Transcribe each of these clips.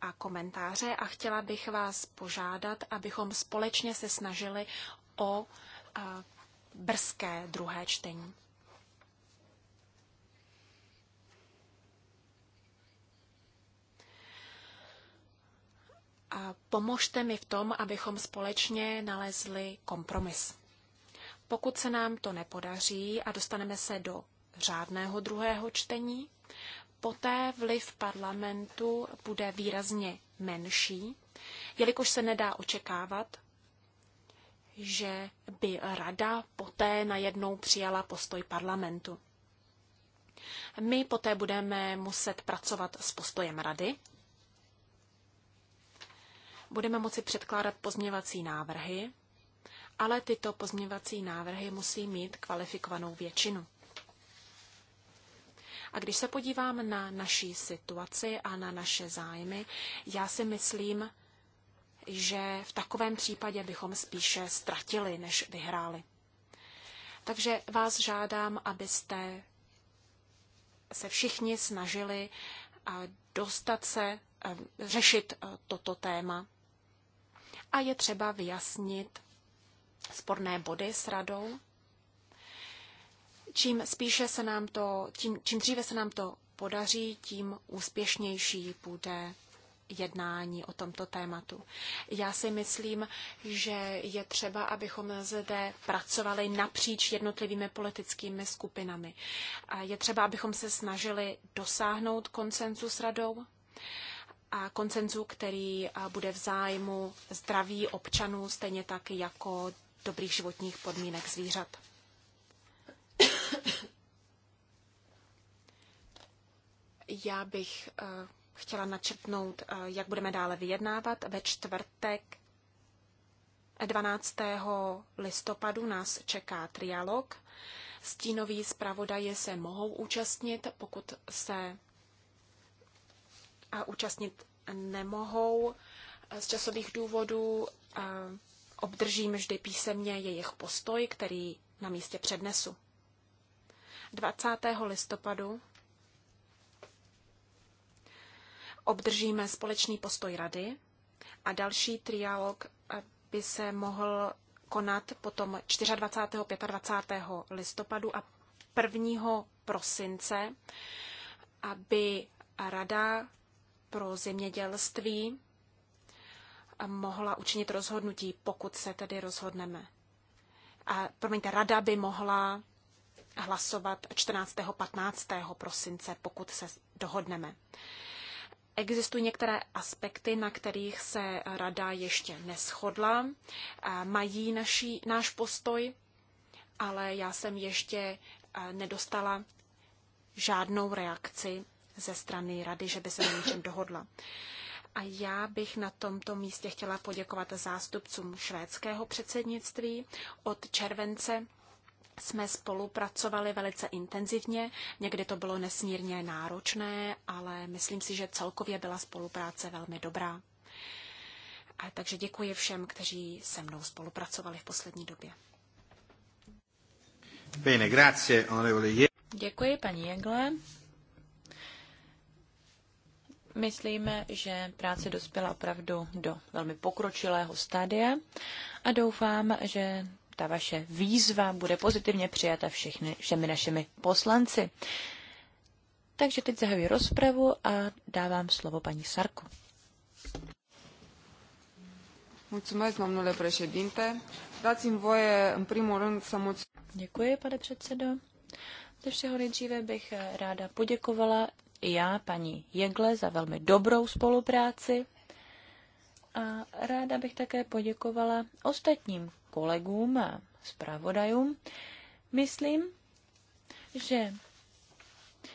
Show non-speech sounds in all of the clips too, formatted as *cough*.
a komentáře a chtěla bych vás požádat, abychom společně se snažili o brzké druhé čtení. A pomožte mi v tom, abychom společně nalezli kompromis. Pokud se nám to nepodaří a dostaneme se do řádného druhého čtení, poté vliv parlamentu bude výrazně menší, jelikož se nedá očekávat, že by rada poté najednou přijala postoj parlamentu. My poté budeme muset pracovat s postojem rady. Budeme moci předkládat pozměvací návrhy, ale tyto pozměvací návrhy musí mít kvalifikovanou většinu. A když se podívám na naší situaci a na naše zájmy, já si myslím, že v takovém případě bychom spíše ztratili, než vyhráli. Takže vás žádám, abyste se všichni snažili dostat se, řešit toto téma. A je třeba vyjasnit sporné body s radou Čím spíše se nám to, tím, čím dříve se nám to podaří, tím úspěšnější bude jednání o tomto tématu. Já si myslím, že je třeba, abychom zde pracovali napříč jednotlivými politickými skupinami. Je třeba, abychom se snažili dosáhnout koncenzu s radou a koncenzu, který bude v zájmu zdraví občanů, stejně tak jako dobrých životních podmínek zvířat. Já bych eh, chtěla načrtnout, eh, jak budeme dále vyjednávat. Ve čtvrtek 12. Eh, listopadu nás čeká trialog. Stínoví zpravodaje se mohou účastnit, pokud se účastnit nemohou z časových důvodů, obdržím vždy písemně jejich postoj, který na místě přednesu. 20. listopadu obdržíme společný postoj rady a další trialog by se mohl konat potom 24. 25. listopadu a 1. prosince, aby Rada pro zemědělství mohla učinit rozhodnutí, pokud se tedy rozhodneme. A, promiňte, Rada by mohla hlasovat 14. 15. prosince, pokud se dohodneme. Existují některé aspekty, na kterých se rada ještě neschodla, eh, mají naší, náš postoj, ale já jsem ještě eh, nedostala žádnou reakci ze strany rady, že by se na něčem dohodla. A já bych na tomto místě chtěla poděkovat zástupcům švédského předsednictví. Od července jsme spolupracovali velice intenzivně. Někdy to bylo nesmírně náročné, ale myslím si, že celkově byla spolupráce velmi dobrá. A takže děkuji všem, kteří se mnou spolupracovali v poslední době. Bene, grazie, onorevole. Děkuji, paní Jegle. Myslíme, že práce dospěla opravdu do velmi pokročilého stádia a doufám, že ta vaše výzva bude pozitivně přijata všichni, všemi našimi poslanci. Takže teď zahajuji rozpravu a dávám slovo paní Sarku. Mulțumesc, domnule președinte. Dați-mi voje în primul rând să mulțumesc. Děkuji, pane předsedo. Ze všeho nejdříve bych ráda poděkovala i já, paní Jegle, za velmi dobrou spolupráci. A ráda bych také poděkovala ostatním kolegům a zpravodajům. Myslím, že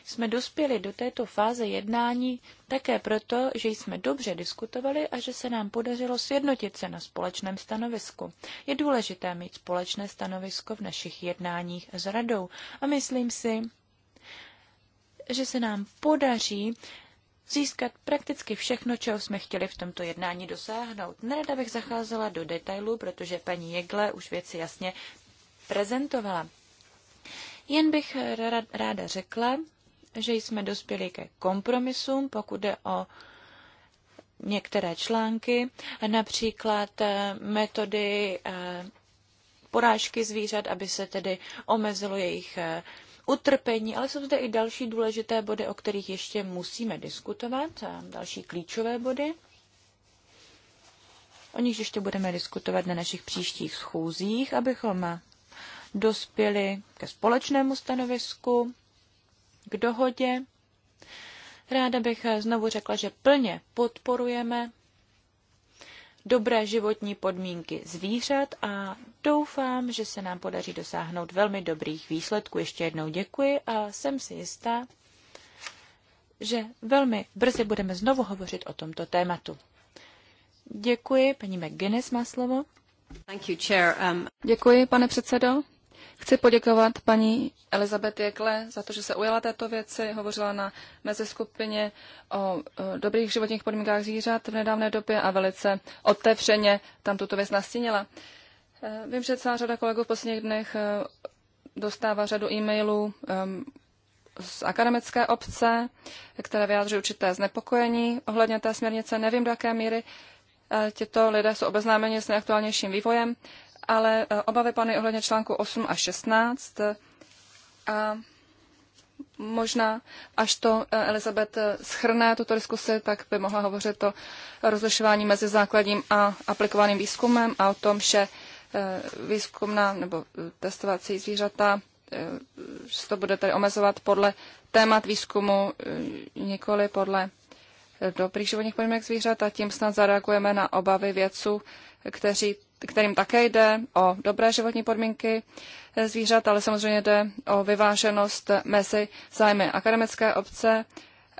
jsme dospěli do této fáze jednání také proto, že jsme dobře diskutovali a že se nám podařilo sjednotit se na společném stanovisku. Je důležité mít společné stanovisko v našich jednáních s radou a myslím si, že se nám podaří získat prakticky všechno, čeho jsme chtěli v tomto jednání dosáhnout. Nerada bych zacházela do detailů, protože paní Jegle už věci jasně prezentovala. Jen bych ráda řekla, že jsme dospěli ke kompromisům, pokud jde o některé články, například eh, metody eh, porážky zvířat, aby se tedy omezilo jejich eh, utrpení, ale jsou zde i další důležité body, o kterých ještě musíme diskutovat, další klíčové body. O nich ještě budeme diskutovat na našich příštích schůzích, abychom dospěli ke společnému stanovisku, k dohodě. Ráda bych znovu řekla, že plně podporujeme dobré životní podmínky zvířat a doufám, že se nám podaří dosáhnout velmi dobrých výsledků. Ještě jednou děkuji a jsem si jistá, že velmi brzy budeme znovu hovořit o tomto tématu. Děkuji, paní McGuinness má slovo. Um, děkuji, pane předsedo. Chci poděkovat paní Elizabeth Jekle za to, že se ujala této věci. Hovořila na meziskupině o dobrých životních podmínkách zvířat v nedávné době a velice otevřeně tam tuto věc nastínila. Eh, vím, že celá řada kolegů v posledních dnech eh, dostává řadu e-mailů eh, z akademické obce, které vyjádří určité znepokojení ohledně té směrnice. Nevím, do jaké míry Tyto lidé jsou obeznámeni s nejaktuálnějším vývojem ale eh, obavy pany ohledně článku 8 a 16 eh, a možná, až to eh, Elizabet schrne tuto diskusi, tak by mohla hovořit o rozlišování mezi základním a aplikovaným výzkumem a o tom, že výzkumná nebo testovací zvířata se to bude tady omezovat podle témat výzkumu, nikoli podle dobrých životních podmínek zvířat a tím snad zareagujeme na obavy vědců, kteří kterým také jde o dobré životní podmínky zvířat, ale samozřejmě jde o vyváženost mezi zájmy akademické obce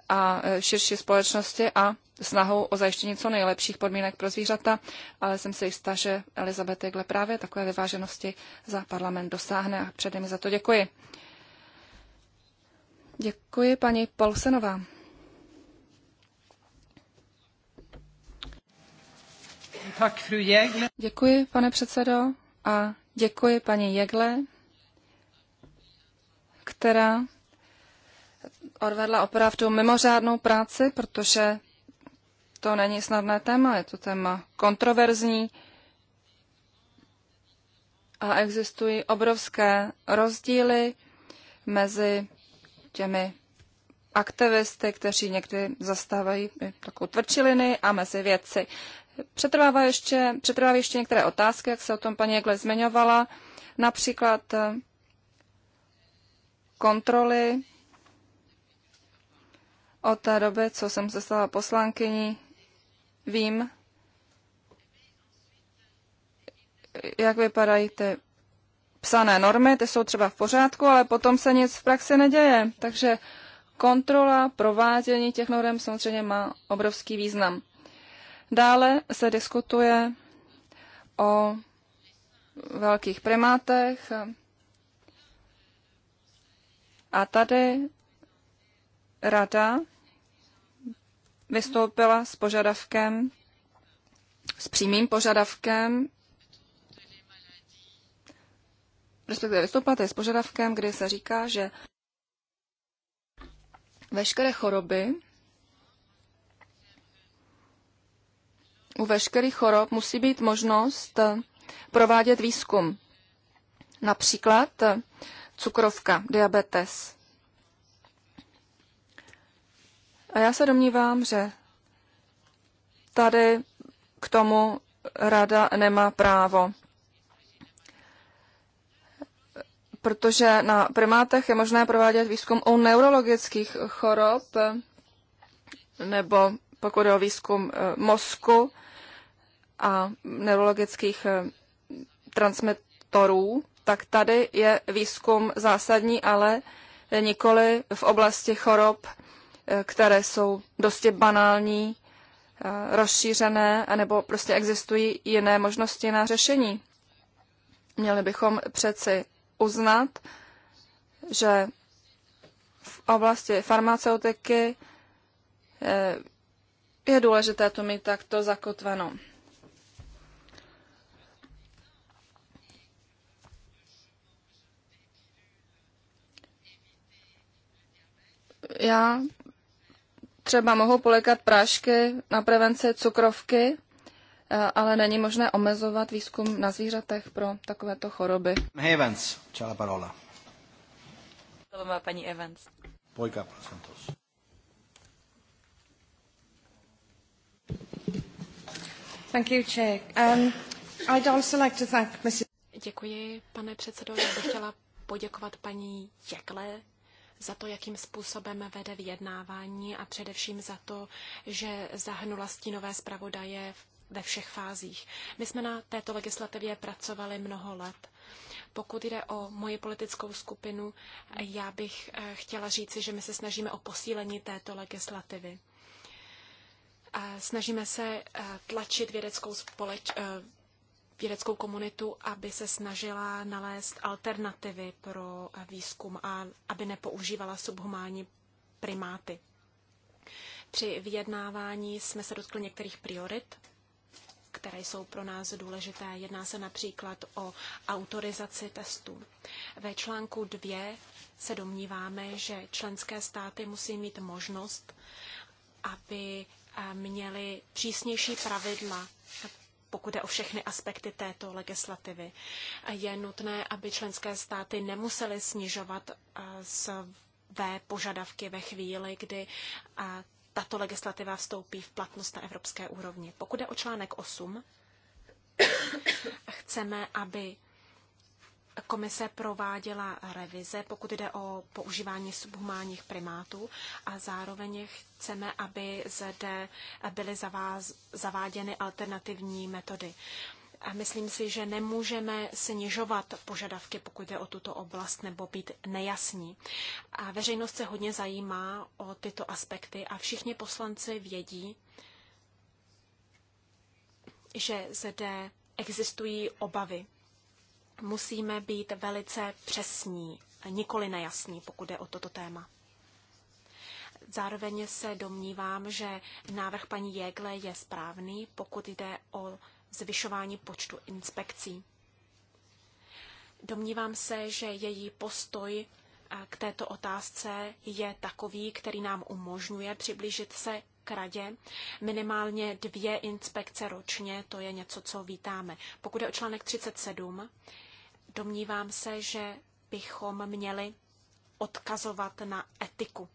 a širší společnosti a snahou o zajištění co nejlepších podmínek pro zvířata, ale jsem si jistá, že Elizabeth Jigle právě takové vyváženosti za parlament dosáhne a předem za to děkuji. Děkuji paní Polsenová. Děkuji, pane předsedo, a děkuji paní Jegle, která odvedla opravdu mimořádnou práci, protože to není snadné téma, je to téma kontroverzní a existují obrovské rozdíly mezi těmi aktivisty, kteří někdy zastávají takovou tvrdší linii a mezi vědci. Přetrvává ještě, přetrvávají ještě některé otázky, jak se o tom paní Jegle zmiňovala, například eh, kontroly od té doby, co jsem se stala poslankyní, vím, jak vypadají ty psané normy, ty jsou třeba v pořádku, ale potom se nic v praxi neděje. Takže kontrola provádění těch norm samozřejmě má obrovský význam. Dále se diskutuje o velkých primátech a tady rada vystoupila s požadavkem, s přímým požadavkem, respektive vystoupila tady s požadavkem, kde se říká, že veškeré choroby, u veškerých chorob musí být možnost eh, provádět výzkum. Například eh, cukrovka, diabetes. A já se domnívám, že tady k tomu rada nemá právo. Protože na primátech je možné provádět výzkum u neurologických chorob eh, nebo pokud je o výzkum mozku, a neurologických eh, transmitorů, tak tady je výzkum zásadní, ale nikoli v oblasti chorob, eh, které jsou dosti banální, eh, rozšířené, anebo prostě existují jiné možnosti na řešení. Měli bychom přeci uznat, že v oblasti farmaceutiky je důležité to mít takto zakotveno. Já třeba mohu polekat prášky na prevenci cukrovky, eh, ale není možné omezovat výzkum na zvířatech pro takovéto choroby. Evans, čala parola. To má paní Evans. Pojka, Santos. Thank you, Chair. Um, I'd also like to thank Mrs. Děkuji, pane předsedo. Já bych chtěla poděkovat paní Jekle za to, jakým způsobem vede vyjednávání a především za to, že zahrnula stínové zpravodaje ve všech fázích. My jsme na této legislativě pracovali mnoho let. Pokud jde o moji politickou skupinu, já bych eh, chtěla říci, že my se snažíme o posílení této legislativy. Eh, snažíme se eh, tlačit vědeckou společ, vědeckou komunitu, aby se snažila nalézt alternativy pro výzkum a aby nepoužívala subhumánní primáty. Při vyjednávání jsme se dotkli některých priorit, které jsou pro nás důležité. Jedná se například o autorizaci testů. Ve článku 2 se domníváme, že členské státy musí mít možnost, aby eh, měly přísnější pravidla pokud je o všechny aspekty této legislativy. Je nutné, aby členské státy nemusely snižovat eh, své požadavky ve chvíli, kdy eh, tato legislativa vstoupí v platnost na evropské úrovni. Pokud je o článek 8, *coughs* chceme, aby Komise prováděla revize, pokud jde o používání subhumánních primátů a zároveň chceme, aby zde byly zaváz, zaváděny alternativní metody. A myslím si, že nemůžeme snižovat požadavky, pokud jde o tuto oblast, nebo být nejasní. A veřejnost se hodně zajímá o tyto aspekty a všichni poslanci vědí, že zde existují obavy musíme být velice přesní, nikoli nejasní, pokud je o toto téma. Zároveň se domnívám, že návrh paní Jegle je správný, pokud jde o zvyšování počtu inspekcí. Domnívám se, že její postoj eh, k této otázce je takový, který nám umožňuje přiblížit se k radě. Minimálně dvě inspekce ročně, to je něco, co vítáme. Pokud je o článek 37, Domnívám se, že bychom měli odkazovat na etiku,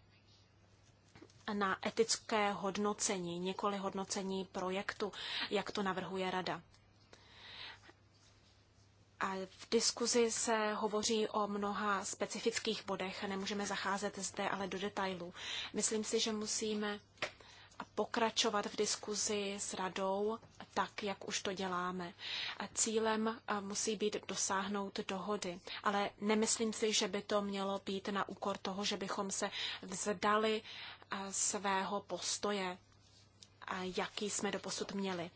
na etické hodnocení, nikoli hodnocení projektu, jak to navrhuje Rada. A v diskuzi se hovoří o mnoha specifických bodech, nemůžeme zacházet zde ale do detailů. Myslím si, že musíme pokračovat v diskuzi s radou, tak jak už to děláme. Cílem musí být dosáhnout dohody, ale nemyslím si, že by to mělo být na úkor toho, že bychom se vzdali svého postoje jaký jsme doposud měli.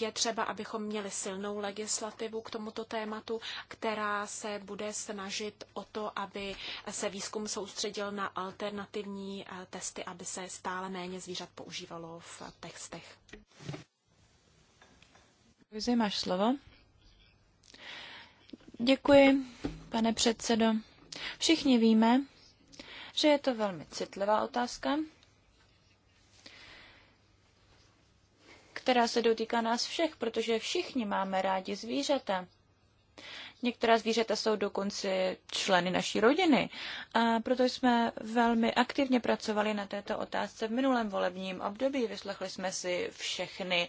Je třeba, abychom měli silnou legislativu k tomuto tématu, která se bude snažit o to, aby se výzkum soustředil na alternativní eh, testy, aby se stále méně zvířat používalo v textech. Luzi, máš slovo. Děkuji, pane předsedo. Všichni víme, že je to velmi citlivá otázka, která se dotýká nás všech, protože všichni máme rádi zvířata. Některá zvířata jsou dokonce členy naší rodiny a proto jsme velmi aktivně pracovali na této otázce v minulém volebním období. Vyslechli jsme si všechny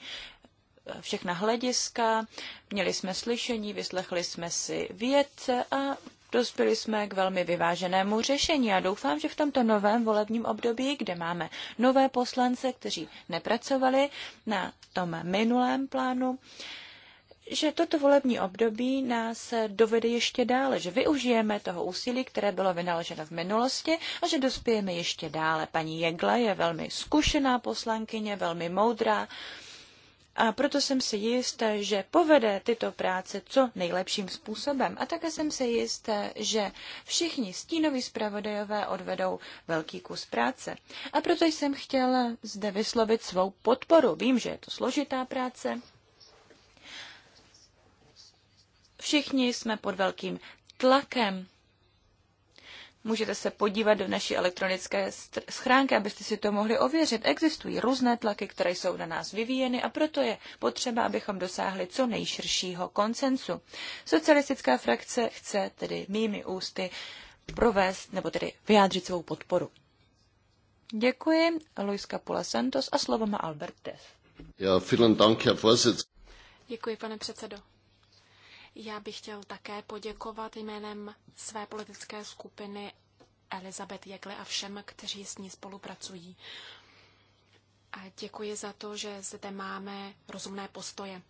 všechna hlediska, měli jsme slyšení, vyslechli jsme si vědce a Dospěli jsme k velmi vyváženému řešení a doufám, že v tomto novém volebním období, kde máme nové poslance, kteří nepracovali na tom minulém plánu, že toto volební období nás dovede ještě dále, že využijeme toho úsilí, které bylo vynaloženo v minulosti a že dospějeme ještě dále. Paní Jegla je velmi zkušená poslankyně, velmi moudrá, a proto jsem si jist, že povede tyto práce co nejlepším způsobem. A také jsem si jist, že všichni stínoví zpravodajové odvedou velký kus práce. A proto jsem chtěl zde vyslovit svou podporu. Vím, že je to složitá práce. Všichni jsme pod velkým tlakem Můžete se podívat do naší elektronické schránky, abyste si to mohli ověřit. Existují různé tlaky, které jsou na nás vyvíjeny a proto je potřeba, abychom dosáhli co nejširšího koncensu. Socialistická frakce chce tedy mými ústy provést nebo tedy vyjádřit svou podporu. Děkuji, Luiska Pula Santos a slovo má Albert Tess. Ja, vielen Dank, Herr Děkuji, pane předsedo. Já bych chtěl také poděkovat jménem své politické skupiny Elizabet Jekle a všem, kteří s ní spolupracují. A děkuji za to, že zde máme rozumné postoje.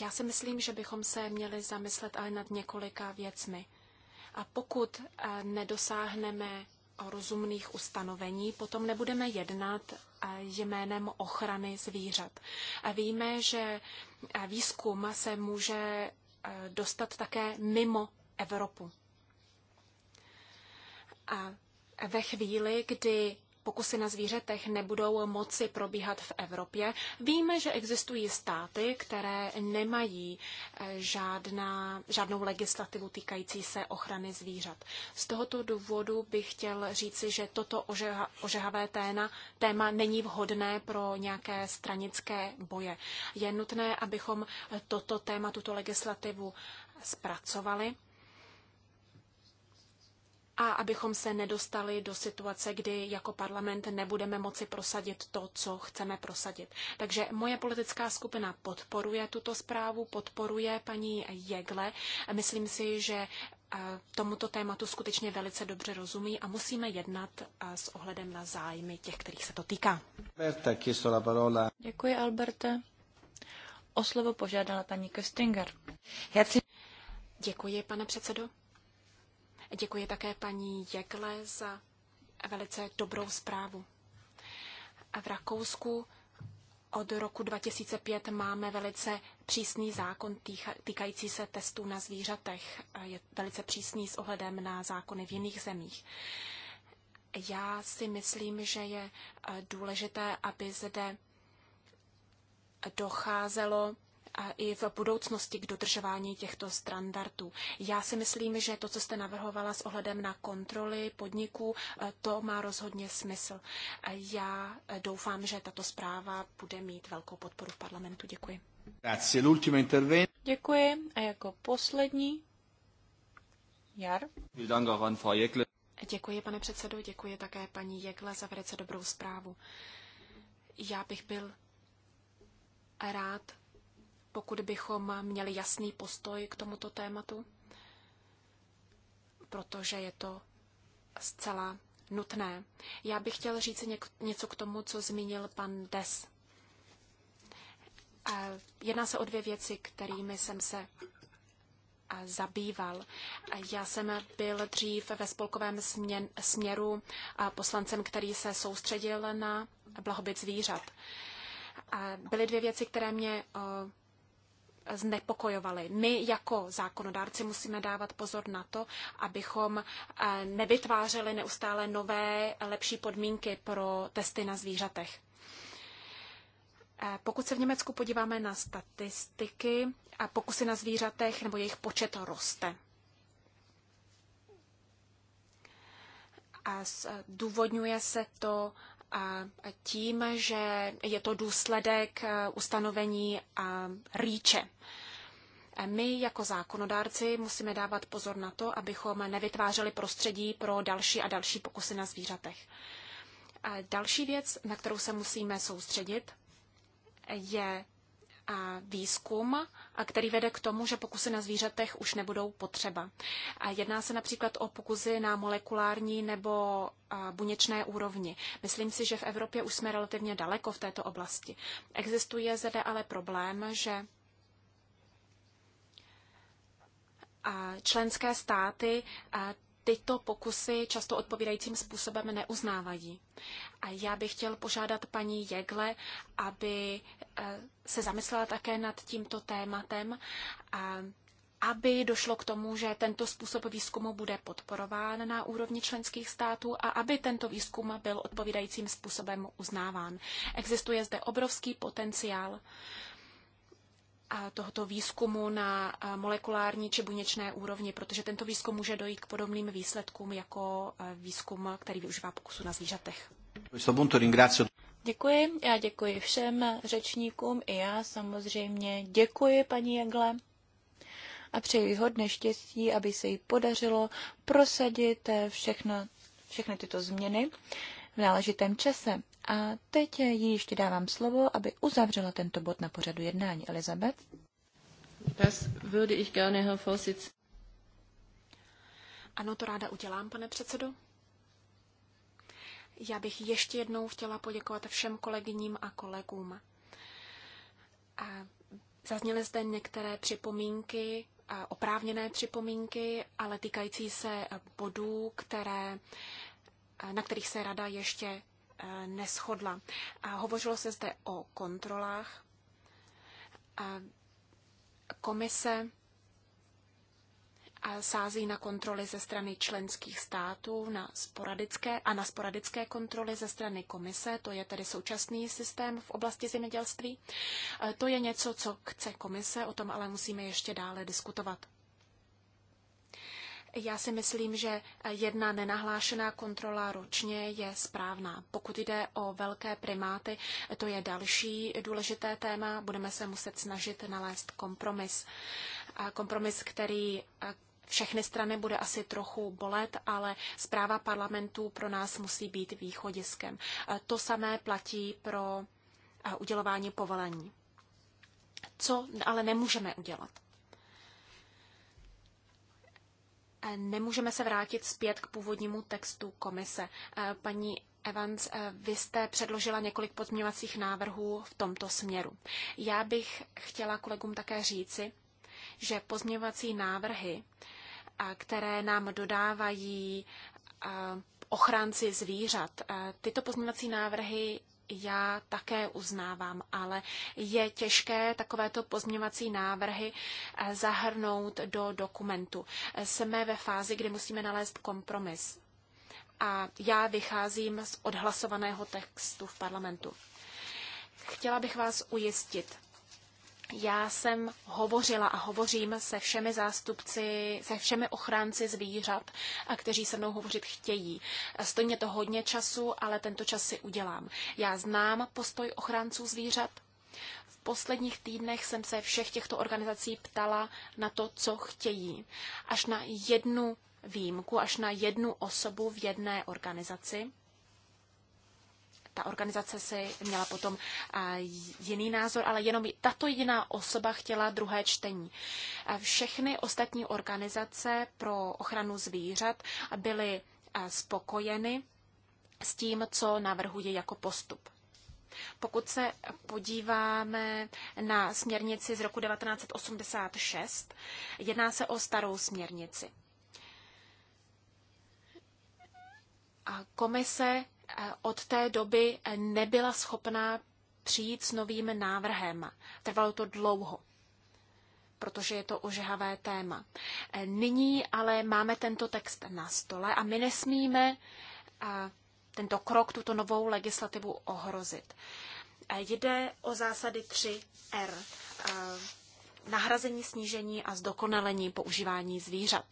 Já si myslím, že bychom se měli zamyslet ale nad několika věcmi. A pokud eh, nedosáhneme rozumných ustanovení, potom nebudeme jednat eh, jménem ochrany zvířat. A víme, že eh, výzkum se může eh, dostat také mimo Evropu. A ve chvíli, kdy pokusy na zvířetech nebudou moci probíhat v Evropě. Víme, že existují státy, které nemají eh, žádná, žádnou legislativu týkající se ochrany zvířat. Z tohoto důvodu bych chtěl říci, že toto ožeha, ožehavé téma, téma není vhodné pro nějaké stranické boje. Je nutné, abychom toto téma, tuto legislativu zpracovali a abychom se nedostali do situace, kdy jako parlament nebudeme moci prosadit to, co chceme prosadit. Takže moje politická skupina podporuje tuto zprávu, podporuje paní Jegle. Myslím si, že e, tomuto tématu skutečně velice dobře rozumí a musíme jednat e, s ohledem na zájmy těch, kterých se to týká. Děkuji, Alberte. O slovo požádala paní Köstinger. Děkuji, pane předsedo. Děkuji také paní Jegle za velice dobrou zprávu. v Rakousku od roku 2005 máme velice přísný zákon týkající se testů na zvířatech. Je velice přísný s ohledem na zákony v jiných zemích. Já si myslím, že je eh, důležité, aby zde docházelo i v budoucnosti k dodržování těchto standardů. Já si myslím, že to, co jste navrhovala s ohledem na kontroly podniků, eh, to má rozhodně smysl. Já eh, doufám, že tato zpráva bude mít velkou podporu v parlamentu. Děkuji. Děkuji. A jako poslední Jar. Děkuji, pane předsedo, děkuji také paní Jekle za velice dobrou zprávu. Já bych byl rád, pokud bychom měli jasný postoj k tomuto tématu, protože je to zcela nutné. Já bych chtěl říct něco k tomu, co zmínil pan Des. Jedná se o dvě věci, kterými jsem se zabýval. Já jsem byl dřív ve spolkovém směru poslancem, který se soustředil na blahobyt zvířat. Byly dvě věci, které mě znepokojovaly. My jako zákonodárci musíme dávat pozor na to, abychom eh, nevytvářeli neustále nové, lepší podmínky pro testy na zvířatech. Eh, pokud se v Německu podíváme na statistiky, a pokusy na zvířatech nebo jejich počet roste. A zdůvodňuje eh, se to tím, že je to důsledek eh, ustanovení eh, rýče. My jako zákonodárci musíme dávat pozor na to, abychom nevytvářeli prostředí pro další a další pokusy na zvířatech. Další věc, na kterou se musíme soustředit, je a výzkum, a který vede k tomu, že pokusy na zvířatech už nebudou potřeba. A jedná se například o pokusy na molekulární nebo buněčné úrovni. Myslím si, že v Evropě už jsme relativně daleko v této oblasti. Existuje zde ale problém, že členské státy tyto pokusy často odpovídajícím způsobem neuznávají. A já bych chtěl požádat paní Jegle, aby eh, se zamyslela také nad tímto tématem, a aby došlo k tomu, že tento způsob výzkumu bude podporován na úrovni členských států a aby tento výzkum byl odpovídajícím způsobem uznáván. Existuje zde obrovský potenciál tohoto výzkumu na molekulární či buněčné úrovni, protože tento výzkum může dojít k podobným výsledkům jako výzkum, který využívá pokusu na zvířatech. Děkuji, já děkuji všem řečníkům i já samozřejmě děkuji paní Jagle a přeji hodně štěstí, aby se jí podařilo prosadit eh, všechno, všechny tyto změny v náležitém čase. A teď ji ještě dávám slovo, aby uzavřela tento bod na pořadu jednání. Elizabeth? Das würde ich gerne, Herr Vorsitz. Ano, to ráda udělám, pane předsedo. Já bych ještě jednou chtěla poděkovat všem kolegyním a kolegům. A zazněly zde některé připomínky, oprávněné připomínky, ale týkající se bodů, které na kterých se rada ještě e, neschodla. A hovořilo se zde o kontrolách. A komise a sází na kontroly ze strany členských států na sporadické a na sporadické kontroly ze strany komise. To je tedy současný systém v oblasti zemědělství. E, to je něco, co chce komise, o tom ale musíme ještě dále diskutovat. Já si myslím, že jedna nenahlášená kontrola ročně je správná. Pokud jde o velké primáty, to je další důležité téma. Budeme se muset snažit nalézt kompromis. Kompromis, který všechny strany bude asi trochu bolet, ale zpráva parlamentů pro nás musí být východiskem. To samé platí pro udělování povolení. Co ale nemůžeme udělat? Eh, nemůžeme se vrátit zpět k původnímu textu komise. Eh, paní Evans, eh, vy jste předložila několik pozměňovacích návrhů v tomto směru. Já bych chtěla kolegům také říci, že pozměňovací návrhy, které nám dodávají ochránci zvířat, tyto pozměňovací návrhy já také uznávám, ale je těžké takovéto pozměňovací návrhy eh, zahrnout do dokumentu. Jsme ve fázi, kdy musíme nalézt kompromis. A já vycházím z odhlasovaného textu v parlamentu. Chtěla bych vás ujistit, já jsem hovořila a hovořím se všemi zástupci, se všemi ochránci zvířat, a kteří se mnou hovořit chtějí. Stojí mě to hodně času, ale tento čas si udělám. Já znám postoj ochránců zvířat. V posledních týdnech jsem se všech těchto organizací ptala na to, co chtějí. Až na jednu výjimku, až na jednu osobu v jedné organizaci, ta organizace si měla potom jiný názor, ale jenom tato jediná osoba chtěla druhé čtení. Všechny ostatní organizace pro ochranu zvířat byly spokojeny s tím, co navrhuje jako postup. Pokud se podíváme na směrnici z roku 1986, jedná se o starou směrnici. A komise od té doby nebyla schopná přijít s novým návrhem. Trvalo to dlouho protože je to ožehavé téma. Nyní ale máme tento text na stole a my nesmíme tento krok, tuto novou legislativu ohrozit. Jde o zásady 3R. Nahrazení, snížení a zdokonalení používání zvířat.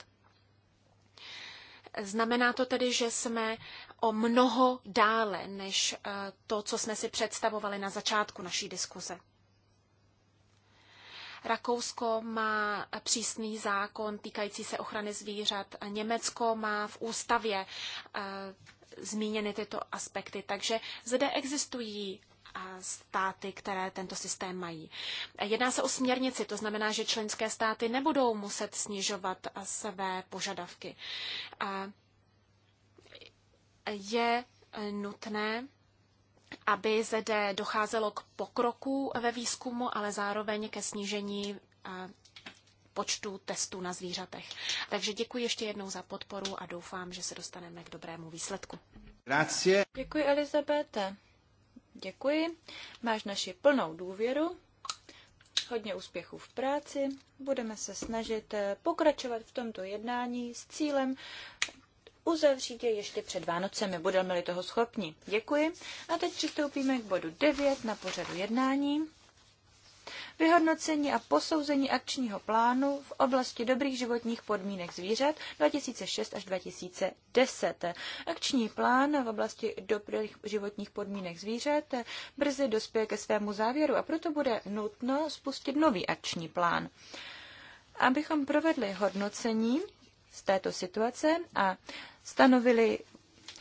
Znamená to tedy, že jsme o mnoho dále než eh, to, co jsme si představovali na začátku naší diskuze. Rakousko má přísný zákon týkající se ochrany zvířat, Německo má v ústavě eh, zmíněny tyto aspekty. Takže zde existují státy, které tento systém mají. Jedná se o směrnici, to znamená, že členské státy nebudou muset snižovat své požadavky. Je nutné, aby zde docházelo k pokroku ve výzkumu, ale zároveň ke snížení počtu testů na zvířatech. Takže děkuji ještě jednou za podporu a doufám, že se dostaneme k dobrému výsledku. Grazie. Děkuji, Elizabete. Děkuji, máš naši plnou důvěru, hodně úspěchů v práci, budeme se snažit eh, pokračovat v tomto jednání s cílem uzavřít je ještě před Vánocemi, budeme-li toho schopni. Děkuji. A teď přistoupíme k bodu 9 na pořadu jednání vyhodnocení a posouzení akčního plánu v oblasti dobrých životních podmínek zvířat 2006 až 2010. Akční plán v oblasti dobrých životních podmínek zvířat brzy dospěje ke svému závěru a proto bude nutno spustit nový akční plán. Abychom provedli hodnocení z této situace a stanovili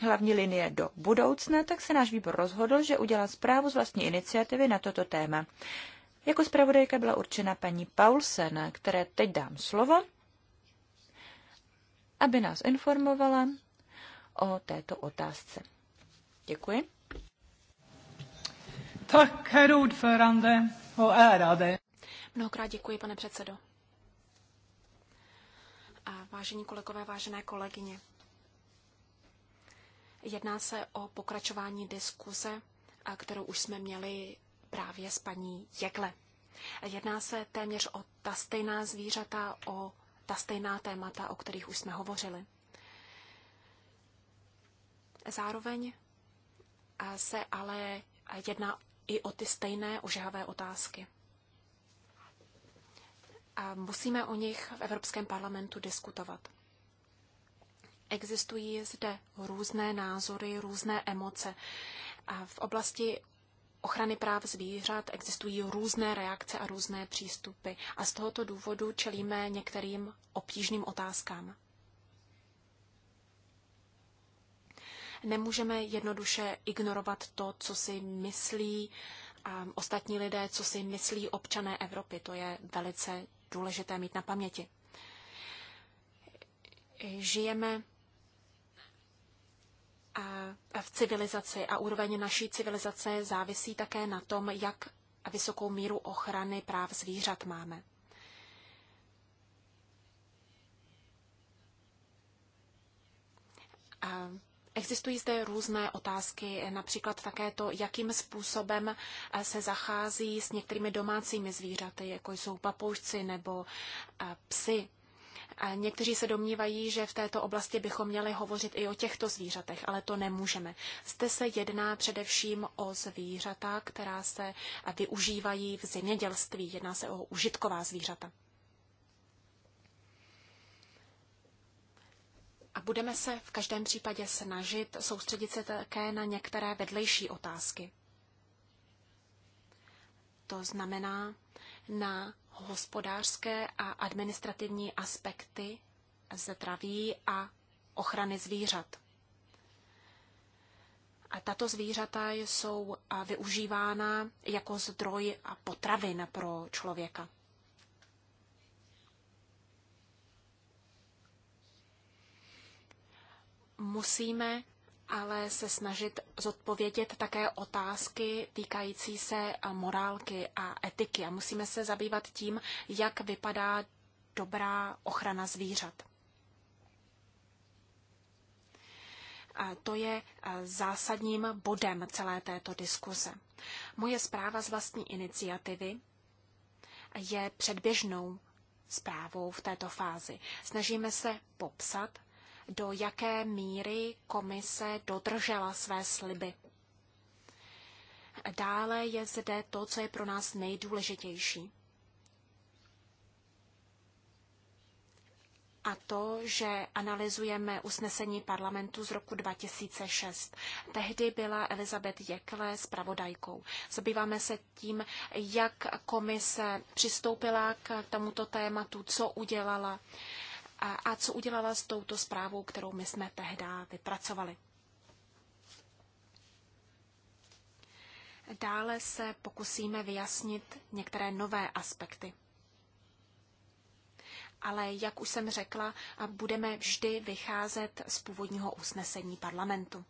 hlavní linie do budoucna, tak se náš výbor rozhodl, že udělá zprávu z vlastní iniciativy na toto téma. Jako zpravodajka byla určena paní Paulsen, které teď dám slovo, aby nás informovala o této otázce. Děkuji. Tak, herr o érade. Mnohokrát děkuji, pane předsedo. A vážení kolegové, vážené kolegyně. Jedná se o pokračování diskuze, kterou už jsme měli právě s paní Jekle. Jedná se téměř o ta stejná zvířata, o ta stejná témata, o kterých už jsme hovořili. Zároveň se ale jedná i o ty stejné ožehavé otázky. A musíme o nich v Evropském parlamentu diskutovat. Existují zde různé názory, různé emoce. A v oblasti ochrany práv zvířat existují různé reakce a různé přístupy a z tohoto důvodu čelíme některým obtížným otázkám. Nemůžeme jednoduše ignorovat to, co si myslí a um, ostatní lidé, co si myslí občané Evropy. To je velice důležité mít na paměti. Žijeme v civilizaci a úroveň naší civilizace závisí také na tom, jak vysokou míru ochrany práv zvířat máme. A Existují zde různé otázky, například také to, jakým způsobem se zachází s některými domácími zvířaty, jako jsou papoušci nebo psy. Někteří se domnívají, že v této oblasti bychom měli hovořit i o těchto zvířatech, ale to nemůžeme. Zde se jedná především o zvířata, která se využívají v zemědělství. Jedná se o užitková zvířata. A budeme se v každém případě snažit soustředit se také na některé vedlejší otázky. To znamená, na hospodářské a administrativní aspekty zdraví a ochrany zvířat. A tato zvířata jsou využívána jako zdroj potravin pro člověka. Musíme ale se snažit zodpovědět také otázky týkající se morálky a etiky. A musíme se zabývat tím, jak vypadá dobrá ochrana zvířat. A to je zásadním bodem celé této diskuze. Moje zpráva z vlastní iniciativy je předběžnou zprávou v této fázi. Snažíme se popsat, do jaké míry komise dodržela své sliby. Dále je zde to, co je pro nás nejdůležitější. a to, že analyzujeme usnesení parlamentu z roku 2006. Tehdy byla Elizabeth Jekle zpravodajkou. Zabýváme se tím, jak komise přistoupila k tomuto tématu, co udělala, a, a co udělala s touto zprávou, kterou my jsme tehdy vypracovali. Dále se pokusíme vyjasnit některé nové aspekty. Ale jak už jsem řekla, budeme vždy vycházet z původního usnesení parlamentu.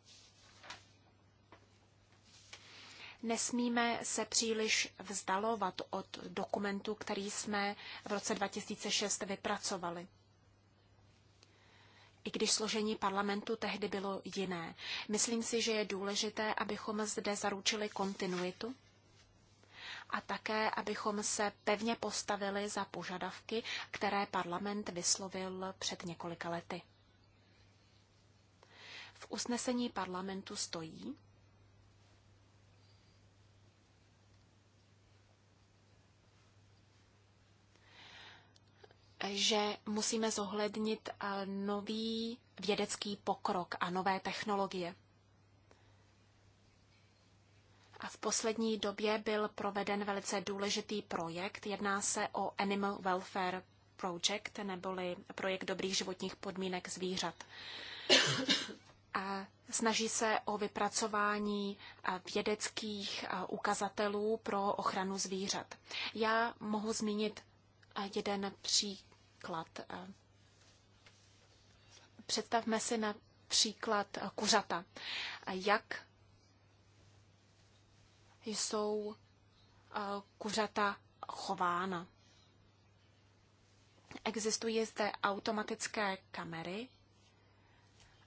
Nesmíme se příliš vzdalovat od dokumentu, který jsme v roce 2006 vypracovali i když složení parlamentu tehdy bylo jiné. Myslím si, že je důležité, abychom zde zaručili kontinuitu a také, abychom se pevně postavili za požadavky, které parlament vyslovil před několika lety. V usnesení parlamentu stojí, že musíme zohlednit eh, nový vědecký pokrok a nové technologie. A v poslední době byl proveden velice důležitý projekt. Jedná se o Animal Welfare Project, neboli projekt dobrých životních podmínek zvířat. A snaží se o vypracování eh, vědeckých eh, ukazatelů pro ochranu zvířat. Já mohu zmínit a jeden příklad. Eh, představme si na příklad eh, kuřata. Jak jsou eh, kuřata chována? Existují zde automatické kamery,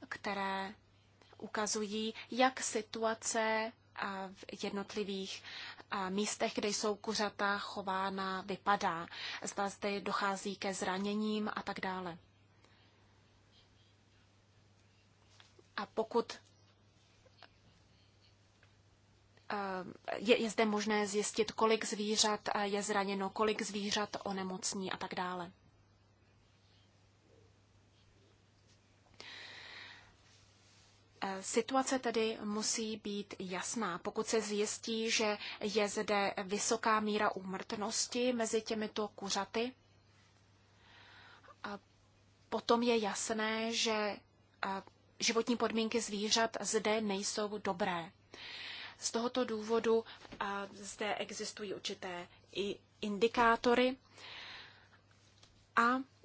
které ukazují, jak situace v jednotlivých místech, kde jsou kuřata chována, vypadá. Zda zde dochází ke zraněním a tak dále. A pokud eh, je, zde možné zjistit, kolik zvířat eh, je zraněno, kolik zvířat onemocní a tak dále. Situace tedy musí být jasná. Pokud se zjistí, že je zde vysoká míra úmrtnosti mezi těmito kuřaty, potom je jasné, že životní podmínky zvířat zde nejsou dobré. Z tohoto důvodu zde existují určité i indikátory,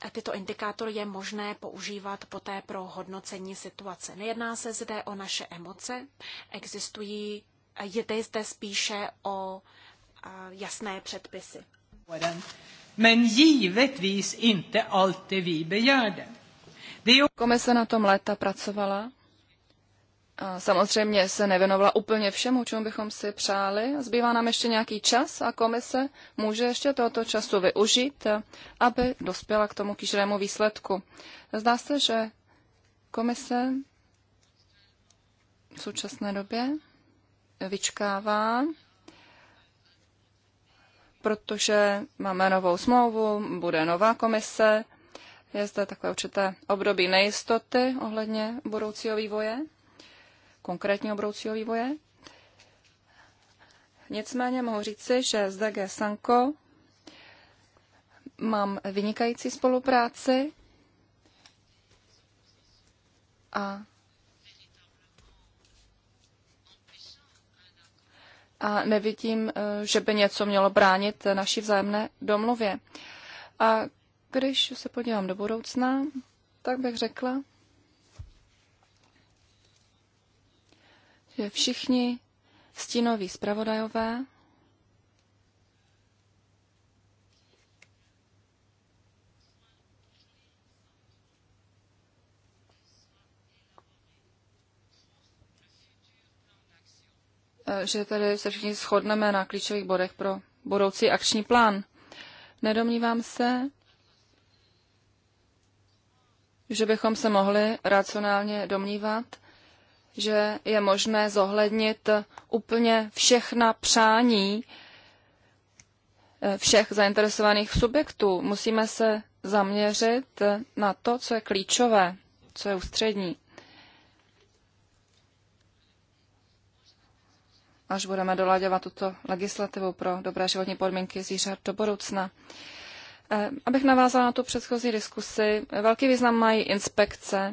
a tyto indikátory je možné používat poté pro hodnocení situace. Nejedná se zde o naše emoce, existují, jde zde spíše o jasné předpisy. Men givetvis inte allt det vi begärde. Komise na tom léta pracovala Samozřejmě se nevěnovala úplně všemu, čemu bychom si přáli. Zbývá nám ještě nějaký čas a komise může ještě tohoto času využít, aby dospěla k tomu kýžrému výsledku. Zdá se, že komise v současné době vyčkává, protože máme novou smlouvu, bude nová komise, je zde takové určité období nejistoty ohledně budoucího vývoje konkrétního budoucího vývoje. Nicméně mohu říci, že s DG Sanko mám vynikající spolupráci a a nevidím, eh, že by něco mělo bránit naší vzájemné domluvě. A když se podívám do budoucna, tak bych řekla, že všichni stínoví zpravodajové eh, že tady se všichni shodneme na klíčových bodech pro budoucí akční plán. Nedomnívám se, že bychom se mohli racionálně domnívat, že je možné zohlednit úplně všechna přání eh, všech zainteresovaných subjektů. Musíme se zaměřit na to, co je klíčové, co je ústřední. Až budeme dolaďovat tuto legislativu pro dobré životní podmínky zvířat do budoucna. Eh, abych navázala na tu předchozí diskusi, velký význam mají inspekce,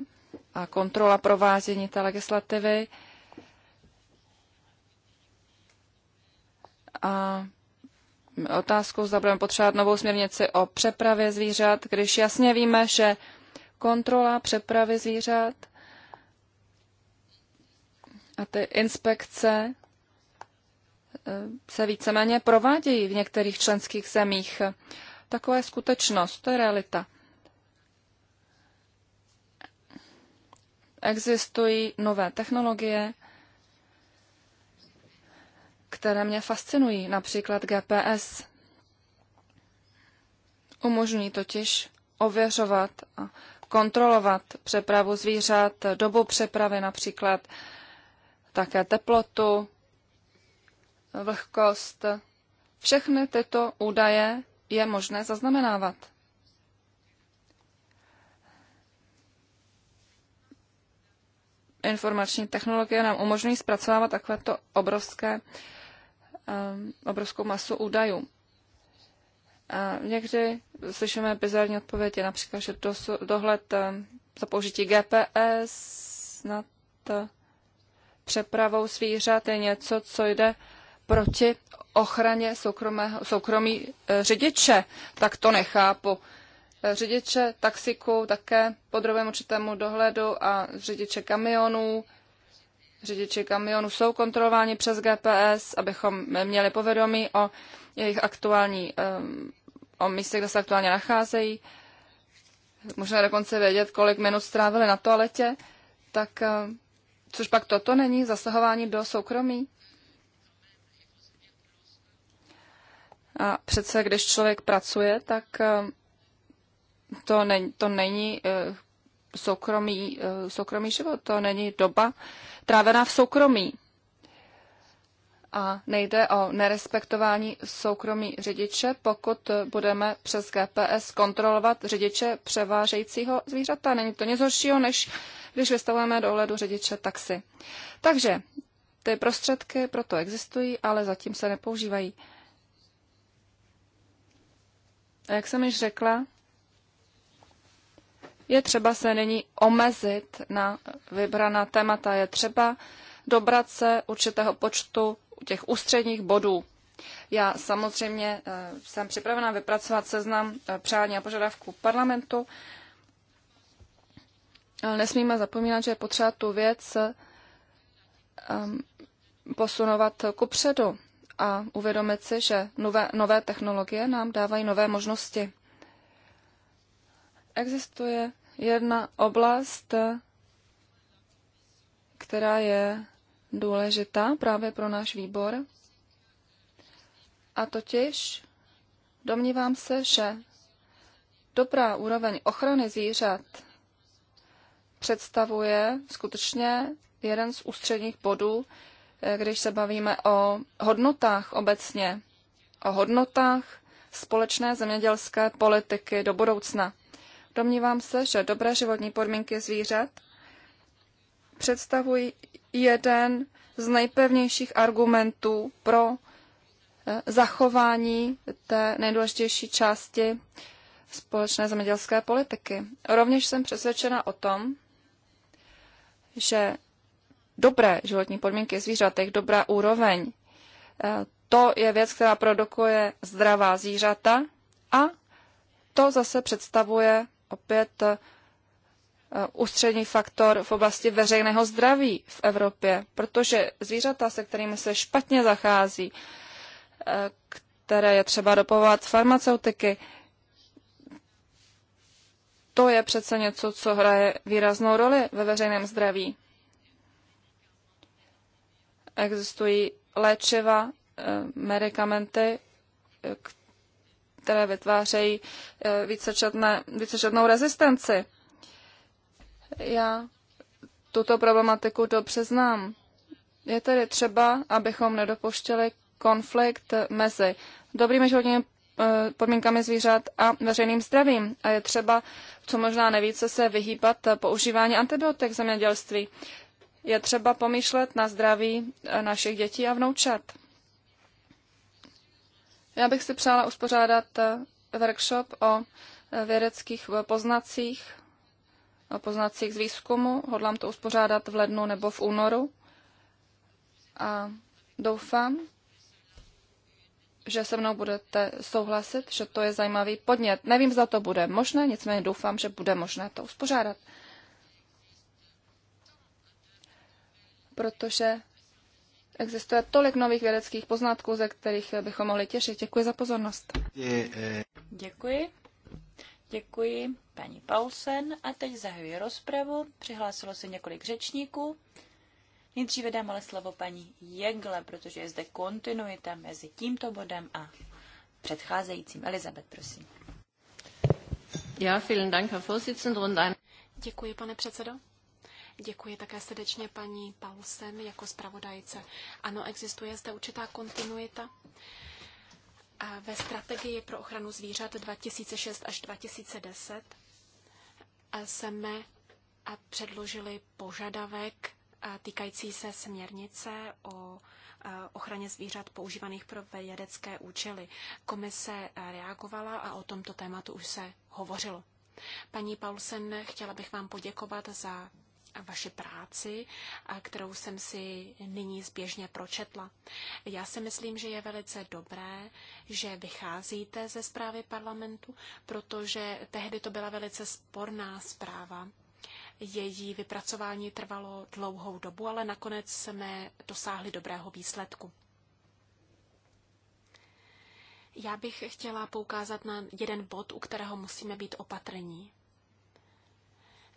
a kontrola provádění té legislativy. A otázkou, zda budeme potřebovat novou směrnici o přepravě zvířat, když jasně víme, že kontrola přepravy zvířat a ty inspekce eh, se víceméně provádějí v některých členských zemích. Taková je skutečnost, to je realita. existují nové technologie, které mě fascinují, například GPS. Umožní totiž ověřovat a kontrolovat přepravu zvířat, dobu přepravy například, také teplotu, vlhkost. Všechny tyto údaje je možné zaznamenávat. informační technologie nám umožňují zpracovávat takovéto obrovské, um, obrovskou masu údajů. A někdy slyšíme bizarní odpovědi, například, že dos, dohled um, za použití GPS nad uh, přepravou zvířat je něco, co jde proti ochraně soukromého, soukromí uh, řidiče. Tak to nechápu řidiče taxiku také podrobujeme určitému dohledu a řidiče kamionů. Řidiči kamionů jsou kontrolováni přes GPS, abychom měli povědomí o jejich aktuální, eh, o místě, kde se aktuálně nacházejí. Možná dokonce vědět, kolik minut strávili na toaletě. Tak eh, což pak toto není zasahování do soukromí? A přece, když člověk pracuje, tak eh, to, ne, to není eh, soukromý, eh, soukromý život, to není doba trávená v soukromí. A nejde o nerespektování soukromí řidiče, pokud eh, budeme přes GPS kontrolovat řidiče převážejícího zvířata. Není to nic horšího, než když vystavujeme do ohledu řidiče taxi. Takže ty prostředky proto existují, ale zatím se nepoužívají. A jak jsem již řekla, je třeba se nyní omezit na vybraná témata. Je třeba dobrat se určitého počtu těch ústředních bodů. Já samozřejmě eh, jsem připravena vypracovat seznam eh, přání a požadavků parlamentu, ale nesmíme zapomínat, že je potřeba tu věc ehm, posunovat ku předu a uvědomit si, že nové, nové technologie nám dávají nové možnosti. Existuje jedna oblast, která je důležitá právě pro náš výbor. A totiž domnívám se, že dobrá úroveň ochrany zvířat představuje skutečně jeden z ústředních bodů, eh, když se bavíme o hodnotách obecně, o hodnotách společné zemědělské politiky do budoucna. Domnívám se, že dobré životní podmínky zvířat představují jeden z nejpevnějších argumentů pro eh, zachování té nejdůležitější části společné zemědělské politiky. Rovněž jsem přesvědčena o tom, že dobré životní podmínky zvířat, jejich dobrá úroveň, eh, to je věc, která produkuje zdravá zvířata a to zase představuje opět eh, ústřední faktor v oblasti veřejného zdraví v Evropě, protože zvířata, se kterými se špatně zachází, eh, které je třeba dopovat farmaceutiky, to je přece něco, co hraje výraznou roli ve veřejném zdraví. Existují léčiva, eh, medicamenty, které vytvářejí eh, vícečetnou rezistenci. Já tuto problematiku dobře znám. Je tedy třeba, abychom nedopuštěli konflikt mezi dobrými životními eh, podmínkami zvířat a veřejným zdravím. A je třeba co možná nejvíce se vyhýbat používání antibiotik v zemědělství. Je třeba pomýšlet na zdraví eh, našich dětí a vnoučat. Já bych si přála uspořádat eh, workshop o eh, vědeckých eh, poznacích, o poznacích z výzkumu. Hodlám to uspořádat v lednu nebo v únoru. A doufám, že se mnou budete souhlasit, že to je zajímavý podnět. Nevím, zda to bude možné, nicméně doufám, že bude možné to uspořádat. Protože existuje tolik nových vědeckých poznatků, ze kterých bychom mohli těšit. Děkuji za pozornost. Děkuji. Děkuji paní Paulsen a teď zahajuji rozpravu. Přihlásilo se několik řečníků. Nejdříve dám ale slovo paní Jegle, protože je zde kontinuita mezi tímto bodem a předcházejícím. Elizabeth, prosím. Ja, vielen Dank, Herr Vorsitzender. Und ein... Děkuji, pane předsedo. Děkuji také srdečně paní Paulsen jako zpravodajce. Ano, existuje zde určitá kontinuita. A ve strategii pro ochranu zvířat 2006 až 2010 jsme předložili požadavek týkající se směrnice o ochraně zvířat používaných pro vědecké účely. Komise reagovala a o tomto tématu už se hovořilo. Paní Paulsen, chtěla bych vám poděkovat za vaši práci, kterou jsem si nyní zběžně pročetla. Já si myslím, že je velice dobré, že vycházíte ze zprávy parlamentu, protože tehdy to byla velice sporná zpráva. Její vypracování trvalo dlouhou dobu, ale nakonec jsme dosáhli dobrého výsledku. Já bych chtěla poukázat na jeden bod, u kterého musíme být opatrní.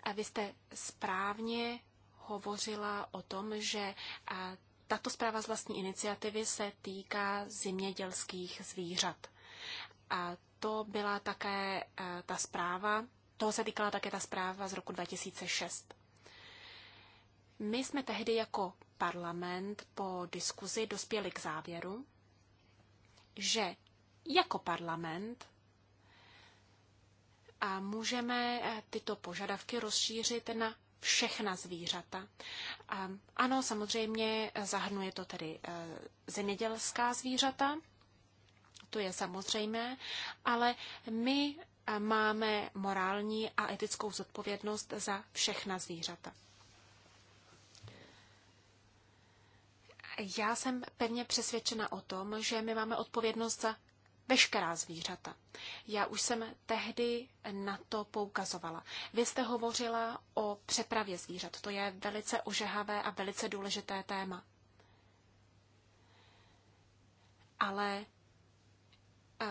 A vy jste správně hovořila o tom, že tato zpráva z vlastní iniciativy se týká zemědělských zvířat. A to byla také ta zpráva, toho se týkala také ta zpráva z roku 2006. My jsme tehdy jako parlament po diskuzi dospěli k závěru, že jako parlament a můžeme eh, tyto požadavky rozšířit na všechna zvířata. A ano, samozřejmě eh, zahrnuje to tedy eh, zemědělská zvířata, to je samozřejmé, ale my máme morální a etickou zodpovědnost za všechna zvířata. Já jsem pevně přesvědčena o tom, že my máme odpovědnost za veškerá zvířata. Já už jsem tehdy na to poukazovala. Vy jste hovořila o přepravě zvířat. To je velice ožehavé a velice důležité téma. Ale eh,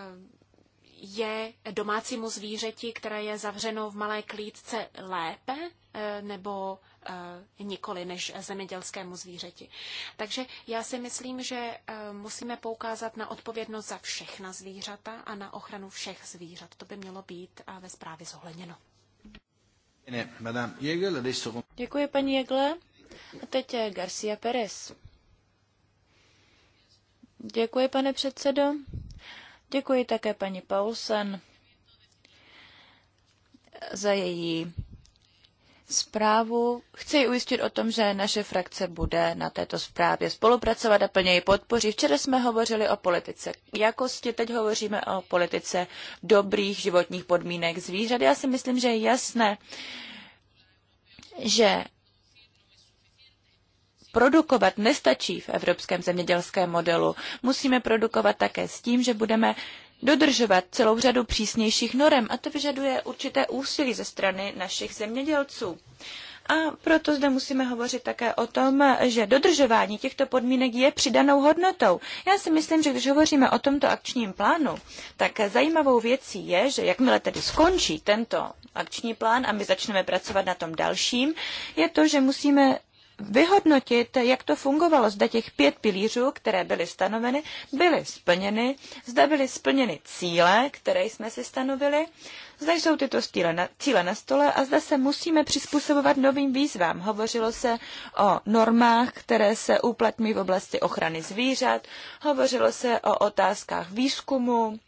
je domácímu zvířeti, které je zavřeno v malé klídce, lépe eh, nebo eh, nikoli než zemědělskému zvířeti. Takže já si myslím, že eh, musíme poukázat na odpovědnost za všechna zvířata a na ochranu všech zvířat. To by mělo být ve zprávě zohledněno. Děkuji, paní Jegle. A teď je Garcia Perez. Děkuji, pane předsedo. Děkuji také paní Paulsen za její zprávu. Chci ujistit o tom, že naše frakce bude na této zprávě spolupracovat a plně ji podpoří. Včera jsme hovořili o politice jakosti, teď hovoříme o politice dobrých životních podmínek zvířat. Já si myslím, že je jasné, že produkovat nestačí v evropském zemědělském modelu. Musíme produkovat také s tím, že budeme dodržovat celou řadu přísnějších norem a to vyžaduje určité úsilí ze strany našich zemědělců. A proto zde musíme hovořit také o tom, že dodržování těchto podmínek je přidanou hodnotou. Já si myslím, že když hovoříme o tomto akčním plánu, tak zajímavou věcí je, že jakmile tedy skončí tento akční plán a my začneme pracovat na tom dalším, je to, že musíme vyhodnotit, jak to fungovalo. Zda těch pět pilířů, které byly stanoveny, byly splněny, zda byly splněny cíle, které jsme si stanovili, zda jsou tyto cíle na, cíle na stole a zda se musíme přizpůsobovat novým výzvám. Hovořilo se o normách, které se uplatňují v oblasti ochrany zvířat, hovořilo se o otázkách výzkumu,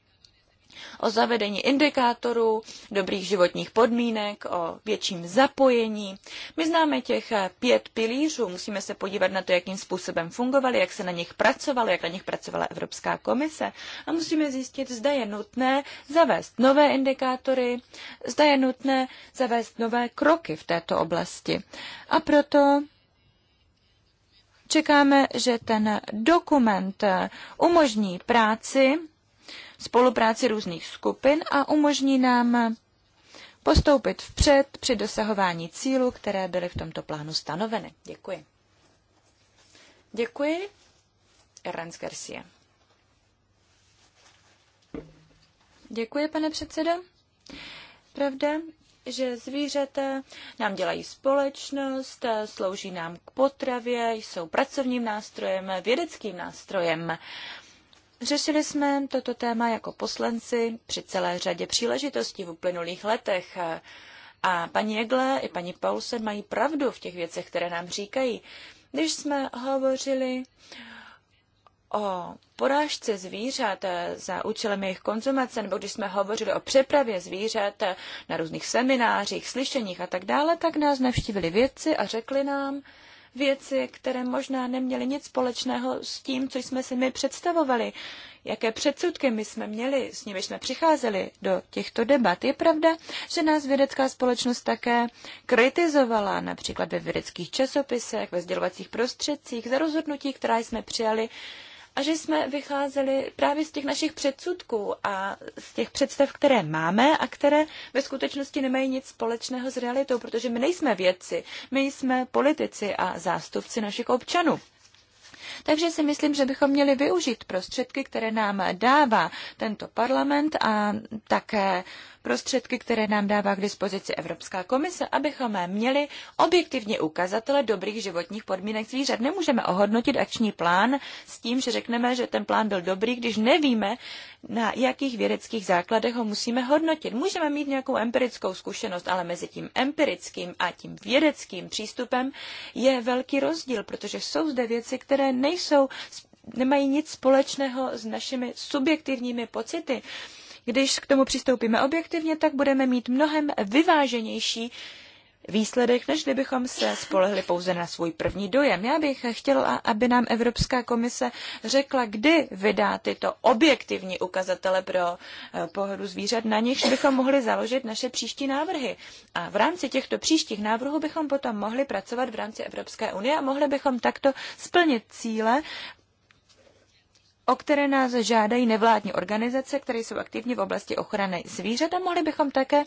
o zavedení indikátorů, dobrých životních podmínek, o větším zapojení. My známe těch eh, pět pilířů, musíme se podívat na to, jakým způsobem fungovaly, jak se na nich pracovalo, jak na nich pracovala Evropská komise a musíme zjistit, zda je nutné zavést nové indikátory, zda je nutné zavést nové kroky v této oblasti. A proto čekáme, že ten dokument eh, umožní práci spolupráci různých skupin a umožní nám postoupit vpřed při dosahování cílů, které byly v tomto plánu stanoveny. Děkuji. Děkuji. Erlens Garcia. Děkuji, pane předsedo. Pravda, že zvířata nám dělají společnost, slouží nám k potravě, jsou pracovním nástrojem, vědeckým nástrojem. Řešili jsme toto téma jako poslanci při celé řadě příležitostí v uplynulých letech. A paní Jegle i paní Paulsen mají pravdu v těch věcech, které nám říkají. Když jsme hovořili o porážce zvířat za účelem jejich konzumace, nebo když jsme hovořili o přepravě zvířat na různých seminářích, slyšeních a tak dále, tak nás navštívili vědci a řekli nám, věci, které možná neměly nic společného s tím, co jsme si my představovali, jaké předsudky my jsme měli, s nimi jsme přicházeli do těchto debat. Je pravda, že nás vědecká společnost také kritizovala, například ve vědeckých časopisech, ve sdělovacích prostředcích, za rozhodnutí, která jsme přijali a že jsme vycházeli právě z těch našich předsudků a z těch představ, které máme a které ve skutečnosti nemají nic společného s realitou, protože my nejsme vědci, my jsme politici a zástupci našich občanů. Takže si myslím, že bychom měli využít prostředky, které nám dává tento parlament a také prostředky, které nám dává k dispozici Evropská komise, abychom měli objektivně ukazatele dobrých životních podmínek zvířat. Nemůžeme ohodnotit akční plán s tím, že řekneme, že ten plán byl dobrý, když nevíme, na jakých vědeckých základech ho musíme hodnotit. Můžeme mít nějakou empirickou zkušenost, ale mezi tím empirickým a tím vědeckým přístupem je velký rozdíl, protože jsou zde věci, které nejsou nemají nic společného s našimi subjektivními pocity. Když k tomu přistoupíme objektivně, tak budeme mít mnohem vyváženější výsledek, než kdybychom se spolehli pouze na svůj první dojem. Já bych chtěla, aby nám Evropská komise řekla, kdy vydá tyto objektivní ukazatele pro eh, pohodu zvířat, na nichž bychom mohli založit naše příští návrhy. A v rámci těchto příštích návrhů bychom potom mohli pracovat v rámci Evropské unie a mohli bychom takto splnit cíle o které nás žádají nevládní organizace, které jsou aktivní v oblasti ochrany zvířat a mohli bychom také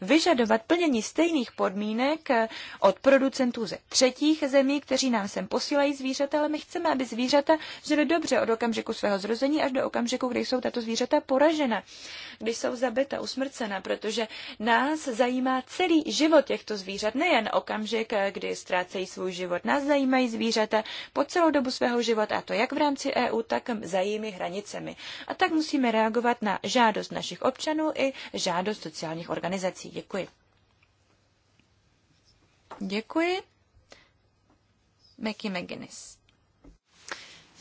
vyžadovat plnění stejných podmínek eh, od producentů ze třetích zemí, kteří nám sem posílají zvířata, ale my chceme, aby zvířata žili dobře od okamžiku svého zrození až do okamžiku, kdy jsou tato zvířata poražena, když jsou zabita, usmrcena, protože nás zajímá celý život těchto zvířat, nejen okamžik, eh, kdy ztrácejí svůj život. Nás zajímají zvířata po celou dobu svého života, a to jak v rámci EU, tak za jejími hranicemi. A tak musíme reagovat na žádost našich občanů i žádost sociálních organizací. Děkuji. Děkuji. Mackie McGuinness.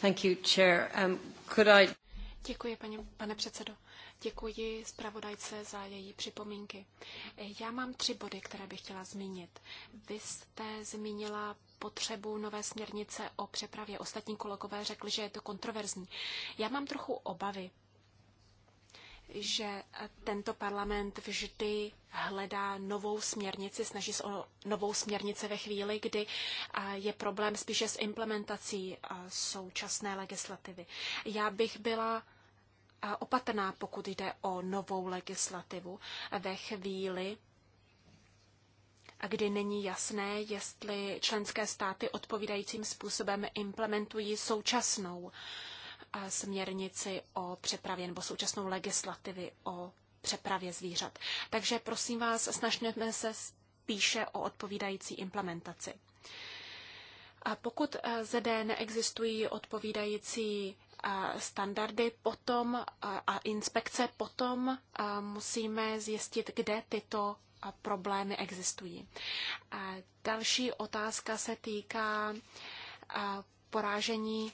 Thank you, Chair. Um, could I... Děkuji, paní, pane předsedo. Děkuji zpravodajce za její připomínky. Já mám tři body, které bych chtěla zmínit. Vy jste zmínila potřebu nové směrnice o přepravě. Ostatní kolegové řekli, že je to kontroverzní. Já mám trochu obavy, že tento parlament vždy hledá novou směrnici, snaží se o novou směrnici ve chvíli, kdy je problém spíše s implementací současné legislativy. Já bych byla opatrná, pokud jde o novou legislativu ve chvíli, kdy není jasné, jestli členské státy odpovídajícím způsobem implementují současnou eh, směrnici o přepravě nebo současnou legislativy o přepravě zvířat. Takže prosím vás, snažíme se spíše o odpovídající implementaci. A pokud eh, zde neexistují odpovídající eh, standardy potom a inspekce potom musíme zjistit, kde tyto problémy existují. Další otázka se týká porážení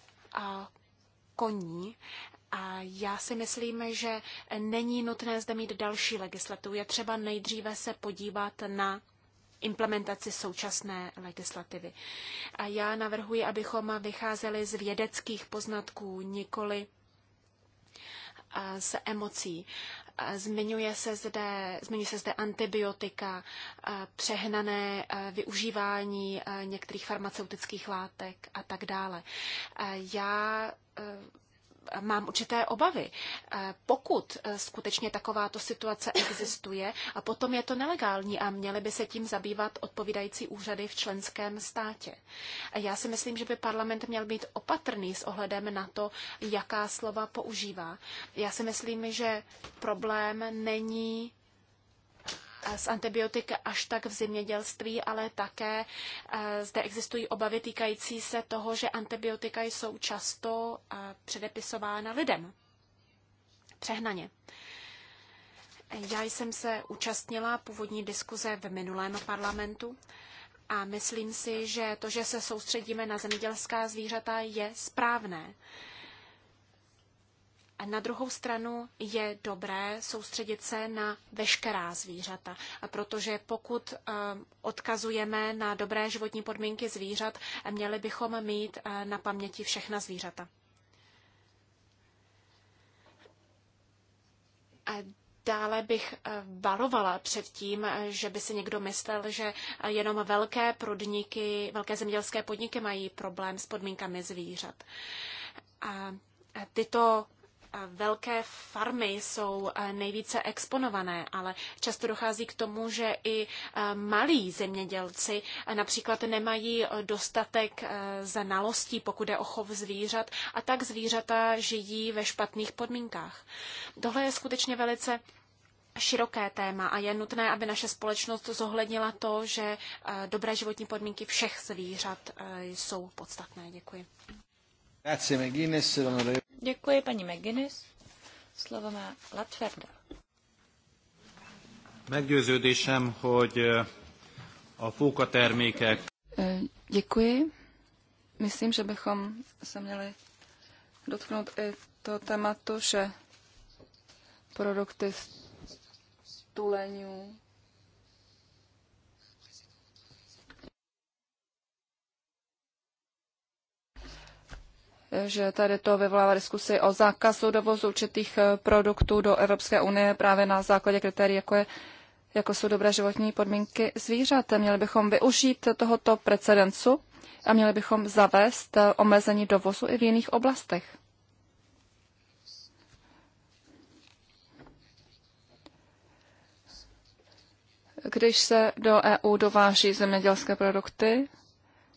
koní. A já si myslím, že není nutné zde mít další legislativu. Je třeba nejdříve se podívat na implementaci současné legislativy. A já navrhuji, abychom vycházeli z vědeckých poznatků, nikoli z emocí. Zmiňuje se zde, zmiňuje se zde antibiotika, přehnané využívání některých farmaceutických látek a tak dále. Já e, mám určité obavy. Eh, pokud eh, skutečně takováto situace existuje, a potom je to nelegální a měly by se tím zabývat odpovídající úřady v členském státě. Já si myslím, že by parlament měl být opatrný s ohledem na to, jaká slova používá. Já si myslím, že problém není z antibiotik až tak v zemědělství, ale také eh, zde existují obavy týkající se toho, že antibiotika jsou často eh, předepisována lidem. Přehnaně. Já jsem se účastnila původní diskuze v minulém parlamentu a myslím si, že to, že se soustředíme na zemědělská zvířata, je správné. Na druhou stranu je dobré soustředit se na veškerá zvířata, protože pokud ehm, odkazujeme na dobré životní podmínky zvířat, měli bychom mít eh, na paměti všechna zvířata. A Dále bych eh, varovala před tím, eh, že by si někdo myslel, že jenom velké podniky, velké zemědělské podniky mají problém s podmínkami zvířat. A tyto velké farmy jsou eh, nejvíce exponované, ale často dochází k tomu, že i eh, malí zemědělci eh, například nemají dostatek znalostí, pokud je o chov zvířat, a tak zvířata žijí ve špatných podmínkách. Tohle je skutečně velice široké téma a je nutné, aby naše společnost zohlednila to, že dobré životní podmínky všech zvířat jsou podstatné. Děkuji. Děkuji, paní McGuinness. Slovo má Latverda. Meggyőződésem, hogy a fókatermékek... Děkuji. Myslím, že bychom se měli dotknout i toho tématu, že produkty z tuleňů že tady to vyvolává diskusi o zákazu dovozu určitých eh, produktů do Evropské unie právě na základě kritérií, jako, je, jako jsou dobré životní podmínky zvířat. Měli bychom využít tohoto precedencu a měli bychom zavést eh, omezení dovozu i v jiných oblastech. Když se do EU dováží zemědělské produkty,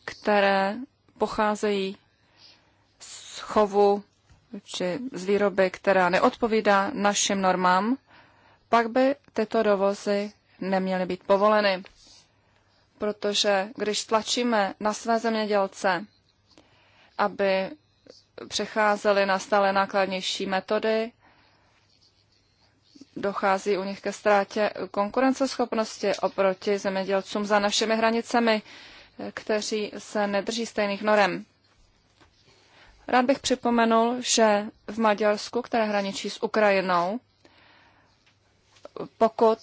které pocházejí chovu či z výroby, která neodpovídá našim normám, pak by tyto dovozy neměly být povoleny. Protože když tlačíme na své zemědělce, aby přecházeli na stále nákladnější metody, dochází u nich ke ztrátě konkurenceschopnosti oproti zemědělcům za našimi hranicemi, kteří se nedrží stejných norem. Rád bych připomenul, že v Maďarsku, které hraničí s Ukrajinou, pokud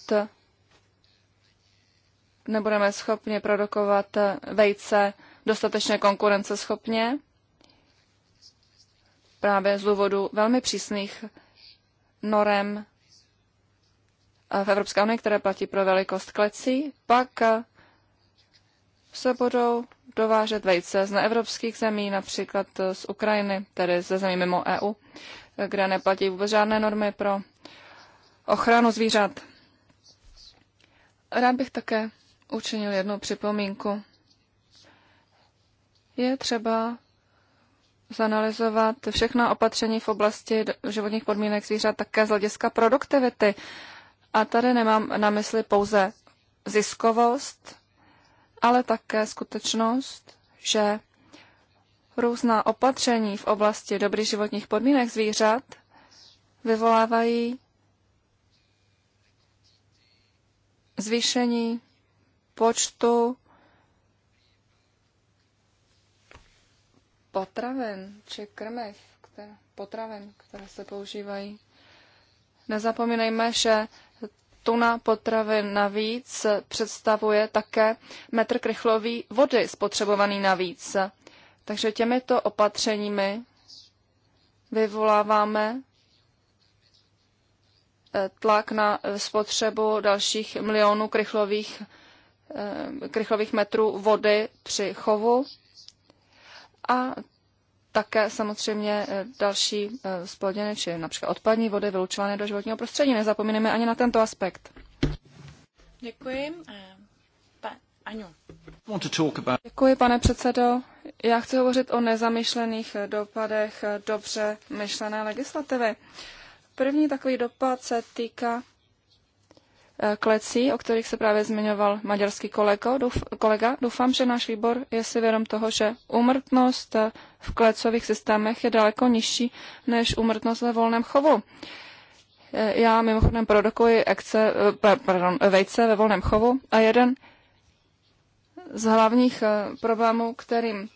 nebudeme schopni produkovat vejce dostatečně konkurenceschopně, právě z důvodu velmi přísných norem v Evropské unii, které platí pro velikost klecí, pak se budou dovážet vejce z neevropských zemí, například z Ukrajiny, tedy ze zemí mimo EU, kde neplatí vůbec žádné normy pro ochranu zvířat. Rád bych také učinil jednu připomínku. Je třeba zanalizovat všechna opatření v oblasti životních podmínek zvířat také z hlediska produktivity. A tady nemám na mysli pouze ziskovost, ale také skutečnost, že různá opatření v oblasti dobrých životních podmínek zvířat vyvolávají zvýšení počtu potraven, či krmiv, které, které se používají. Nezapomínejme, že tuna potravin navíc představuje také metr krychlový vody spotřebovaný navíc. Takže těmito opatřeními vyvoláváme eh, tlak na spotřebu dalších milionů krychlových, eh, krychlových metrů vody při chovu. A také samozřejmě eh, další spodiny, eh, či například odpadní vody vylučované do životního prostředí. Nezapomínáme ani na tento aspekt. Děkuji. Eh, Děkuji, pane předsedo. Já chci hovořit o nezamýšlených dopadech dobře myšlené legislativy. První takový dopad se týká Eh, klecí, o kterých se právě zmiňoval maďarský kolego, douf, kolega. Doufám, že náš výbor je si vědom toho, že úmrtnost eh, v klecových systémech je daleko nižší než úmrtnost ve volném chovu. Eh, já mimochodem produkuji akce, pardon, vejce ve volném chovu a jeden z hlavních problémů, kterým,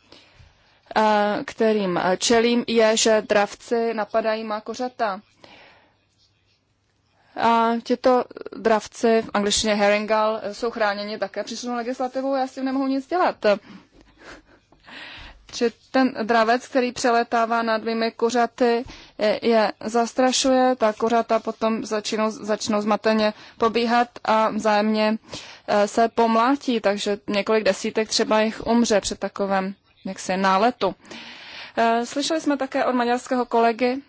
kterým čelím, je, že dravci napadají má kořata a tito dravci, v angličtině herringal, jsou chráněni také příslušnou legislativou, já s tím nemohu nic dělat. Že ten dravec, který přeletává nad dvěmi kuřaty, je, je zastrašuje, ta kuřata potom začínou, začnou zmateně pobíhat a vzájemně eh, se pomlátí, takže několik desítek třeba jich umře při takovém jaksi náletu. Eh, slyšeli jsme také od maďarského kolegy,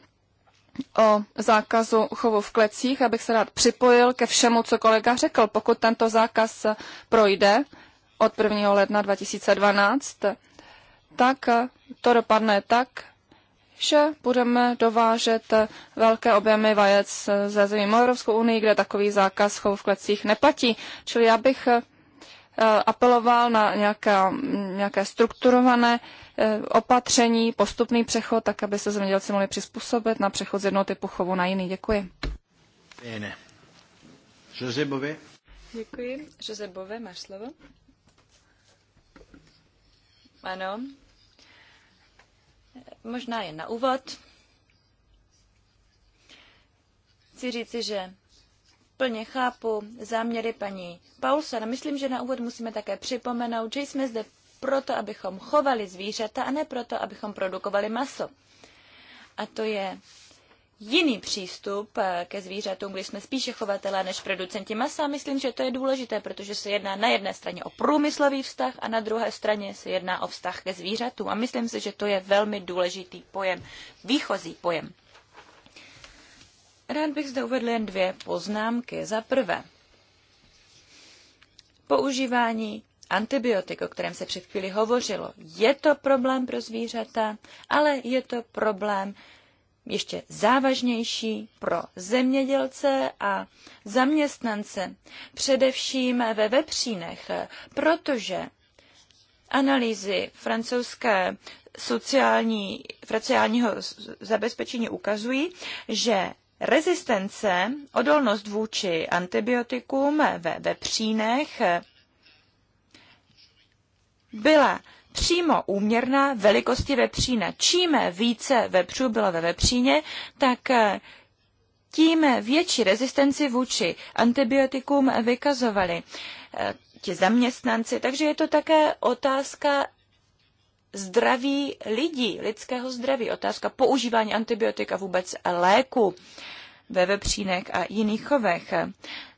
o zákazu chovu v klecích, abych se rád připojil ke všemu, co kolega řekl. Pokud tento zákaz projde od 1. ledna 2012, tak to dopadne tak, že budeme dovážet velké objemy vajec ze zemí Evropskou unii, kde takový zákaz chovu v klecích neplatí. Čili já bych Eh, apeloval na nějaká, nějaké strukturované eh, opatření, postupný přechod, tak aby se zemědělci mohli přizpůsobit na přechod z jednoho typu chovu na jiný. Děkuji. Bene. José Bové. Děkuji. José Bové, máš slovo? Ano. Možná jen na úvod. Chci říci, že plně chápu záměry paní Paulsen myslím, že na úvod musíme také připomenout, že jsme zde proto, abychom chovali zvířata a ne proto, abychom produkovali maso. A to je jiný přístup eh, ke zvířatům, když jsme spíše chovatelé než producenti masa. Myslím, že to je důležité, protože se jedná na jedné straně o průmyslový vztah a na druhé straně se jedná o vztah ke zvířatům. A myslím si, že to je velmi důležitý pojem, výchozí pojem. Rád bych zde uvedl jen dvě poznámky. Za prvé, používání antibiotik, o kterém se před chvíli hovořilo, je to problém pro zvířata, ale je to problém ještě závažnější pro zemědělce a zaměstnance, především ve vepřínech, protože analýzy francouzské sociální, sociálního zabezpečení ukazují, že Rezistence, odolnost vůči antibiotikům ve vepřínech byla přímo úměrná velikosti vepřína. Čím více vepřů bylo ve vepříně, tak tím větší rezistenci vůči antibiotikům vykazovali ti zaměstnanci. Takže je to také otázka zdraví lidí, lidského zdraví, otázka používání antibiotik a vůbec léku ve vepřínech a jiných chovech.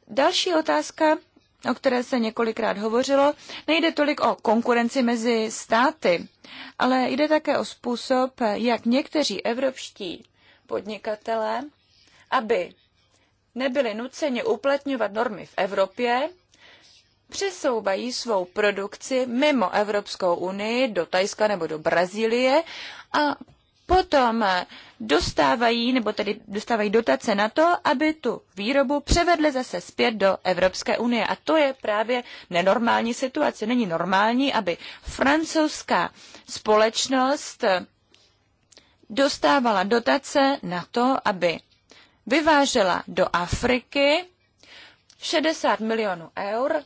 Další otázka, o které se několikrát hovořilo, nejde tolik o konkurenci mezi státy, ale jde také o způsob, jak někteří evropští podnikatelé, aby nebyli nuceni uplatňovat normy v Evropě, přesouvají svou produkci mimo Evropskou unii do Tajska nebo do Brazílie a potom dostávají, nebo tedy dostávají dotace na to, aby tu výrobu převedli zase zpět do Evropské unie. A to je právě nenormální situace. Není normální, aby francouzská společnost dostávala dotace na to, aby vyvážela do Afriky 60 milionů eur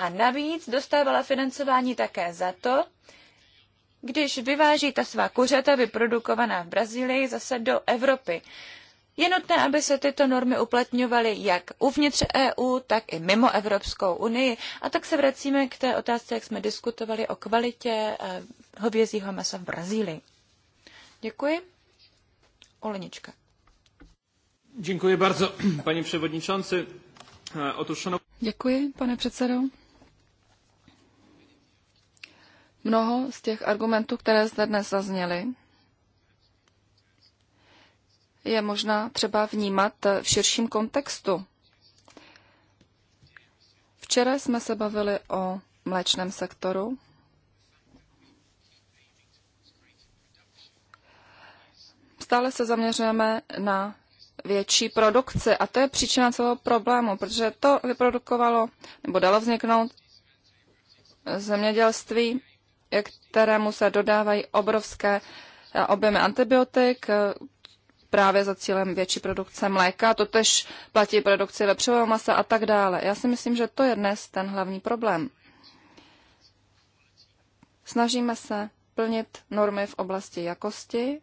a navíc dostávala financování také za to, když vyváží ta svá kuřata vyprodukovaná v Brazílii zase do Evropy. Je nutné, aby se tyto normy uplatňovaly jak uvnitř EU, tak i mimo Evropskou unii. A tak se vracíme k té otázce, jak jsme diskutovali o kvalitě eh, hovězího masa v Brazílii. Děkuji. Olenička. Děkuji bardzo, paní předsedající. Eh, Děkuji, pane předsedo. Mnoho z těch argumentů, které zde dnes zazněly, je možná třeba vnímat v širším kontextu. Včera jsme se bavili o mléčném sektoru. Stále se zaměřujeme na větší produkci a to je příčina celého problému, protože to vyprodukovalo nebo dalo vzniknout zemědělství kterému se dodávají obrovské eh, objemy antibiotik, eh, právě za cílem větší produkce mléka, to tež platí produkci vepřového masa a tak dále. Já si myslím, že to je dnes ten hlavní problém. Snažíme se plnit normy v oblasti jakosti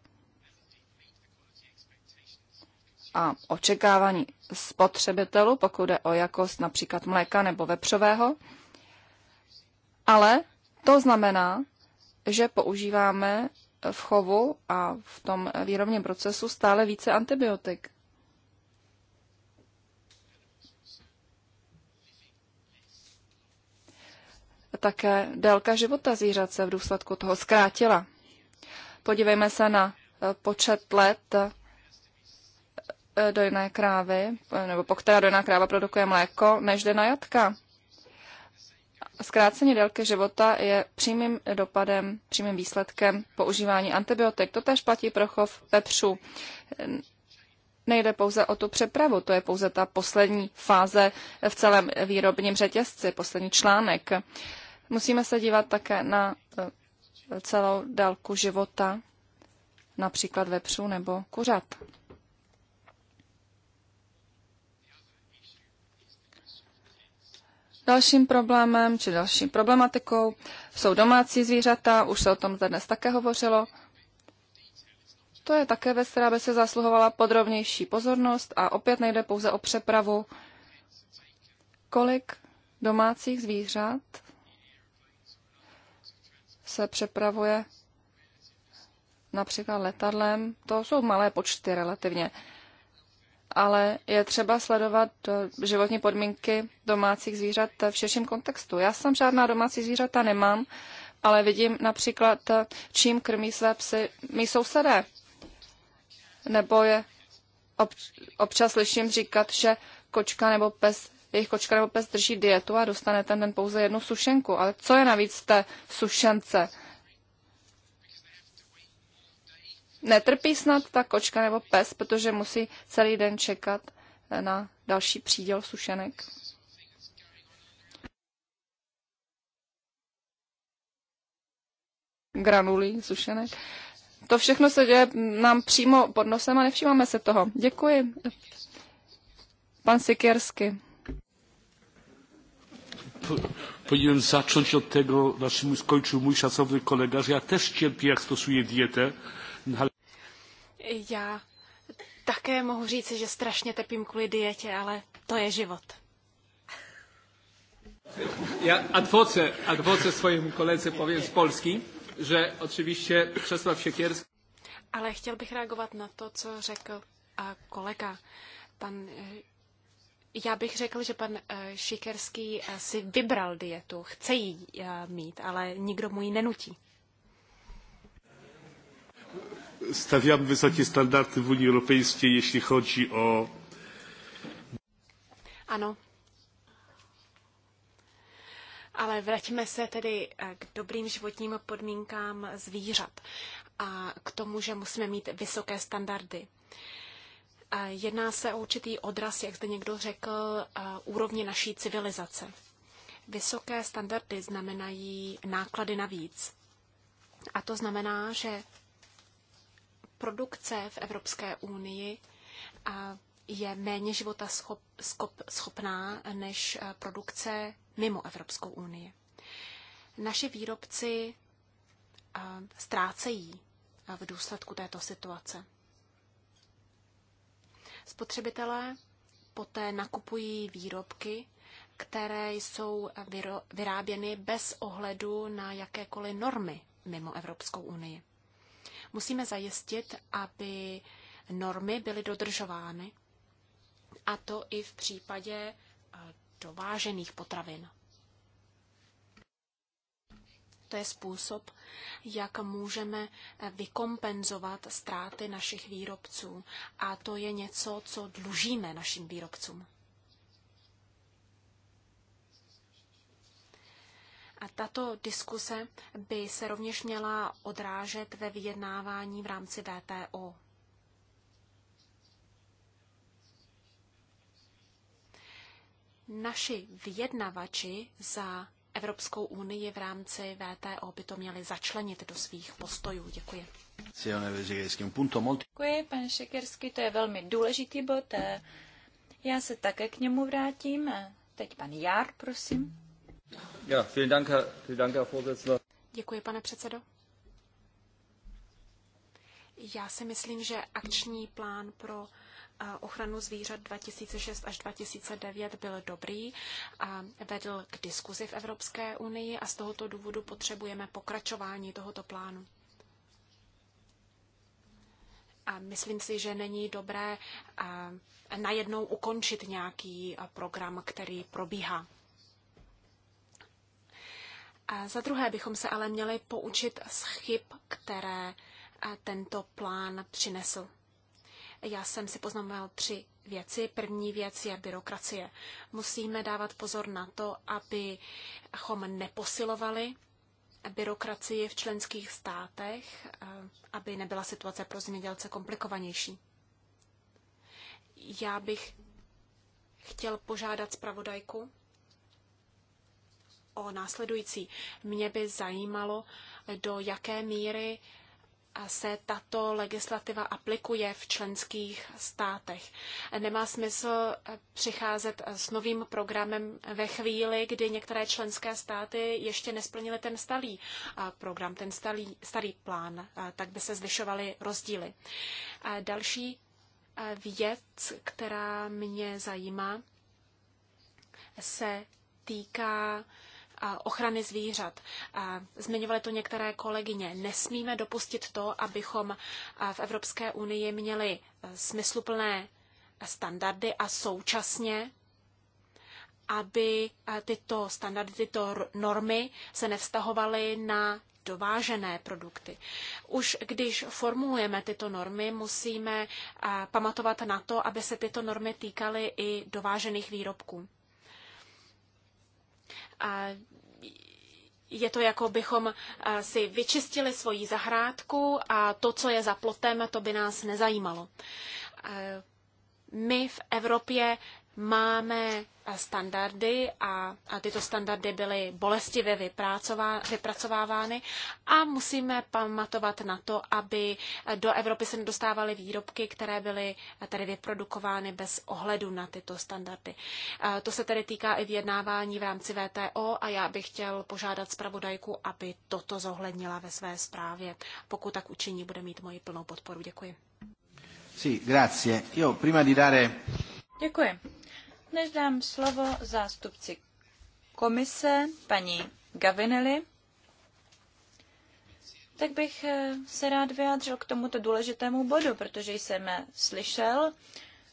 a očekávání spotřebitelů, pokud jde o jakost například mléka nebo vepřového, ale to znamená, že používáme v chovu a v tom výrobním procesu stále více antibiotik. Také délka života zvířat se v důsledku toho zkrátila. Podívejme se na počet let eh, dojné krávy, nebo po která dojná kráva produkuje mléko, než jde na jatka. Zkrácení délky života je přímým dopadem, přímým výsledkem používání antibiotik. To též platí pro chov pepřů. Nejde pouze o tu přepravu, to je pouze ta poslední fáze v celém výrobním řetězci, poslední článek. Musíme se dívat také na eh, celou délku života, například vepřů nebo kuřat. Dalším problémem či další problematikou jsou domácí zvířata, už se o tom zde dnes také hovořilo. To je také věc, která by se zasluhovala podrobnější pozornost a opět nejde pouze o přepravu. Kolik domácích zvířat se přepravuje například letadlem, to jsou malé počty relativně ale je třeba sledovat eh, životní podmínky domácích zvířat v širším kontextu. Já jsem žádná domácí zvířata nemám, ale vidím například, eh, čím krmí své psy mý sousedé. Nebo je občas slyším říkat, že kočka nebo pes, jejich kočka nebo pes drží dietu a dostane ten den pouze jednu sušenku. Ale co je navíc té sušence? netrpí snad ta kočka nebo pes, protože musí celý den čekat na další příděl sušenek. Granulí sušenek. To všechno se děje nám přímo pod nosem a nevšímáme se toho. Děkuji. Pan Sikersky. Powinienem zacząć od tego, znaczy skończył mój szacowny kolega, że ja też cierpię, jak stosuję dietę. Já také mohu říct, že strašně trpím kvůli dietě, ale to je život. Ja advoce, advoce swojemu koledze powiem z Polski, że oczywiście Czesław Siekierski... Ale chtěl bych reagovat na to, co řekl kolega. Pan, eh, já bych řekl, že pan Šikerský eh, eh, si vybral dietu, chce ji mít, ale nikdo mu ji nenutí stawiamy wysokie standardy w Unii Europejskiej, jeśli chodzi o. Ano. Ale vraťme se tedy eh, k dobrým životním podmínkám zvířat a k tomu, že musíme mít vysoké standardy. Eh, jedná se o určitý odraz, jak zde někdo řekl, eh, úrovně naší civilizace. Vysoké standardy znamenají náklady navíc. A to znamená, že produkce v Evropské unii je méně života schop, schop, schopná než eh, produkce mimo Evropskou unii. Naši výrobci eh, ztrácejí eh, v důsledku této situace. Spotřebitelé poté nakupují výrobky, které jsou vyráběny bez ohledu na jakékoliv normy mimo Evropskou unii. Musíme zajistit, aby normy byly dodržovány, a to i v případě eh, dovážených potravin. To je způsob, jak můžeme eh, vykompenzovat ztráty našich výrobců. A to je něco, co dlužíme našim výrobcům. A tato diskuse by se rovněž měla odrážet ve vyjednávání v rámci VTO. Naši vyjednavači za Evropskou unii v rámci VTO by to měli začlenit do svých postojů. Děkuji. Děkuji, pane Šekersky, to je velmi důležitý bod. Já se také k němu vrátím. Teď pan Jár, prosím. Ja, vielen Dank, vielen Dank, Herr Vorsitzender. Děkuji, pane předsedo. Já si myslím, že akční plán pro eh, ochranu zvířat 2006 až 2009 byl dobrý a vedl k diskuzi v Evropské unii a z tohoto důvodu potřebujeme pokračování tohoto plánu. A myslím si, že není dobré eh, najednou ukončit nějaký eh, program, který probíhá. A za druhé bychom se ale měli poučit z chyb, které tento plán přinesl. Já jsem si poznamenal tři věci. První věc je byrokracie. Musíme dávat pozor na to, abychom neposilovali byrokracii v členských státech, aby nebyla situace pro zemědělce komplikovanější. Já bych chtěl požádat zpravodajku, o následující. Mě by zajímalo, do jaké míry se tato legislativa aplikuje v členských státech. Nemá smysl přicházet s novým programem ve chvíli, kdy některé členské státy ještě nesplnily ten starý program, ten starý, starý plán, tak by se zvyšovaly rozdíly. Další věc, která mě zajímá, se týká ochrany zvířat. Zmiňovaly to některé kolegyně. Nesmíme dopustit to, abychom v Evropské unii měli e, smysluplné standardy a současně aby tyto standardy, tyto normy se nevztahovaly na dovážené produkty. Už když formulujeme tyto normy, musíme pamatovat na to, aby se tyto normy týkaly i dovážených výrobků je to jako bychom eh, si vyčistili svoji zahrádku a to, co je za plotem, to by nás nezajímalo. Eh, my v Evropě Máme eh, standardy a, a tyto standardy byly bolestivě vypracovávány a musíme pamatovat na to, aby eh, do Evropy se nedostávaly výrobky, které byly eh, tady vyprodukovány bez ohledu na tyto standardy. To se tedy týká i vyjednávání v rámci VTO a já bych chtěl požádat zpravodajku, aby toto zohlednila ve své zprávě. Pokud tak učiní, bude mít moji plnou podporu. Děkuji. Sí, grazie. Io prima di dare Děkuji. Než dám slovo zástupci komise, paní Gavinelli, tak bych eh, se rád vyjádřil k tomuto důležitému bodu, protože jsem slyšel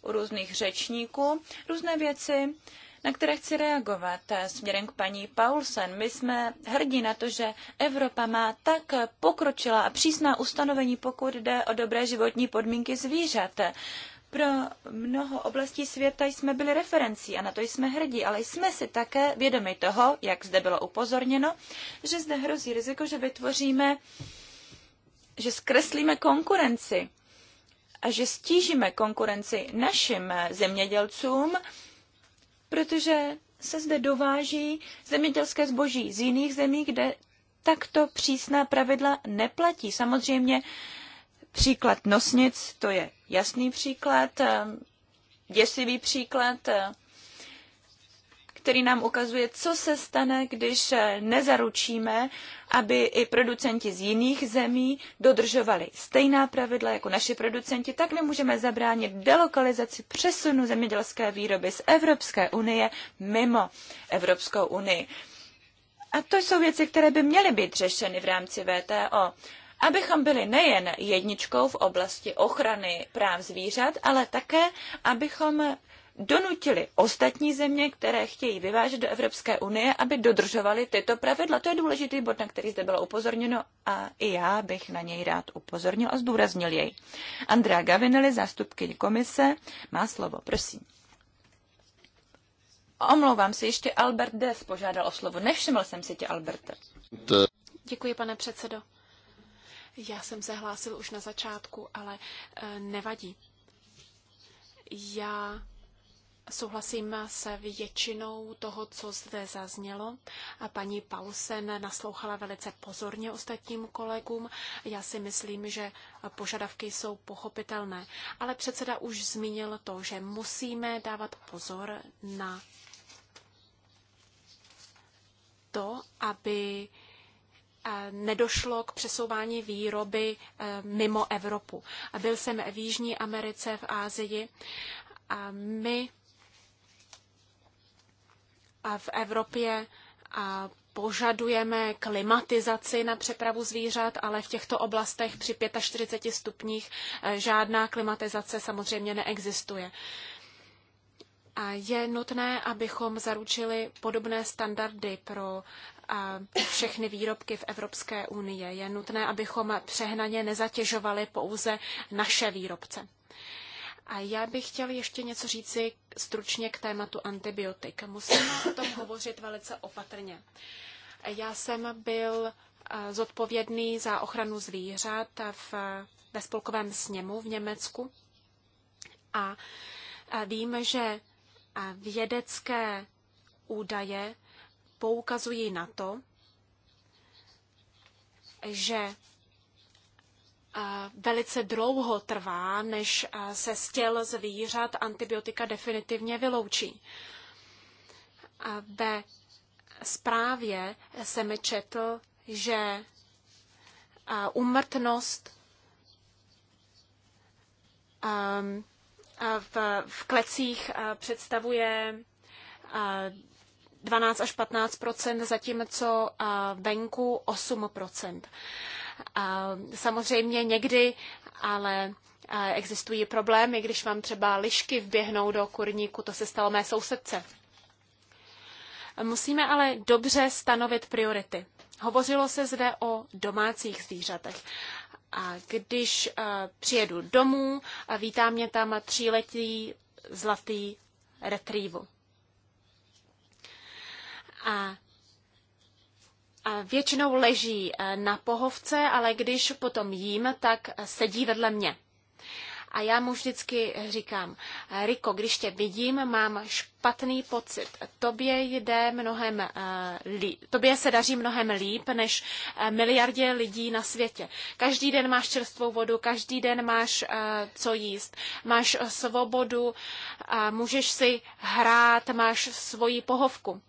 u různých řečníků různé věci, na které chci reagovat eh, směrem k paní Paulsen. My jsme hrdí na to, že Evropa má tak pokročila a přísná ustanovení, pokud jde o dobré životní podmínky zvířat. Pro mnoho oblastí světa jsme byli referencí a na to jsme hrdí, ale jsme si také vědomi toho, jak zde bylo upozorněno, že zde hrozí riziko, že vytvoříme, že zkreslíme konkurenci a že stížíme konkurenci našim zemědělcům, protože se zde dováží zemědělské zboží z jiných zemí, kde takto přísná pravidla neplatí. Samozřejmě příklad nosnic, to je jasný příklad, eh, děsivý příklad, eh, který nám ukazuje, co se stane, když eh, nezaručíme, aby i producenti z jiných zemí dodržovali stejná pravidla jako naši producenti, tak nemůžeme zabránit delokalizaci přesunu zemědělské výroby z Evropské unie mimo Evropskou unii. A to jsou věci, které by měly být řešeny v rámci VTO abychom byli nejen jedničkou v oblasti ochrany práv zvířat, ale také, abychom donutili ostatní země, které chtějí vyvážet do Evropské unie, aby dodržovali tyto pravidla. To je důležitý bod, na který zde bylo upozorněno a i já bych na něj rád upozornil a zdůraznil jej. Andrea Gavinelli, zástupkyně komise, má slovo, prosím. Omlouvám se, ještě Albert Des požádal o slovo. Nevšiml jsem si tě, Alberte. Děkuji, pane předsedo. Já jsem se hlásil už na začátku, ale eh, nevadí. Já Souhlasím se většinou toho, co zde zaznělo. A paní Paulsen naslouchala velice pozorně ostatním kolegům. Já si myslím, že požadavky jsou pochopitelné. Ale předseda už zmínil to, že musíme dávat pozor na to, aby nedošlo k přesouvání výroby e, mimo Evropu. Byl jsem v Jižní Americe, v Ázii a my v Evropě a požadujeme klimatizaci na přepravu zvířat, ale v těchto oblastech při 45 stupních e, žádná klimatizace samozřejmě neexistuje. Je nutné, abychom zaručili podobné standardy pro všechny výrobky v Evropské unii. Je nutné, abychom přehnaně nezatěžovali pouze naše výrobce. A já bych chtěl ještě něco říci stručně k tématu antibiotik. Musíme o tom hovořit velice opatrně. Já jsem byl zodpovědný za ochranu zvířat v, ve spolkovém sněmu v Německu a vím, že vědecké údaje poukazují na to, že eh, velice dlouho trvá, než eh, se z těl zvířat antibiotika definitivně vyloučí. Ve zprávě se mi četl, že umrtnost eh, um, ehm, v, v klecích představuje 12 až 15 zatímco venku 8 Samozřejmě někdy, ale existují problémy, když vám třeba lišky vběhnou do kurníku, to se stalo mé sousedce. Musíme ale dobře stanovit priority. Hovořilo se zde o domácích zvířatech. Když eh, přijedu domů, vítá mě tam tříletý zlatý retriever. A a většinou leží eh, na pohovce, ale když potom jím, tak sedí vedle mě. A já mu vždycky říkám, Riko, když tě vidím, mám špatný pocit. Tobě jde mnohem eh, líp. Tobě se daří mnohem líp než eh, miliardě lidí na světě. Každý den máš čerstvou vodu, každý den máš eh, co jíst, máš svobodu, můžeš si hrát, máš svoji pohovku. Uh,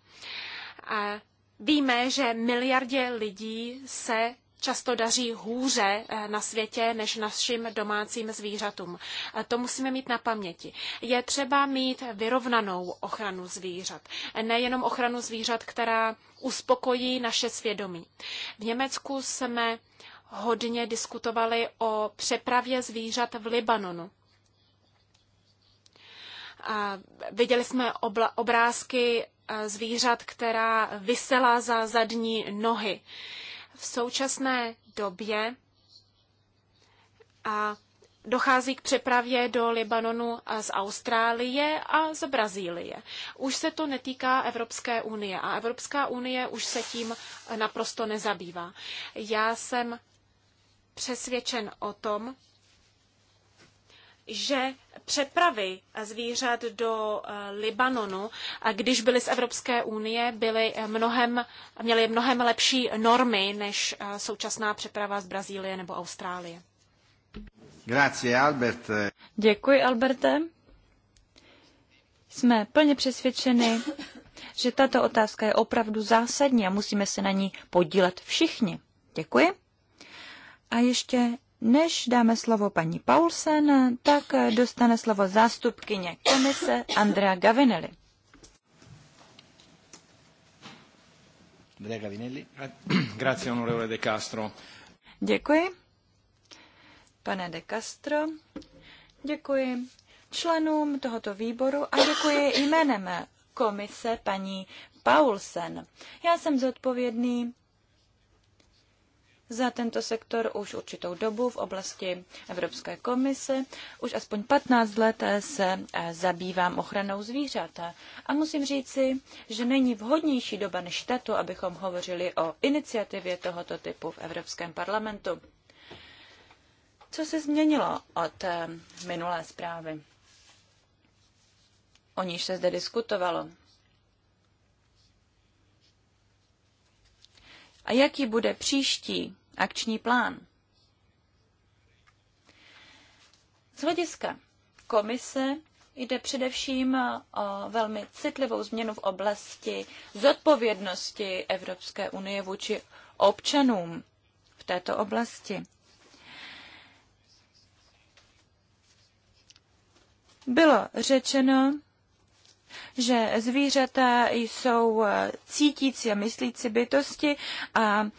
víme, že miliardě lidí se často daří hůře eh, na světě než našim domácím zvířatům. To musíme mít na paměti. Je třeba mít vyrovnanou ochranu zvířat. Nejenom ochranu zvířat, která uspokojí naše svědomí. V Německu jsme hodně diskutovali o přepravě zvířat v Libanonu. A viděli jsme obrázky eh, zvířat, která vysela za zadní nohy v současné době a dochází k přepravě do Libanonu z Austrálie a z Brazílie. Už se to netýká Evropské unie a Evropská unie už se tím naprosto nezabývá. Já jsem přesvědčen o tom, že přepravy zvířat do eh, Libanonu, když byly z Evropské unie, byly eh, mnohem, měly mnohem lepší normy než eh, současná přeprava z Brazílie nebo Austrálie. Grazie, Albert. Děkuji, Alberte. Jsme plně přesvědčeni, že tato otázka je opravdu zásadní a musíme se na ní podílet všichni. Děkuji. A ještě než dáme slovo paní Paulsen, tak dostane slovo zástupkyně komise Andrea Gavinelli. Andrea Gavinelli. Grazie, onorevole De Castro. Děkuji. Pane De Castro, děkuji členům tohoto výboru a děkuji jménem komise paní Paulsen. Já jsem zodpovědný za tento sektor už určitou dobu v oblasti Evropské komise. Už aspoň 15 let se eh, zabývám ochranou zvířat. A musím říci, že není vhodnější doba než tato, abychom hovořili o iniciativě tohoto typu v Evropském parlamentu. Co se změnilo od eh, minulé zprávy? O níž se zde diskutovalo. a jaký bude příští akční plán. Z hlediska komise jde především eh, o velmi citlivou změnu v oblasti zodpovědnosti Evropské unie vůči občanům v této oblasti. Bylo řečeno, že zvířata jsou cítící a myslící bytosti a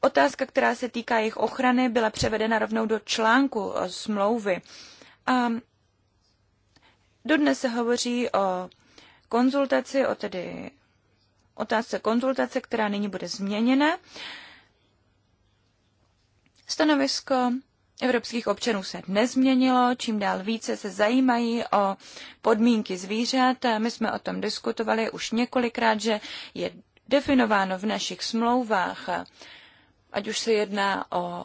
otázka, která se týká jejich ochrany, byla převedena rovnou do článku smlouvy. A dodnes se hovoří o konzultaci, o tedy otázce konzultace, která nyní bude změněna. Stanovisko evropských občanů se nezměnilo, čím dál více se zajímají o podmínky zvířat. My jsme o tom diskutovali už několikrát, že je definováno v našich smlouvách, ať už se jedná o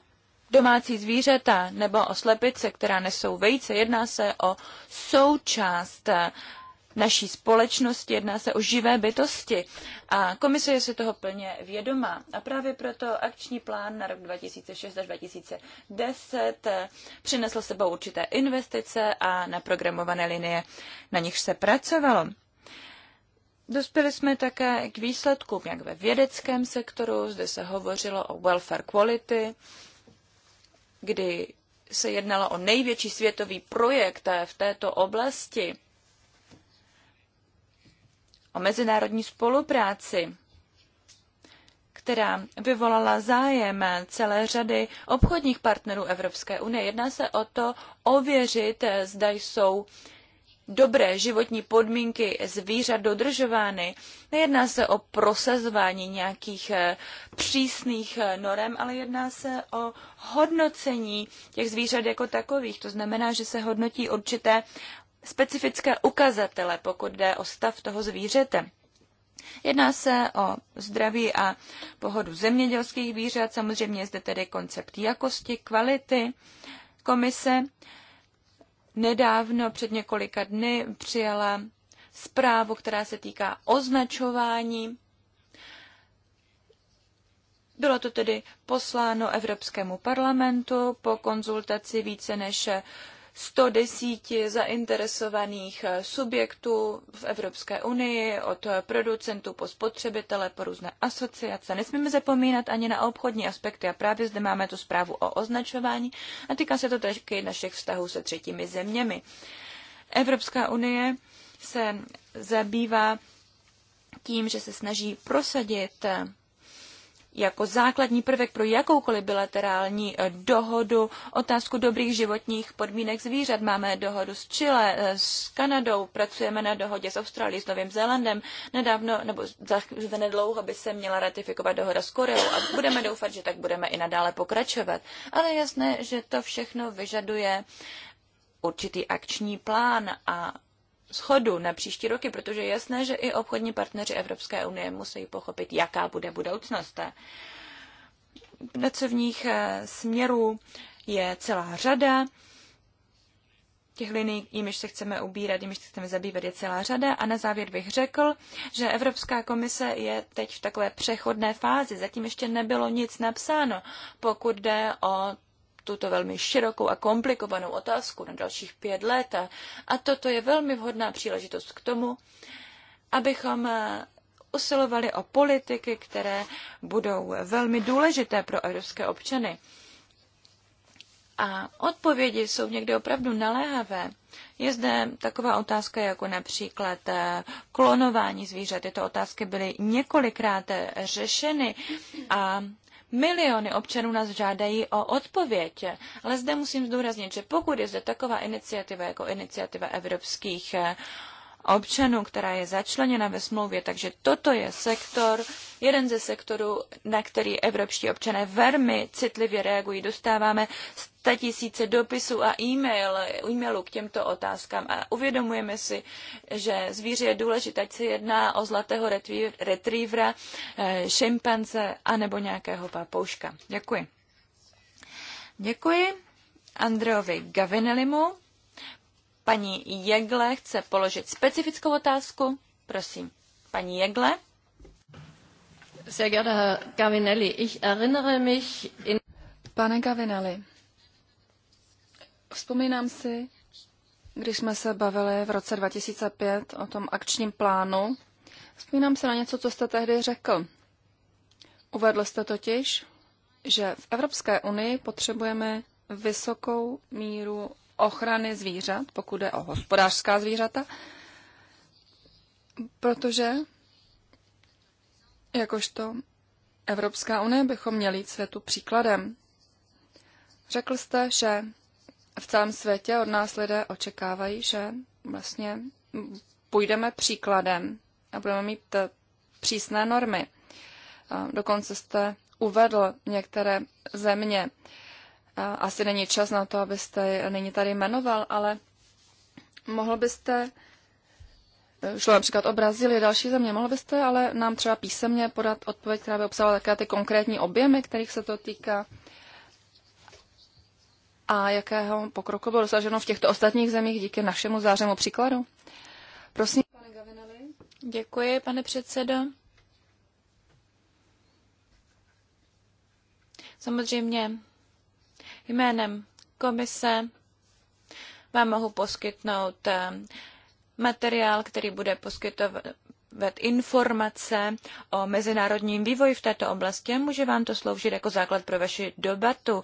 domácí zvířata nebo o slepice, která nesou vejce, jedná se o součást naší společnosti, jedná se o živé bytosti a komise je si toho plně vědomá. A právě proto akční plán na rok 2006 až 2010 eh, přinesl sebou určité investice a naprogramované linie, na nichž se pracovalo. Dospěli jsme také k výsledkům, jak ve vědeckém sektoru, zde se hovořilo o welfare quality, kdy se jednalo o největší světový projekt v této oblasti o mezinárodní spolupráci, která vyvolala zájem celé řady obchodních partnerů Evropské unie. Jedná se o to ověřit, zda jsou dobré životní podmínky zvířat dodržovány. Nejedná se o prosazování nějakých eh, přísných eh, norem, ale jedná se o hodnocení těch zvířat jako takových. To znamená, že se hodnotí určité specifické ukazatele, pokud jde o stav toho zvířete. Jedná se o zdraví a pohodu zemědělských výřad, samozřejmě je zde tedy koncept jakosti, kvality. Komise nedávno, před několika dny, přijala zprávu, která se týká označování. Bylo to tedy posláno Evropskému parlamentu po konzultaci více než 110 zainteresovaných eh, subjektů v Evropské unii, od producentů po spotřebitele, po různé asociace. Nesmíme zapomínat ani na obchodní aspekty a právě zde máme tu zprávu o označování a týká se to také našich vztahů se třetími zeměmi. Evropská unie se zabývá tím, že se snaží prosadit jako základní prvek pro jakoukoliv bilaterální eh, dohodu otázku dobrých životních podmínek zvířat. Máme dohodu s Chile, eh, s Kanadou, pracujeme na dohodě s Austrálií, s Novým Zélandem. Nedávno, nebo nedlouho by se měla ratifikovat dohoda s Koreou a budeme doufat, že tak budeme i nadále pokračovat. Ale jasné, že to všechno vyžaduje určitý akční plán a schodu na příští roky, protože je jasné, že i obchodní partneři Evropské unie musí pochopit, jaká bude budoucnost. Pracovních eh, směrů je celá řada. Těch linií, jimiž se chceme ubírat, jimiž se chceme zabývat, je celá řada. A na závěr bych řekl, že Evropská komise je teď v takové přechodné fázi. Zatím ještě nebylo nic napsáno, pokud jde o tuto velmi širokou a komplikovanou otázku na dalších pět let. A toto je velmi vhodná příležitost k tomu, abychom eh, usilovali o politiky, které budou velmi důležité pro evropské občany. A odpovědi jsou někdy opravdu naléhavé. Je zde taková otázka jako například eh, klonování zvířat. Tyto otázky byly několikrát eh, řešeny a Miliony občanů nás žádají o odpověď, ale zde musím zdůraznit, že pokud je zde taková iniciativa jako iniciativa evropských občanů, která je začleněna ve smlouvě. Takže toto je sektor, jeden ze sektorů, na který evropští občané velmi citlivě reagují. Dostáváme tisíce dopisů a e-mail, e-mailů k těmto otázkám a uvědomujeme si, že zvíře je důležité, ať se jedná o zlatého retrievera, eh, šimpanze anebo nějakého papouška. Děkuji. Děkuji Andreovi Gavinelimu Paní Jegle chce položit specifickou otázku. Prosím, paní Jegle. Sehr geehrter Herr Pane Gavinelli, vzpomínám si, když jsme se bavili v roce 2005 o tom akčním plánu, vzpomínám se na něco, co jste tehdy řekl. Uvedl jste totiž, že v Evropské unii potřebujeme vysokou míru ochrany zvířat, pokud je o hospodářská zvířata, protože jakožto Evropská unie bychom měli jít světu příkladem. Řekl jste, že v celém světě od nás lidé očekávají, že vlastně půjdeme příkladem a budeme mít přísné normy. Dokonce jste uvedl některé země, asi není čas na to, abyste není tady jmenoval, ale mohl byste, eh, šlo například o Brazílii, další země, mohl byste ale nám třeba písemně podat odpověď, která by obsahovala také ty konkrétní objemy, kterých se to týká a jakého pokroku bylo dosaženo v těchto ostatních zemích díky našemu zářemu příkladu. Prosím, pane Gavinelli. Děkuji, pane předsedo. Samozřejmě Jménem komise vám mohu poskytnout eh, materiál, který bude poskytovat informace o mezinárodním vývoji v této oblasti a může vám to sloužit jako základ pro vaši debatu.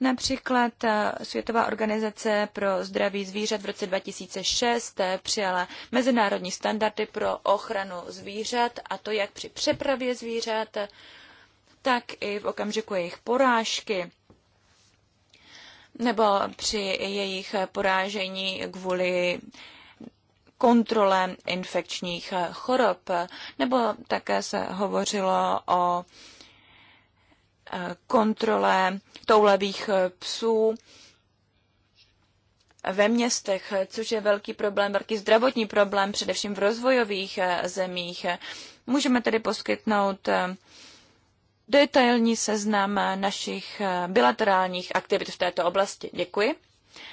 Například eh, Světová organizace pro zdraví zvířat v roce 2006 eh, přijala mezinárodní standardy pro ochranu zvířat, a to jak při přepravě zvířat, tak i v okamžiku jejich porážky nebo při jejich porážení kvůli kontrole infekčních chorob, nebo také se hovořilo o eh, kontrole toulavých psů ve městech, což je velký problém, velký zdravotní problém, především v rozvojových eh, zemích. Můžeme tedy poskytnout eh, detailní seznam našich eh, bilaterálních aktivit v této oblasti. Děkuji.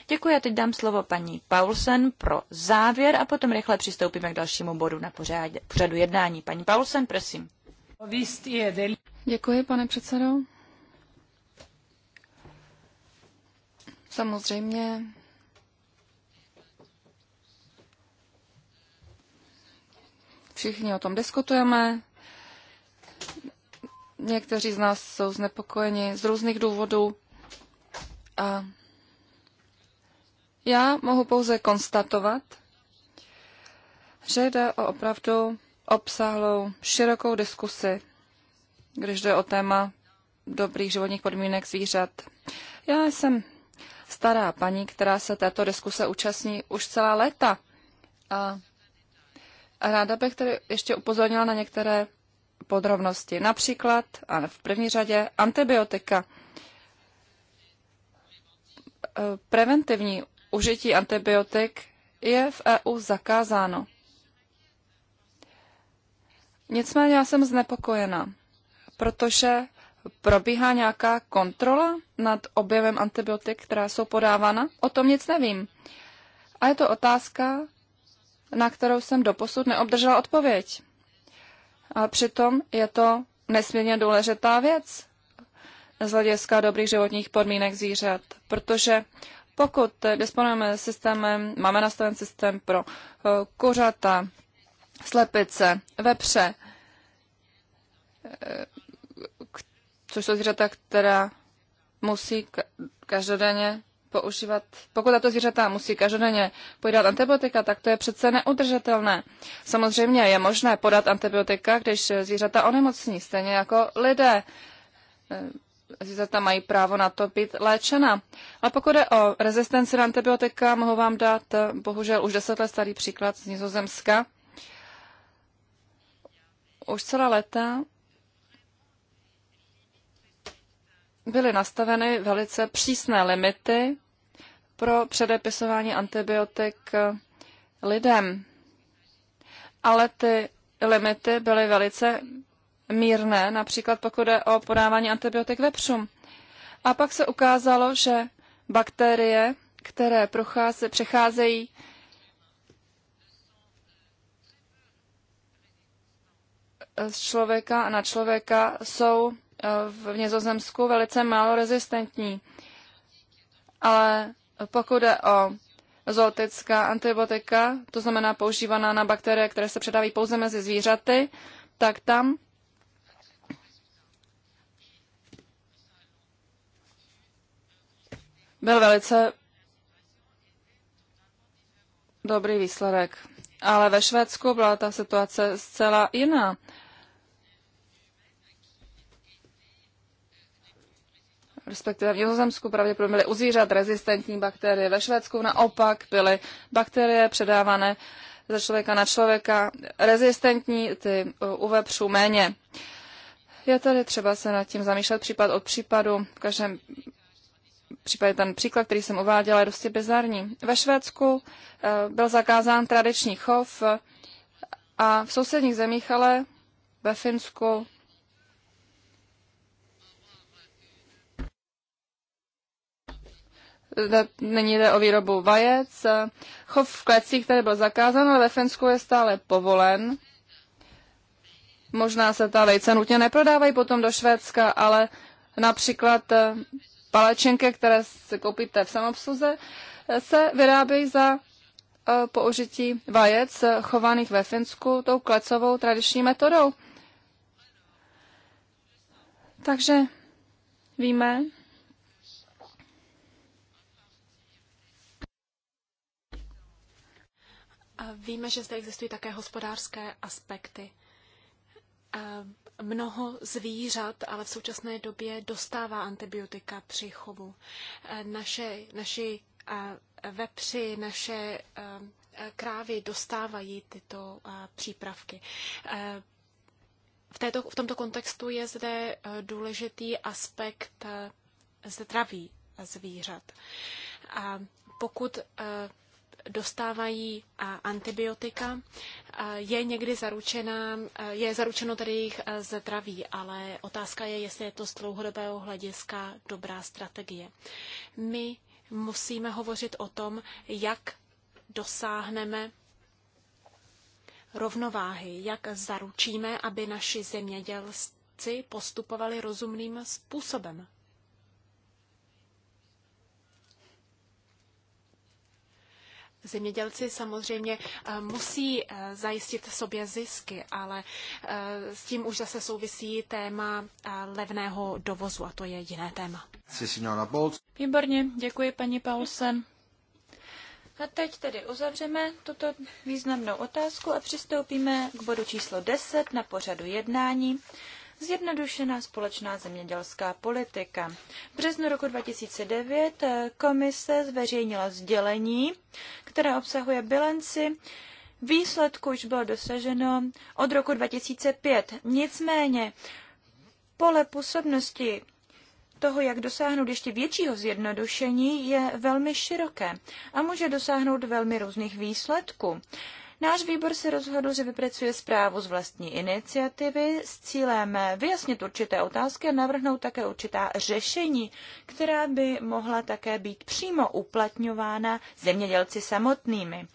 Děkuji a teď dám slovo paní Paulsen pro závěr a potom rychle přistoupíme k dalšímu bodu na pořadu jednání. Paní Paulsen, prosím. Děkuji, pane předsedo. Samozřejmě všichni o tom diskutujeme, Někteří z nás jsou znepokojeni z různých důvodů a já mohu pouze konstatovat, že jde o opravdu obsáhlou širokou diskusi, když jde o téma dobrých životních podmínek zvířat. Já jsem stará paní, která se této diskuse účastní už celá léta. A ráda bych tedy ještě upozornila na některé podrobnosti. Například, a v první řadě, antibiotika. Preventivní užití antibiotik je v EU zakázáno. Nicméně já jsem znepokojena, protože probíhá nějaká kontrola nad objevem antibiotik, která jsou podávána? O tom nic nevím. A je to otázka, na kterou jsem doposud neobdržela odpověď a přitom je to nesmírně důležitá věc z hlediska dobrých životních podmínek zvířat, protože pokud disponujeme systémem, máme nastaven systém pro eh, kuřata, slepice, vepře, eh, což jsou zvířata, která musí každodenně používat, pokud tato zvířata musí každodenně podat antibiotika, tak to je přece neudržitelné. Samozřejmě je možné podat antibiotika, když zvířata onemocní, stejně jako lidé. Eh, zvířata mají právo na to být léčena. A pokud je o rezistenci na antibiotika, mohu vám dát eh, bohužel už deset let starý příklad z Nizozemska. Už celá léta. byly nastaveny velice přísné limity pro předepisování antibiotik lidem. Ale ty limity byly velice mírné, například pokud je o podávání antibiotik vepřům. A pak se ukázalo, že bakterie, které procházejí přecházejí z člověka na člověka, jsou v Nizozemsku velice málo rezistentní. Ale pokud jde o zootická antibiotika, to znamená používaná na bakterie, které se předávají pouze mezi zvířaty, tak tam byl velice dobrý výsledek. Ale ve Švédsku byla ta situace zcela jiná. respektive v Nizozemsku pravděpodobně byly u zvířat rezistentní bakterie, ve Švédsku naopak byly bakterie předávané ze člověka na člověka rezistentní, ty e, u vepřů méně. Je tady třeba se nad tím zamýšlet případ od případu. V každém případě ten příklad, který jsem uváděla, je dosti bizarní. Ve Švédsku e, byl zakázán tradiční chov a v sousedních zemích ale ve Finsku, Není jde o výrobu vajec. Chov v klecích, který byl zakázán, ale ve Finsku je stále povolen. Možná se ta vejce nutně neprodávají potom do Švédska, ale například eh, palačinky, které si koupíte v samobsluze, eh, se vyrábějí za eh, použití vajec chovaných ve Finsku tou klecovou tradiční metodou. Takže víme, Víme, že zde existují také hospodářské aspekty. Mnoho zvířat ale v současné době dostává antibiotika při chovu. Naše, naši vepři, naše krávy dostávají tyto přípravky. V, této, v tomto kontextu je zde důležitý aspekt zdraví zvířat. A pokud dostávají antibiotika, je někdy zaručená, je zaručeno tedy jejich zdraví, ale otázka je, jestli je to z dlouhodobého hlediska dobrá strategie. My musíme hovořit o tom, jak dosáhneme rovnováhy, jak zaručíme, aby naši zemědělci postupovali rozumným způsobem Zemědělci samozřejmě eh, musí eh, zajistit sobě zisky, ale eh, s tím už zase souvisí téma levného dovozu a to je jiné téma. Výborně, děkuji paní Paulsen. A teď tedy uzavřeme tuto významnou otázku a přistoupíme k bodu číslo 10 na pořadu jednání. Zjednodušená společná zemědělská politika. V březnu roku 2009 eh, komise zveřejnila sdělení, které obsahuje bilanci výsledku už bylo dosaženo od roku 2005. Nicméně pole působnosti toho, jak dosáhnout ještě většího zjednodušení, je velmi široké a může dosáhnout velmi různých výsledků. Náš výbor se rozhodl, že vypracuje zprávu z vlastní iniciativy s cílem vyjasnit určité otázky a navrhnout také určitá řešení, která by mohla také být přímo uplatňována zemědělci samotnými.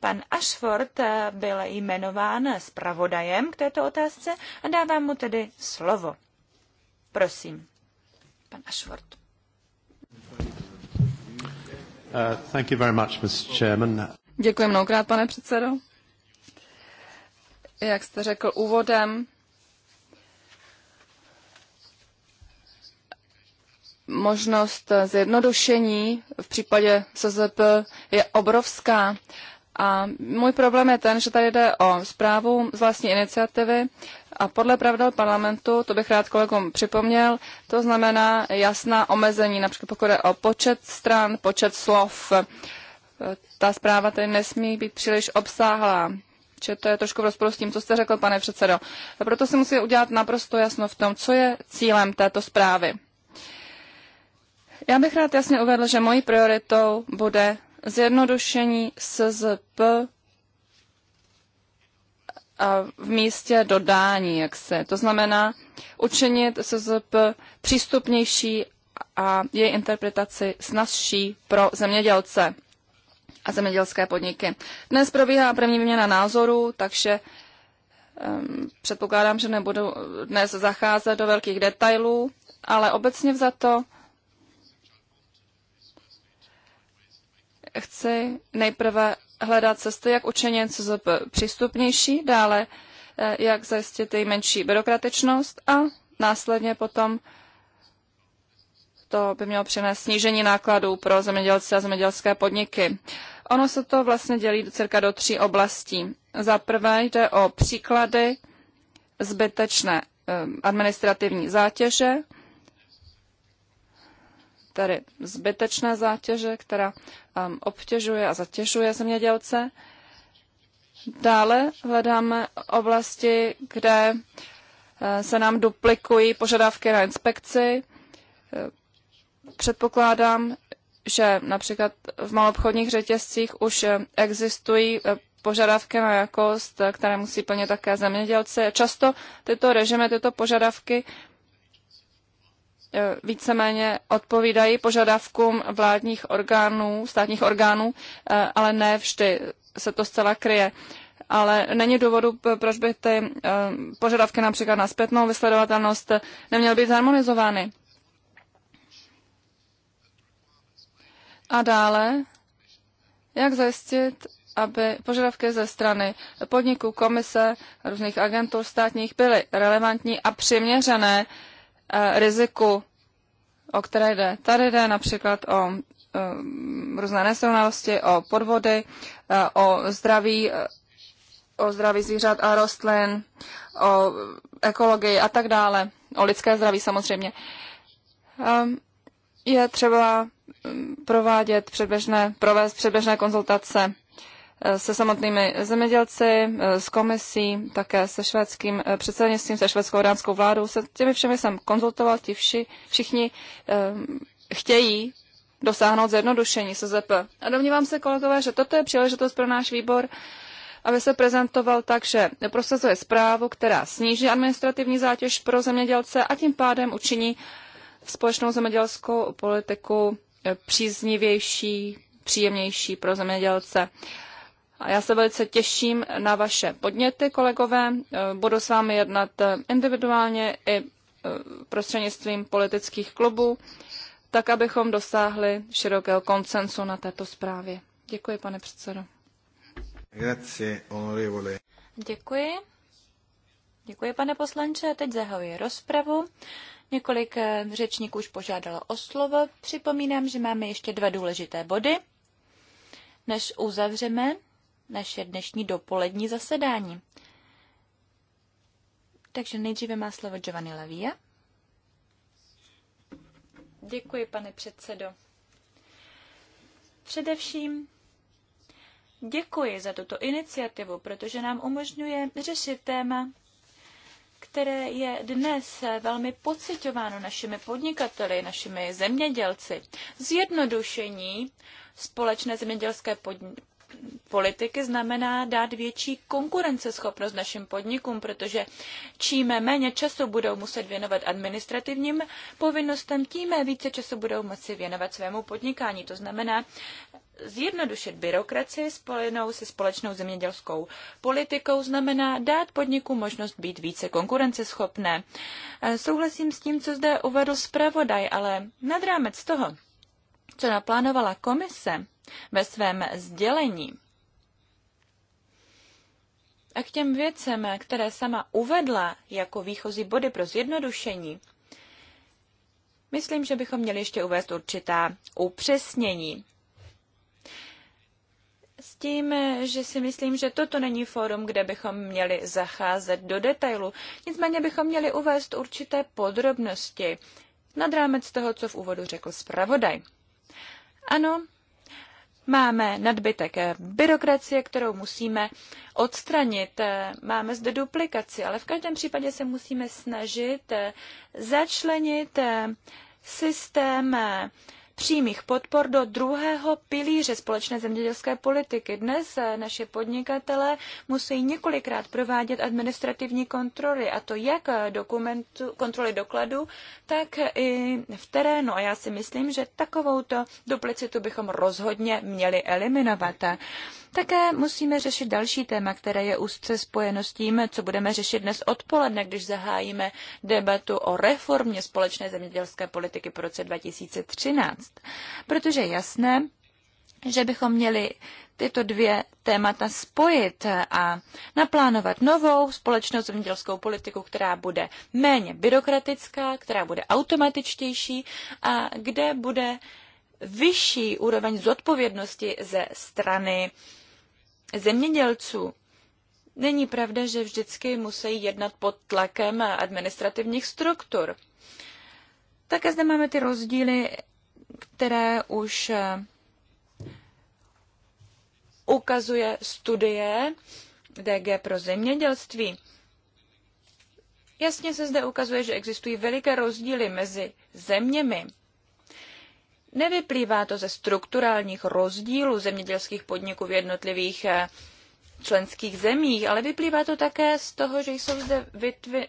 Pan Ashford eh, byl jmenován zpravodajem k této otázce a dávám mu tedy slovo. Prosím, pan Ashford. Uh, thank you very much, Chairman. Děkuji mnohokrát, pane předsedo jak jste řekl úvodem, možnost zjednodušení v případě SZP je obrovská. A můj problém je ten, že tady jde o zprávu z vlastní iniciativy a podle pravidel parlamentu, to bych rád kolegům připomněl, to znamená jasná omezení, například pokud je o počet stran, počet slov. Ta zpráva tedy nesmí být příliš obsáhlá že to je trošku v rozporu s tím, co jste řekl, pane předsedo. A proto se musí udělat naprosto jasno v tom, co je cílem této zprávy. Já bych rád jasně uvedl, že mojí prioritou bude zjednodušení SZP a v místě dodání, jak se. To znamená učinit SZP přístupnější a její interpretaci snazší pro zemědělce a zemědělské podniky. Dnes probíhá první výměna názorů, takže um, předpokládám, že nebudu dnes zacházet do velkých detailů, ale obecně vzato chci nejprve hledat cesty, jak učinit CZP přístupnější, dále eh, jak zajistit její menší byrokratičnost a následně potom to by mělo přinést snížení nákladů pro zemědělce a zemědělské podniky. Ono se to vlastně dělí cirka do tří oblastí. Za prvé jde o příklady zbytečné ehm, administrativní zátěže, tedy zbytečné zátěže, která ehm, obtěžuje a zatěžuje zemědělce. Dále hledáme oblasti, kde ehm, se nám duplikují požadavky na inspekci. Předpokládám, že například v malobchodních řetězcích už eh, existují eh, požadavky na jakost, eh, které musí plnit také zemědělci. Často tyto režimy, tyto požadavky víceméně odpovídají požadavkům vládních orgánů, státních orgánů, ale ne vždy se to zcela kryje. Ale není důvodu, proč by ty požadavky například na zpětnou vysledovatelnost neměly být harmonizovány. A dále, jak zajistit, aby požadavky ze strany podniků, komise, různých agentur státních byly relevantní a přiměřené eh, riziku, o které jde. Tady jde například o eh, různé nesrovnalosti, o podvody, eh, o zdraví, o zdraví zvířat a rostlin, o ekologii a tak dále, o lidské zdraví samozřejmě. Ehm, je třeba provádět předběžné, provést předběžné konzultace eh, se samotnými zemědělci, eh, s komisí, také se švédským eh, předsednictvím, se švédskou dánskou vládou. Se těmi všemi jsem konzultoval, ti vši, všichni chtějí dosáhnout zjednodušení SZP. A domnívám se, kolegové, že toto je příležitost pro náš výbor, aby se prezentoval tak, že prosazuje zprávu, která sníží administrativní zátěž pro zemědělce a tím pádem učiní společnou zemědělskou politiku příznivější, příjemnější pro zemědělce. A já se velice těším na vaše podněty, kolegové. E, budu s vámi jednat e, individuálně i e, prostřednictvím politických klubů, tak abychom dosáhli širokého koncensu na této zprávě. Děkuji, pane předsedo. Grazie, Děkuji. Děkuji, pane poslanče. Teď zahajuji rozpravu. Několik eh, řečníků už požádalo o slovo. Připomínám, že máme ještě dva důležité body, než uzavřeme naše dnešní dopolední zasedání. Takže nejdříve má slovo Giovanni Lavia. Děkuji, pane předsedo. Především děkuji za tuto iniciativu, protože nám umožňuje řešit téma, které je dnes velmi pocitováno našimi podnikateli, našimi zemědělci. Zjednodušení společné zemědělské politiky znamená dát větší konkurenceschopnost našim podnikům, protože čím méně času budou muset věnovat administrativním povinnostem, tím více času budou moci věnovat svému podnikání. To znamená zjednodušit byrokracii spojenou se společnou zemědělskou politikou, znamená dát podniku možnost být více konkurenceschopné. E, souhlasím s tím, co zde uvedl zpravodaj, ale nad rámec toho, co naplánovala komise, ve svém sdělení. A k těm věcem, které sama uvedla jako výchozí body pro zjednodušení, myslím, že bychom měli ještě uvést určitá upřesnění. S tím, že si myslím, že toto není fórum, kde bychom měli zacházet do detailu. Nicméně bychom měli uvést určité podrobnosti nad rámec toho, co v úvodu řekl zpravodaj. Ano, Máme nadbytek eh, byrokracie, kterou musíme odstranit. Eh, máme zde duplikaci, ale v každém případě se musíme snažit eh, začlenit systém přímých podpor do druhého pilíře společné zemědělské politiky. Dnes eh, naše podnikatele musí několikrát provádět administrativní kontroly, a to jak eh, dokumentu, kontroly dokladu, tak eh, i v terénu. A já si myslím, že takovouto duplicitu bychom rozhodně měli eliminovat. Také musíme řešit další téma, které je úzce spojeno s tím, co budeme řešit dnes odpoledne, když zahájíme debatu o reformě společné zemědělské politiky po roce 2013. Protože je jasné, že bychom měli tyto dvě témata spojit a naplánovat novou společnou zemědělskou politiku, která bude méně byrokratická, která bude automatičtější a kde bude vyšší úroveň zodpovědnosti ze strany uh, zemědělců. Není pravda, že vždycky musí jednat pod tlakem administrativních struktur. Také zde máme ty rozdíly, které už eh, ukazuje studie DG pro zemědělství. Jasně se zde ukazuje, že existují veliké rozdíly mezi zeměmi. Nevyplývá to ze strukturálních rozdílů zemědělských podniků v jednotlivých eh, členských zemích, ale vyplývá to také z toho, že jsou zde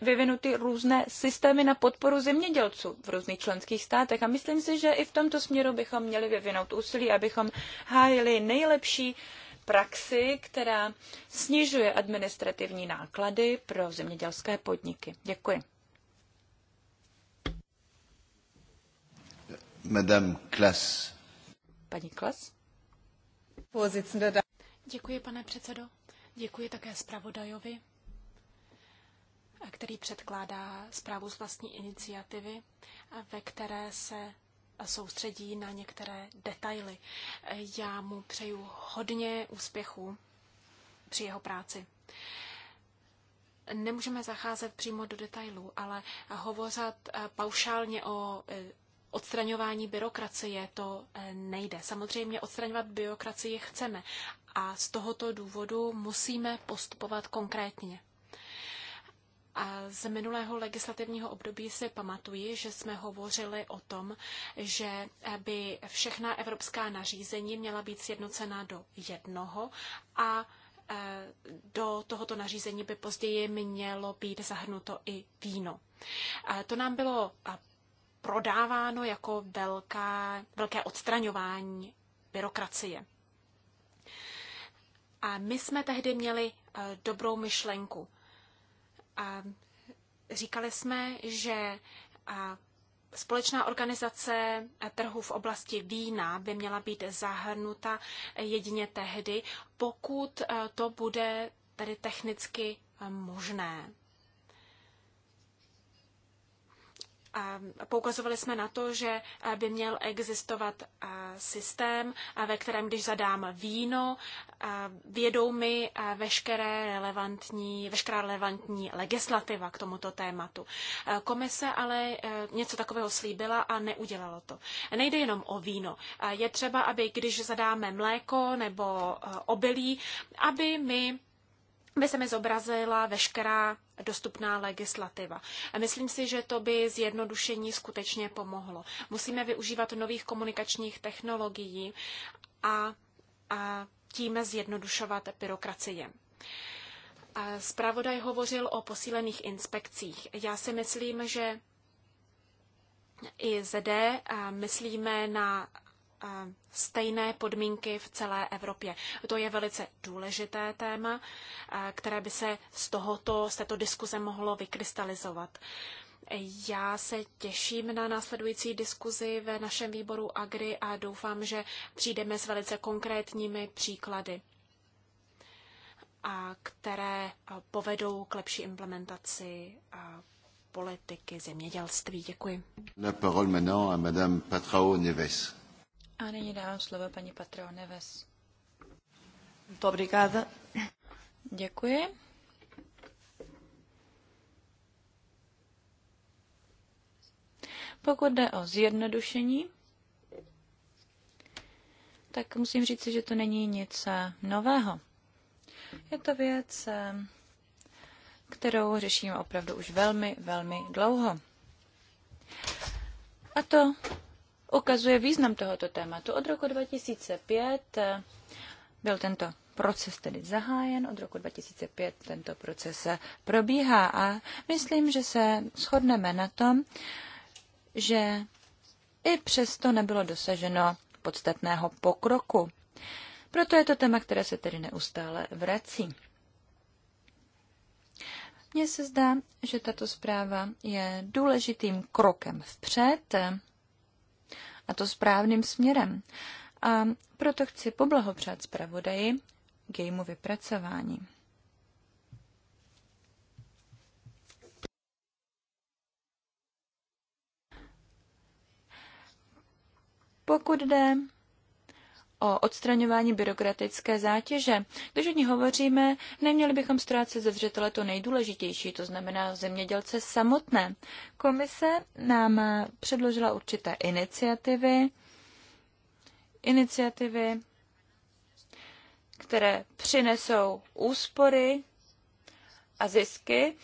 vyvinuty různé systémy na podporu zemědělců v různých členských státech. A myslím si, že i v tomto směru bychom měli vyvinout úsilí, abychom hájili nejlepší praxi, která snižuje administrativní náklady pro zemědělské podniky. Děkuji. Madame Klas. Paní Klas. Děkuji, pane předsedo. Děkuji také zpravodajovi, který předkládá zprávu z vlastní iniciativy, ve které se soustředí na některé detaily. Já mu přeju hodně úspěchů při jeho práci. Nemůžeme zacházet přímo do detailů, ale hovořit eh, paušálně o eh, odstraňování byrokracie to eh, nejde. Samozřejmě odstraňovat byrokracii chceme a z tohoto důvodu musíme postupovat konkrétně. A z minulého legislativního období si pamatuji, že jsme hovořili o tom, že by všechna evropská nařízení měla být sjednocena do jednoho a eh, do tohoto nařízení by později mělo být zahrnuto i víno. To nám bylo prodáváno jako velká, velké odstraňování byrokracie. A my jsme tehdy měli eh, dobrou myšlenku. A říkali jsme, že společná organizace eh, trhu v oblasti vína by měla být zahrnuta eh, jedině tehdy, pokud to bude tedy technicky možné. Poukazovali jsme na to, že by měl existovat systém, ve kterém, když zadám víno, vědou mi veškeré relevantní, veškerá relevantní legislativa k tomuto tématu. Komise ale e, něco takového slíbila a neudělalo to. Nejde jenom o víno. Je třeba, aby když zadáme mléko nebo obilí, aby mi by se mi zobrazila veškerá dostupná legislativa. Myslím si, že to by zjednodušení skutečně pomohlo. Musíme využívat nových komunikačních technologií a, a tím zjednodušovat byrokracie. Spravodaj hovořil o posílených inspekcích. Já si myslím, že i zde myslíme na stejné podmínky v celé Evropě. To je velice důležité téma, které by se z tohoto, z této diskuze mohlo vykrystalizovat. Já se těším na následující diskuzi ve našem výboru Agri a doufám, že přijdeme s velice konkrétními příklady, a které povedou k lepší implementaci politiky zemědělství. Děkuji. La parole maintenant à Madame Patrao Neves. A nyní dávám slovo paní Patro Neves. Obrigada. Děkuji. Pokud jde o zjednodušení, tak musím říct, že to není nic nového. Je to věc, kterou řešíme opravdu už velmi, velmi dlouho. A to ukazuje význam tohoto tématu. Od roku 2005 eh, byl tento proces tedy zahájen, od roku 2005 tento proces eh, probíhá a myslím, že se shodneme na tom, že i přesto nebylo dosaženo podstatného pokroku. Proto je to téma, které se tedy neustále vrací. Mně se zdá, že tato zpráva je důležitým krokem vpřed, a to správným směrem. A proto chci poblahopřát zpravodaji k jejímu vypracování. Pokud jde o odstraňování byrokratické zátěže. Když o ní hovoříme, neměli bychom ztrácet ze zřetele to nejdůležitější, to znamená zemědělce samotné. Komise nám předložila určité iniciativy, iniciativy, které přinesou úspory a zisky.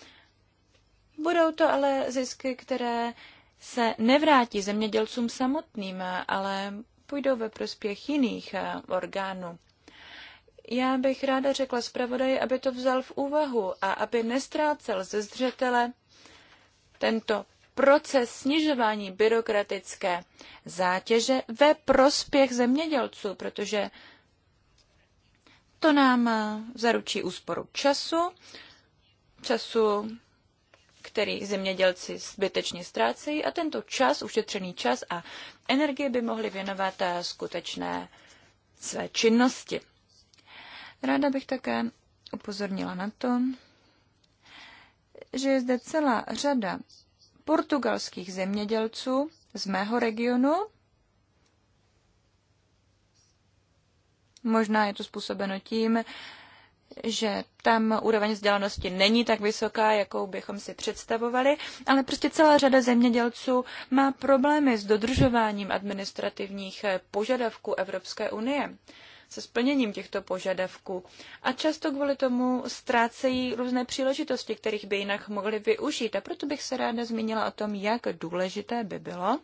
Budou to ale zisky, které se nevrátí zemědělcům samotným, ale půjdou ve prospěch jiných eh, orgánů. Já bych ráda řekla zpravodaji, aby to vzal v úvahu a aby nestrácel ze zřetele tento proces snižování byrokratické zátěže ve prospěch zemědělců, protože to nám eh, zaručí úsporu času, času který zemědělci zbytečně ztrácejí a tento čas, ušetřený čas a energie by mohli věnovat eh, skutečné své činnosti. Ráda bych také upozornila na to, že je zde celá řada portugalských zemědělců z mého regionu. Možná je to způsobeno tím, že tam úroveň vzdělanosti není tak vysoká, jakou bychom si představovali, ale prostě celá řada zemědělců má problémy s dodržováním administrativních eh, požadavků Evropské unie se splněním těchto požadavků a často kvůli tomu ztrácejí různé příležitosti, kterých by jinak mohli využít. A proto bych se ráda zmínila o tom, jak důležité by bylo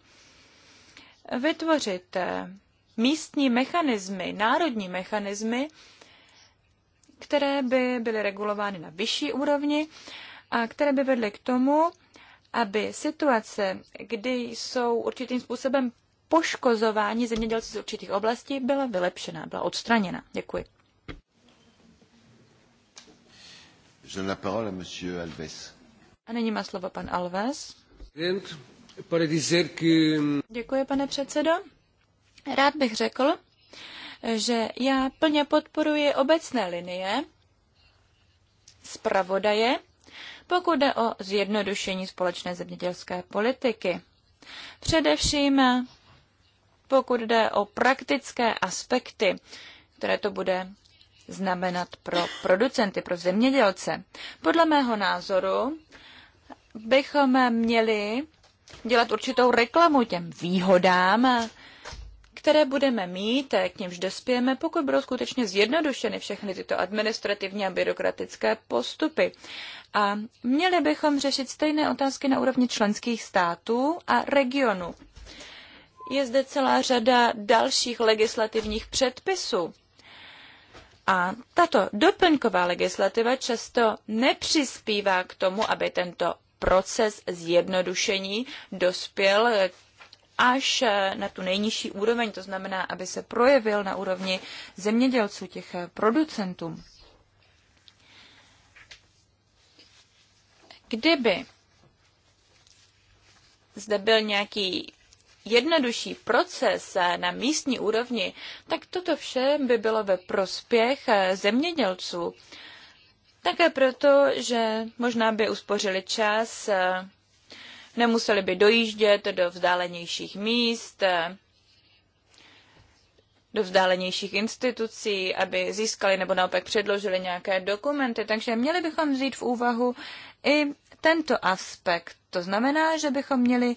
vytvořit eh, místní mechanismy, národní mechanismy, které by byly regulovány na vyšší úrovni a které by vedly k tomu, aby situace, kdy jsou určitým způsobem poškozování zemědělci z určitých oblastí, byla vylepšena, byla odstraněna. Děkuji. A nyní má slovo pan Alves. Děkuji, pane předsedo. Rád bych řekl, že já plně podporuji obecné linie zpravodaje, pokud jde o zjednodušení společné zemědělské politiky. Především pokud jde o praktické aspekty, které to bude znamenat pro producenty, pro zemědělce. Podle mého názoru bychom měli dělat určitou reklamu těm výhodám, které budeme mít, eh, k nímž dospějeme, pokud budou skutečně zjednodušeny všechny tyto administrativní a byrokratické postupy. A měli bychom řešit stejné otázky na úrovni členských států a regionů. Je zde celá řada dalších legislativních předpisů. A tato doplňková legislativa často nepřispívá k tomu, aby tento proces zjednodušení dospěl eh, až eh, na tu nejnižší úroveň, to znamená, aby se projevil na úrovni zemědělců, těch eh, producentů. Kdyby zde byl nějaký jednodušší proces eh, na místní úrovni, tak toto vše by bylo ve prospěch zemědělců. Také proto, že možná by uspořili čas, nemuseli by dojíždět do vzdálenějších míst, do vzdálenějších institucí, aby získali nebo naopak předložili nějaké dokumenty. Takže měli bychom vzít v úvahu i tento aspekt. To znamená, že bychom měli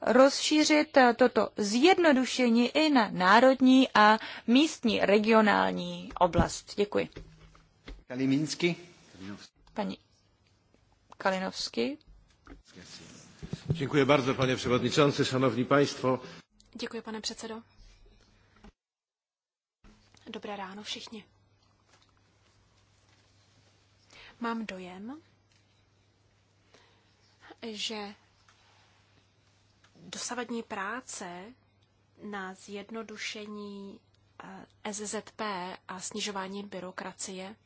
rozšířit toto zjednodušení i na národní a místní regionální oblast. Děkuji. Kaliminsky. Paní Kalinovsky. Kalinovsky. Děkuji bardzo, pane předsedající, šanovní państwo. Děkuji, pane předsedo. Dobré ráno všichni. Mám dojem, že dosavadní práce na zjednodušení eh, SZP a snižování byrokracie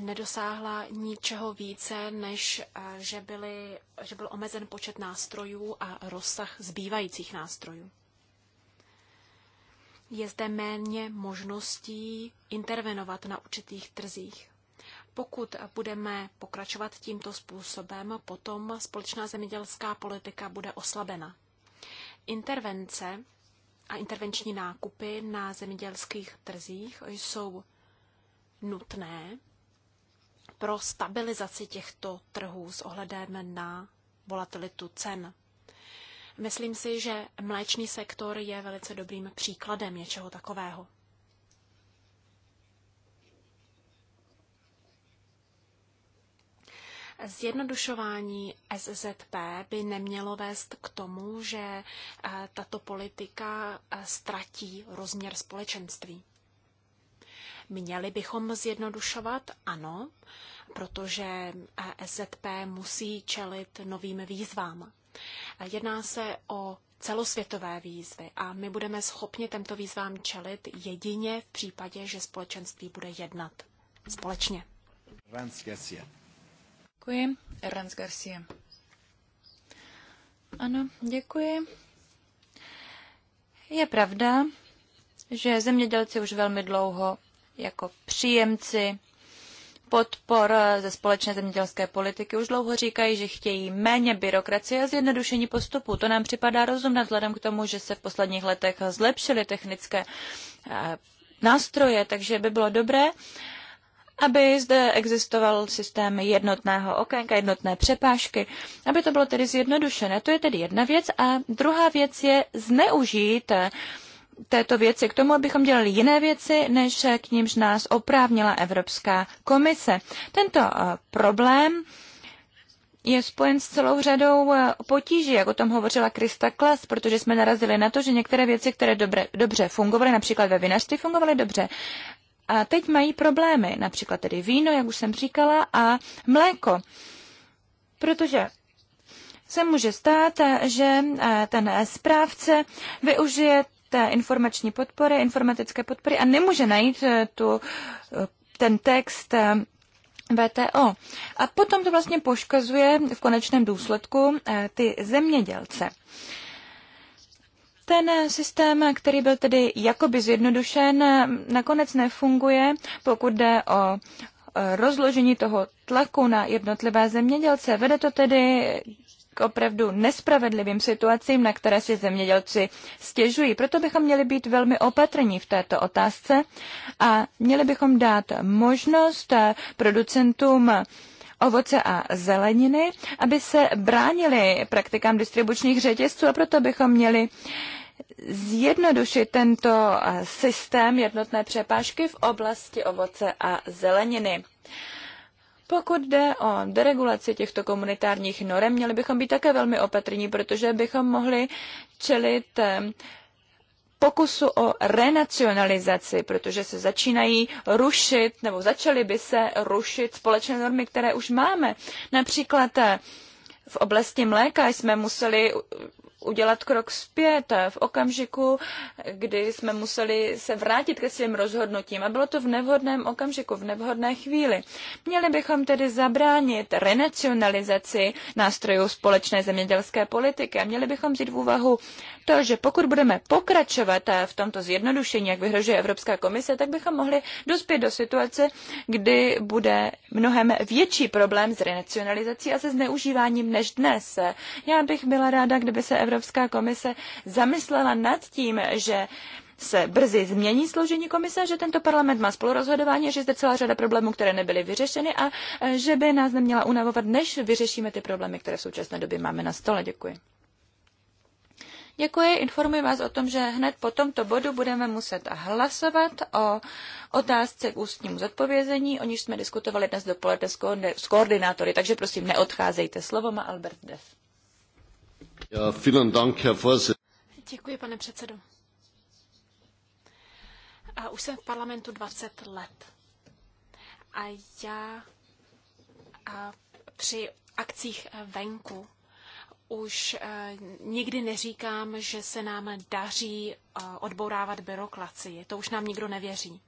nedosáhla ničeho více, než eh, že, byly, že byl omezen počet nástrojů a rozsah zbývajících nástrojů. Je zde méně možností intervenovat na určitých trzích. Pokud budeme pokračovat tímto způsobem, potom společná zemědělská politika bude oslabena. Intervence a intervenční nákupy na zemědělských trzích jsou nutné, pro stabilizaci těchto trhů s ohledem na volatilitu cen. Myslím si, že mléčný sektor je velice dobrým příkladem něčeho takového. Zjednodušování SZP by nemělo vést k tomu, že eh, tato politika eh, ztratí rozměr společenství. Měli bychom zjednodušovat? Ano, protože eh, SZP musí čelit novým výzvám. Jedná se o celosvětové výzvy a my budeme schopni těmto výzvám čelit jedině v případě, že společenství bude jednat společně. Rans Garcia. Děkuji. Rans Garcia. Ano, děkuji. Je pravda, že zemědělci už velmi dlouho jako příjemci podpor ze společné zemědělské politiky už dlouho říkají, že chtějí méně byrokracie a zjednodušení postupů. To nám připadá rozumné vzhledem k tomu, že se v posledních letech zlepšily technické eh, nástroje, takže by bylo dobré, aby zde existoval systém jednotného okénka, jednotné přepážky, aby to bylo tedy zjednodušené. To je tedy jedna věc. A druhá věc je zneužít eh, této věci k tomu, abychom dělali jiné věci, než k nímž nás oprávnila Evropská komise. Tento eh, problém je spojen s celou řadou eh, potíží, jak o tom hovořila Krista Klas, protože jsme narazili na to, že některé věci, které dobře, dobře fungovaly, například ve vinařství fungovaly dobře, a teď mají problémy, například tedy víno, jak už jsem říkala, a mléko. Protože se může stát, eh, že ten správce využije té informační podpory, informatické podpory a nemůže najít eh, tu, eh, ten text eh, VTO. A potom to vlastně poškazuje v konečném důsledku ty zemědělce. Ten systém, který byl tedy jakoby zjednodušen, nakonec nefunguje, pokud jde o rozložení toho tlaku na jednotlivé zemědělce. Vede to tedy opravdu nespravedlivým situacím, na které si zemědělci stěžují. Proto bychom měli být velmi opatrní v této otázce a měli bychom dát možnost producentům ovoce a zeleniny, aby se bránili praktikám distribučních řetězců a proto bychom měli zjednodušit tento systém jednotné přepážky v oblasti ovoce a zeleniny. Pokud jde o deregulaci těchto komunitárních norem, měli bychom být také velmi opatrní, protože bychom mohli čelit eh, pokusu o renacionalizaci, protože se začínají rušit, nebo začaly by se rušit společné normy, které už máme. Například eh, v oblasti mléka jsme museli udělat krok zpět v okamžiku, kdy jsme museli se vrátit ke svým rozhodnutím a bylo to v nevhodném okamžiku, v nevhodné chvíli. Měli bychom tedy zabránit renacionalizaci nástrojů společné zemědělské politiky a měli bychom vzít v úvahu to, že pokud budeme pokračovat v tomto zjednodušení, jak vyhrožuje Evropská komise, tak bychom mohli dospět do situace, kdy bude mnohem větší problém s renacionalizací a se zneužíváním než dnes. Já bych byla ráda, kdyby se Evropská Evropská komise zamyslela nad tím, že se brzy změní složení komise, že tento parlament má spolurozhodování, že zde celá řada problémů, které nebyly vyřešeny a e, že by nás neměla unavovat, než vyřešíme ty problémy, které v současné době máme na stole. Děkuji. Děkuji, informuji vás o tom, že hned po tomto bodu budeme muset hlasovat o otázce k ústnímu zodpovězení, o níž jsme diskutovali dnes dopoledne s koordinátory, takže prosím neodcházejte. Slovo má Albert Deff. Děkuji, pane předsedající už jsem v parlamentu 20 let. A já při akcích venku už e, nikdy neříkám, že se nám daří e, odbourávat byrokracii. To už nám nikdo nevěří.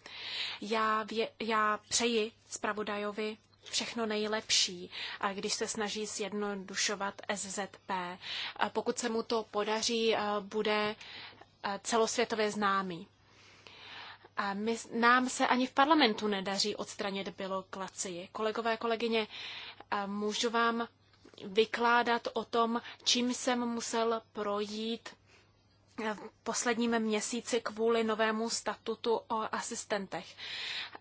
Já, vě, já přeji zpravodajovi všechno nejlepší, když se snaží zjednodušovat SZP. Pokud se mu to podaří, bude celosvětově známý. A my, nám se ani v parlamentu nedaří odstranit byrokracii. Kolegové, kolegyně, můžu vám vykládat o tom, čím jsem musel projít v posledním měsíci kvůli novému statutu o asistentech.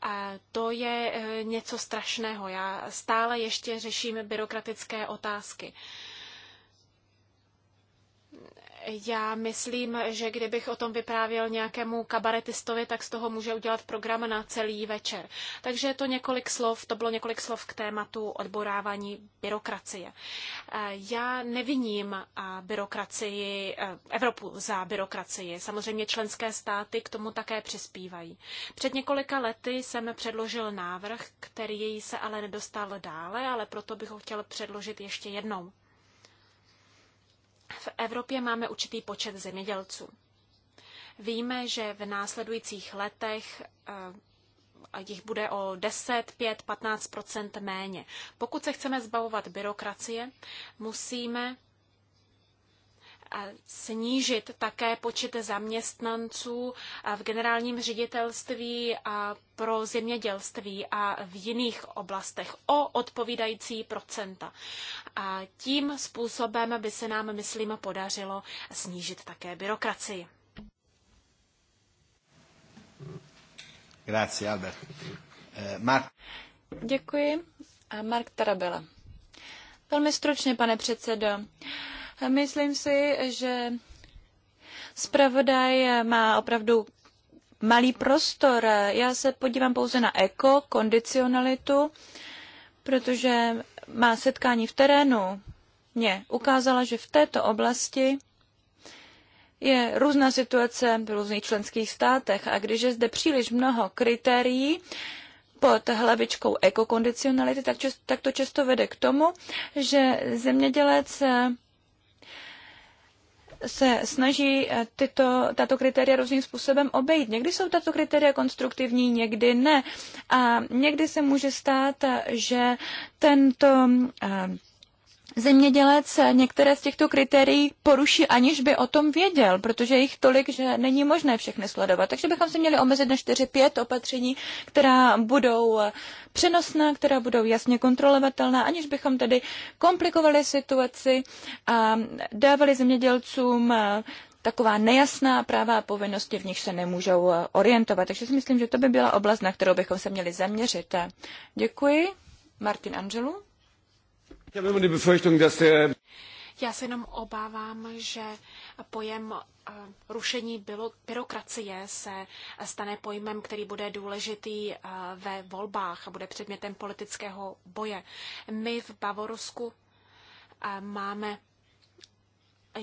A to je e, něco strašného. Já stále ještě řeším byrokratické otázky. Já myslím, že kdybych o tom vyprávěl nějakému kabaretistovi, tak z toho může udělat program na celý večer. Takže to několik slov, to bylo několik slov k tématu odborávání byrokracie. Eh, já neviním eh, byrokracii, eh, Evropu za byrokracii. Samozřejmě členské státy k tomu také přispívají. Před několika lety jsem předložil návrh, který se ale nedostal dále, ale proto bych ho chtěl předložit ještě jednou. V Evropě máme určitý počet zemědělců. Víme, že v následujících letech eh, jich bude o 10, 5, 15 méně. Pokud se chceme zbavovat byrokracie, musíme snížit také počet zaměstnanců v generálním ředitelství pro zemědělství a v jiných oblastech o odpovídající procenta. A tím způsobem by se nám, myslím, podařilo snížit také byrokracii. Grazie, Albert. Eh, Mark. Děkuji. Mark Tarabela. Velmi stručně, pane předsedo. Myslím si, že zpravodaj má opravdu malý prostor. Já se podívám pouze na eko, kondicionalitu, protože má setkání v terénu mě ukázala, že v této oblasti je různá situace v různých členských státech a když je zde příliš mnoho kritérií pod hlavičkou ekokondicionality, tak, tak to často vede k tomu, že zemědělec se snaží eh, tyto, tato kritéria různým způsobem obejít. Někdy jsou tato kritéria konstruktivní, někdy ne. A někdy se může stát, eh, že tento eh, zemědělec některé z těchto kritérií poruší, aniž by o tom věděl, protože jich tolik, že není možné všechny sledovat. Takže bychom se měli omezit na 4-5 opatření, která budou eh, přenosná, která budou jasně kontrolovatelná, aniž bychom tedy komplikovali situaci a dávali zemědělcům eh, taková nejasná práva a povinnosti, v nich se nemůžou eh, orientovat. Takže si myslím, že to by byla oblast, na kterou bychom se měli zaměřit. Děkuji. Martin Angelu. Já se jenom obávám, že pojem eh, rušení byrokracie se stane pojmem, který bude důležitý eh, ve volbách a bude předmětem politického boje. My v Bavorusku eh, máme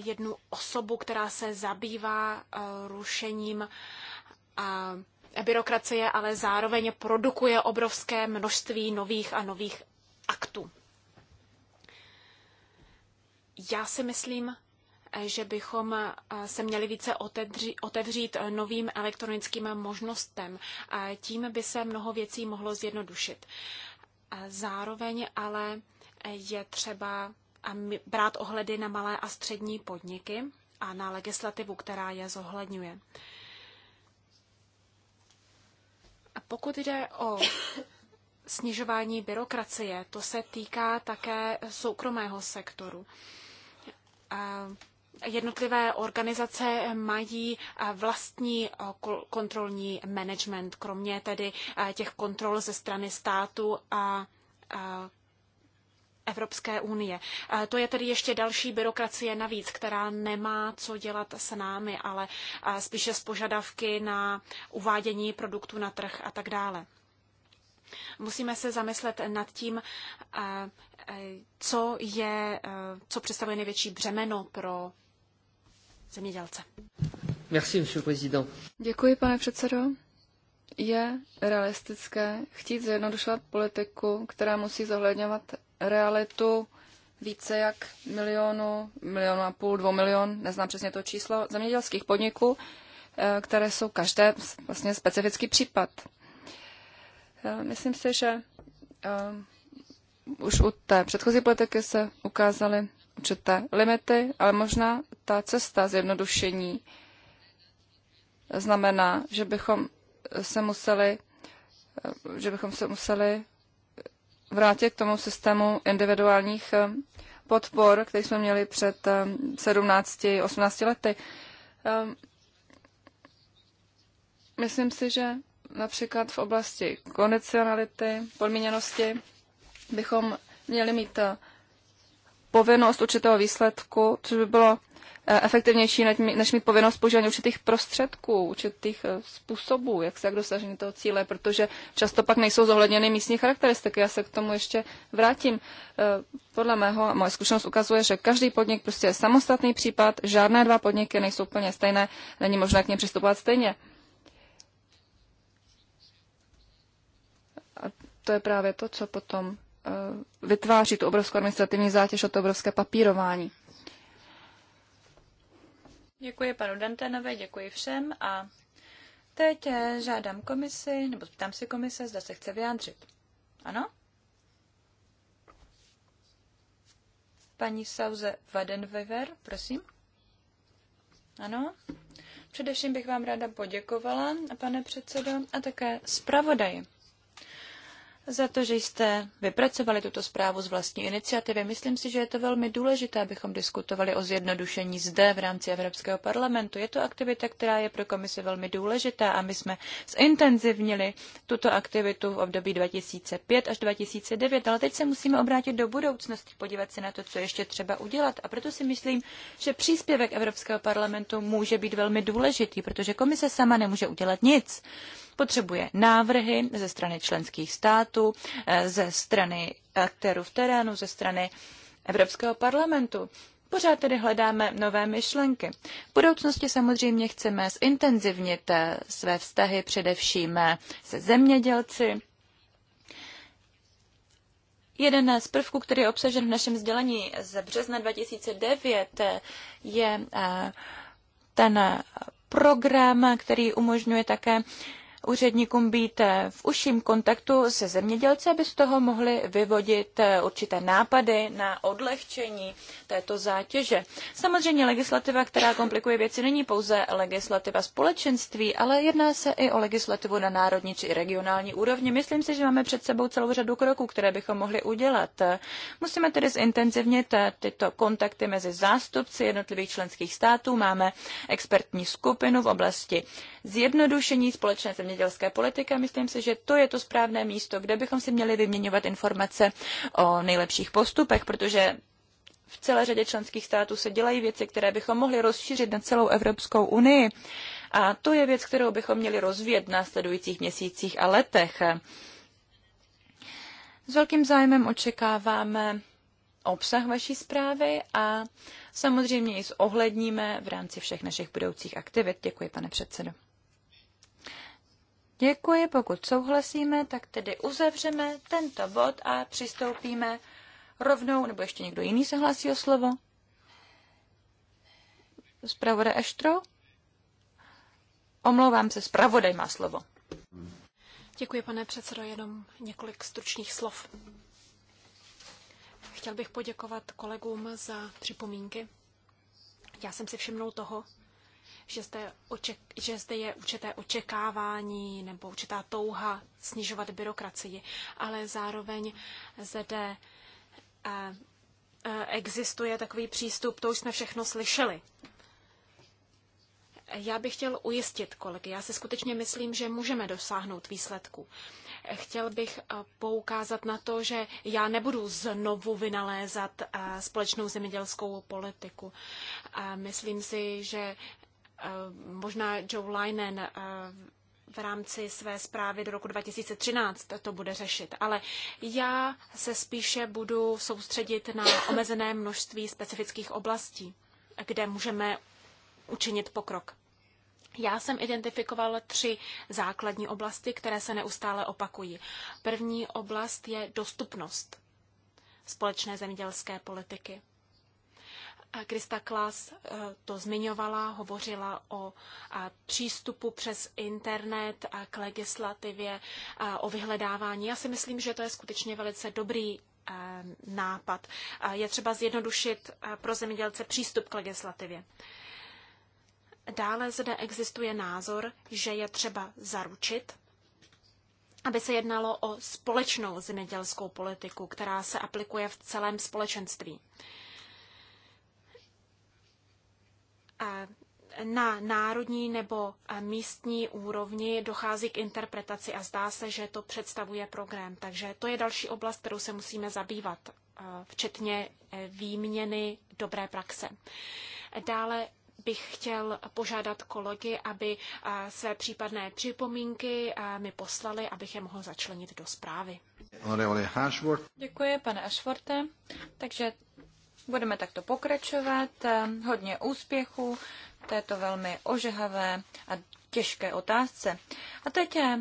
jednu osobu, která se zabývá rušením byrokracie, ale zároveň produkuje obrovské množství nových a nových aktů. Já si myslím, eh, že bychom eh, se měli více otevřít eh, novým elektronickým možnostem. Tím by se mnoho věcí mohlo zjednodušit. Zároveň ale je třeba brát ohledy na malé a střední podniky a na legislativu, která je zohledňuje. pokud jde o snižování byrokracie, to se týká také soukromého sektoru jednotlivé organizace mají vlastní kontrolní management, kromě tedy těch kontrol ze strany státu a Evropské unie. To je tedy ještě další byrokracie navíc, která nemá co dělat s námi, ale spíše s požadavky na uvádění produktů na trh a tak dále. Musíme se zamyslet nad tím, co, je, co představuje největší břemeno pro zemědělce. Merci, monsieur président. Děkuji, pane předsedo. Je realistické chtít zjednodušovat politiku, která musí zohledňovat realitu více jak milionu, milionu a půl, dvou milion, neznám přesně to číslo, zemědělských podniků, e, které jsou každé vlastně specifický případ. Eh, myslím si, že eh, už u té předchozí politiky se ukázaly určité limity, ale možná ta cesta zjednodušení znamená, že bychom se museli, eh, že bychom se museli vrátit k tomu systému individuálních podpor, který jsme měli před 17-18 lety. Myslím si, že například v oblasti kondicionality, podmíněnosti, bychom měli mít eh, povinnost určitého výsledku, což by bylo eh, efektivnější, než mít povinnost používání určitých prostředků, určitých eh, způsobů, jak se jak dosažení toho cíle, protože často pak nejsou zohledněny místní charakteristiky. Já se k tomu ještě vrátím. Podle mého, moje zkušenost ukazuje, že každý podnik prostě je samostatný případ, žádné dva podniky nejsou úplně stejné, není možné k nim přistupovat stejně. to je právě to, co potom eh, vytváří tu obrovskou administrativní zátěž a to obrovské papírování. Děkuji panu Dantenové, děkuji všem a teď eh, žádám komisi, nebo ptám si komise, zda se chce vyjádřit. Ano? Paní Sauze Vadenweiver, prosím. Ano? Především bych vám ráda poděkovala, pane předsedo, a také zpravodaji za to, že jste vypracovali tuto zprávu z vlastní iniciativy. Myslím si, že je to velmi důležité, abychom diskutovali o zjednodušení zde v rámci Evropského parlamentu. Je to aktivita, která je pro komisi velmi důležitá a my jsme zintenzivnili tuto aktivitu v období 2005 až 2009, ale teď se musíme obrátit do budoucnosti, podívat se na to, co ještě třeba udělat. A proto si myslím, že příspěvek Evropského parlamentu může být velmi důležitý, protože komise sama nemůže udělat nic potřebuje návrhy ze strany členských států, eh, ze strany aktérů v terénu, ze strany Evropského parlamentu. Pořád tedy hledáme nové myšlenky. V budoucnosti samozřejmě chceme zintenzivnit eh, své vztahy především eh, se zemědělci. Jeden z prvků, který je obsažen v našem sdělení z března 2009, je ten program, který umožňuje také úředníkům být eh, v užším kontaktu se zemědělci, aby z toho mohli vyvodit eh, určité nápady na odlehčení této zátěže. Samozřejmě legislativa, která komplikuje věci, není pouze legislativa společenství, ale jedná se i o legislativu na národní či regionální úrovni. Myslím si, že máme před sebou celou řadu kroků, které bychom mohli udělat. Musíme tedy zintenzivnit eh, tyto kontakty mezi zástupci jednotlivých členských států. Máme expertní skupinu v oblasti zjednodušení společné zemědělské politiky a myslím si, že to je to správné místo, kde bychom si měli vyměňovat informace o nejlepších postupech, protože v celé řadě členských států se dělají věci, které bychom mohli rozšířit na celou Evropskou unii. A to je věc, kterou bychom měli rozvíjet v následujících měsících a letech. S velkým zájmem očekáváme obsah vaší zprávy a samozřejmě ji zohledníme v rámci všech našich budoucích aktivit. Děkuji, pane předsedo. Děkuji, pokud souhlasíme, tak tedy uzavřeme tento bod a přistoupíme rovnou, nebo ještě někdo jiný se hlásí o slovo? Zpravodaj Eštro? Omlouvám se, zpravodaj má slovo. Děkuji, pane předsedo, jenom několik stručných slov. Chtěl bych poděkovat kolegům za připomínky. Já jsem si všimnul toho, že zde, oček, že zde je určité očekávání nebo určitá touha snižovat byrokracii, ale zároveň zde eh, eh, existuje takový přístup, to už jsme všechno slyšeli. Já bych chtěl ujistit kolegy, já si skutečně myslím, že můžeme dosáhnout výsledku. Chtěl bych eh, poukázat na to, že já nebudu znovu vynalézat společnou zemědělskou politiku. Myslím si, že Eh, možná Joe Linen eh, v rámci své zprávy do roku 2013 to bude řešit. Ale já se spíše budu soustředit na omezené množství specifických oblastí, kde můžeme učinit pokrok. Já jsem identifikoval tři základní oblasti, které se neustále opakují. První oblast je dostupnost společné zemědělské politiky. Krista Klas eh, to zmiňovala, hovořila o eh, přístupu přes internet eh, k legislativě, o vyhledávání. Já si myslím, že to je skutečně velice dobrý nápad. Je třeba zjednodušit pro zemědělce přístup k legislativě. Dále zde existuje názor, že je třeba zaručit, aby se jednalo o společnou zemědělskou politiku, která se aplikuje v celém společenství. na národní nebo místní úrovni dochází k interpretaci a zdá se, že to představuje program. Takže to je další oblast, kterou se musíme zabývat, včetně e, výměny dobré praxe. Dále bych chtěl požádat kolegy, aby své případné připomínky mi poslali, abych je mohl začlenit do zprávy. Děkuji, pane Ashworte. Takže Budeme takto pokračovat. Eh, hodně úspěchu. této velmi ožehavé a těžké otázce. A teď eh,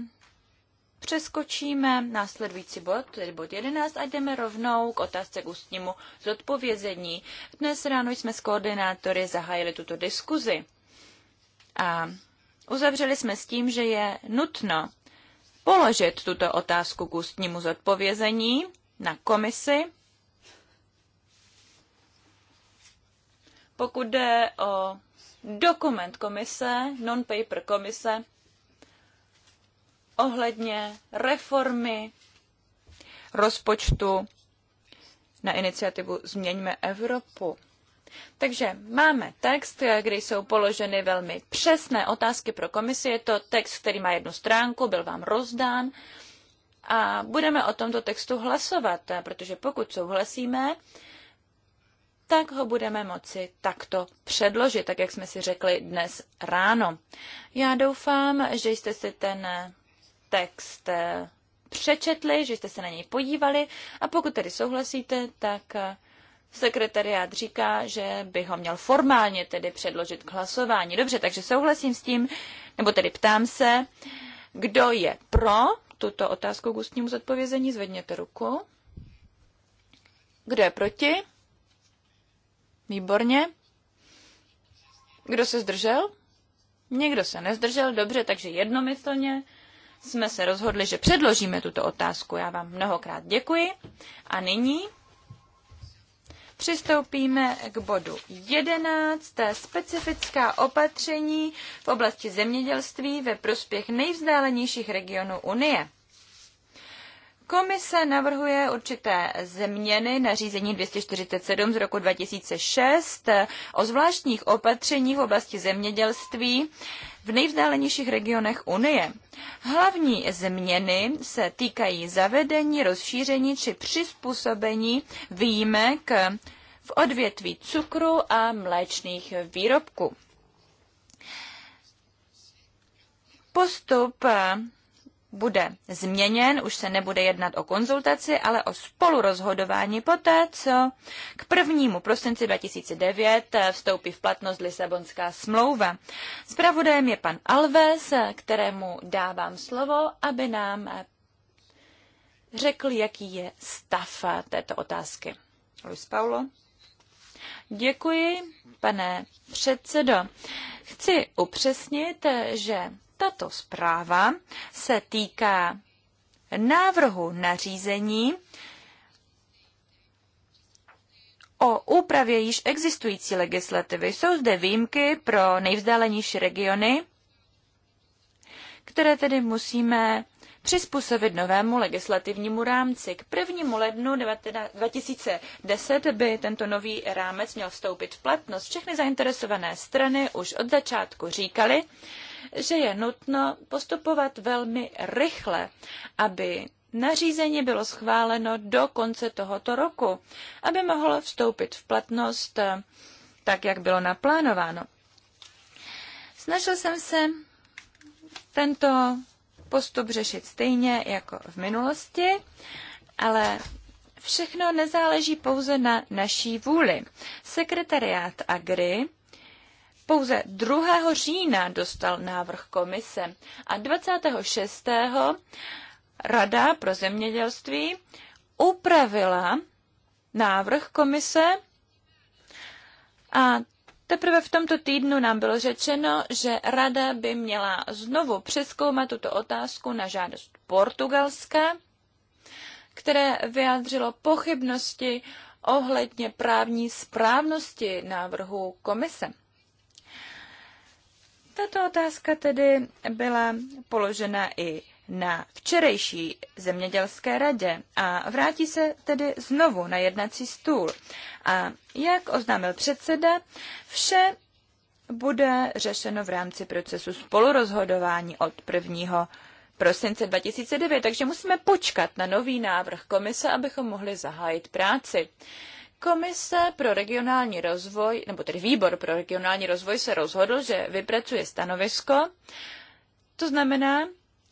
přeskočíme následující bod, tedy bod 11, a jdeme rovnou k otázce k ústnímu zodpovězení. Dnes ráno jsme s koordinátory zahájili tuto diskuzi a uzavřeli jsme s tím, že je nutno položit tuto otázku k ústnímu zodpovězení na komisi Pokud jde o dokument komise, non-paper komise, ohledně reformy rozpočtu na iniciativu Změňme Evropu. Takže máme text, kde jsou položeny velmi přesné otázky pro komisi. Je to text, který má jednu stránku, byl vám rozdán. A budeme o tomto textu hlasovat, protože pokud souhlasíme, tak ho budeme moci takto předložit, tak jak jsme si řekli dnes ráno. Já doufám, že jste si ten text eh, přečetli, že jste se na něj podívali a pokud tedy souhlasíte, tak eh, sekretariát říká, že by ho měl formálně tedy předložit k hlasování. Dobře, takže souhlasím s tím, nebo tedy ptám se, kdo je pro tuto otázku k ústnímu zodpovězení, zvedněte ruku. Kdo je proti? Výborně. Kdo se zdržel? Někdo se nezdržel, dobře, takže jednomyslně jsme se rozhodli, že předložíme tuto otázku. Já vám mnohokrát děkuji. A nyní přistoupíme k bodu 11. Specifická opatření v oblasti zemědělství ve prospěch nejvzdálenějších regionů Unie. Komise navrhuje určité změny nařízení 247 z roku 2006 o zvláštních opatřeních v oblasti zemědělství v nejvzdálenějších regionech Unie. Hlavní změny se týkají zavedení, rozšíření či přizpůsobení výjimek v odvětví cukru a mléčných výrobků. Postup bude změněn, už se nebude jednat o konzultaci, ale o spolurozhodování poté, co k prvnímu prosinci 2009 vstoupí v platnost Lisabonská smlouva. Spravodajem je pan Alves, kterému dávám slovo, aby nám řekl, jaký je stav této otázky. Luis Paulo. Děkuji, pane předsedo. Chci upřesnit, že tato zpráva se týká návrhu nařízení o úpravě již existující legislativy. Jsou zde výjimky pro nejvzdálenější regiony, které tedy musíme přizpůsobit novému legislativnímu rámci. K 1. lednu 2010 by tento nový rámec měl vstoupit v platnost. Všechny zainteresované strany už od začátku říkali, že je nutno postupovat velmi rychle, aby nařízení bylo schváleno do konce tohoto roku, aby mohlo vstoupit v platnost eh, tak, jak bylo naplánováno. Snažil jsem se tento postup řešit stejně jako v minulosti, ale všechno nezáleží pouze na naší vůli. Sekretariát Agri pouze 2. října dostal návrh komise a 26. Rada pro zemědělství upravila návrh komise a Teprve v tomto týdnu nám bylo řečeno, že Rada by měla znovu přeskoumat tuto otázku na žádost Portugalska, které vyjádřilo pochybnosti ohledně právní správnosti návrhu komise. Tato otázka tedy byla položena i na včerejší zemědělské radě a vrátí se tedy znovu na jednací stůl. A jak oznámil předseda, vše bude řešeno v rámci procesu spolurozhodování od 1. prosince 2009, takže musíme počkat na nový návrh komise, abychom mohli zahájit práci. Komise pro regionální rozvoj, nebo tedy výbor pro regionální rozvoj se rozhodl, že vypracuje stanovisko. To znamená,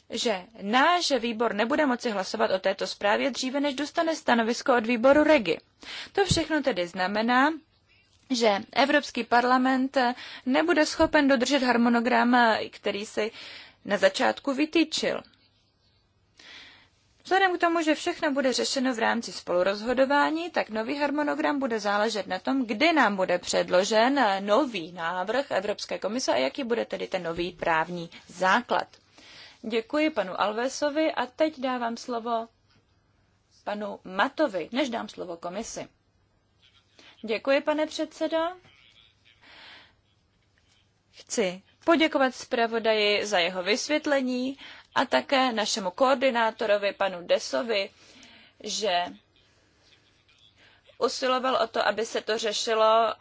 že náš výbor nebude moci hlasovat o této zprávě dříve, než dostane stanovisko od výboru REGI. To všechno tedy znamená, že Evropský parlament nebude schopen dodržet harmonogram, který si na začátku vytýčil. Vzhledem k tomu, že všechno bude řešeno v rámci spolurozhodování, tak nový harmonogram bude záležet na tom, kdy nám bude předložen eh, nový návrh Evropské komise a jaký bude tedy ten nový právní základ. Děkuji panu Alvesovi a teď dávám slovo panu Matovi, než dám slovo komisi. Děkuji, pane předsedo. Chci poděkovat zpravodaji za jeho vysvětlení a také našemu koordinátorovi, panu Desovi, že usiloval o to, aby se to řešilo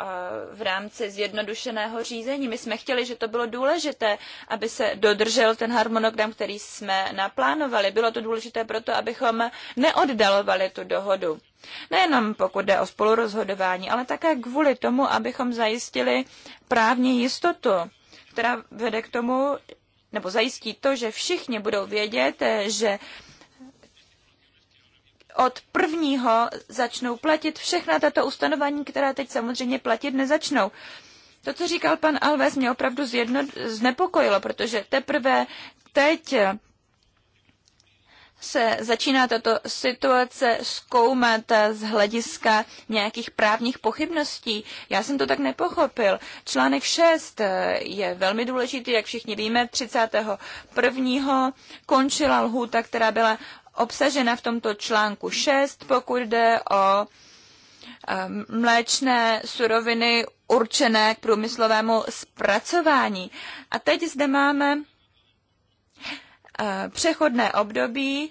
v rámci zjednodušeného řízení. My jsme chtěli, že to bylo důležité, aby se dodržel ten harmonogram, který jsme naplánovali. Bylo to důležité proto, abychom neoddalovali tu dohodu. Nejenom pokud jde o spolurozhodování, ale také kvůli tomu, abychom zajistili právní jistotu, která vede k tomu, nebo zajistí to, že všichni budou vědět, eh, že od prvního začnou platit všechna tato ustanovení, která teď samozřejmě platit nezačnou. To, co říkal pan Alves, mě opravdu znepokojilo, protože teprve teď se začíná tato situace zkoumat z hlediska nějakých právních pochybností. Já jsem to tak nepochopil. Článek 6 eh, je velmi důležitý, jak všichni víme, 31. končila lhůta, která byla obsažena v tomto článku 6, pokud jde o eh, mléčné suroviny určené k průmyslovému zpracování. A teď zde máme Eh, přechodné období, eh,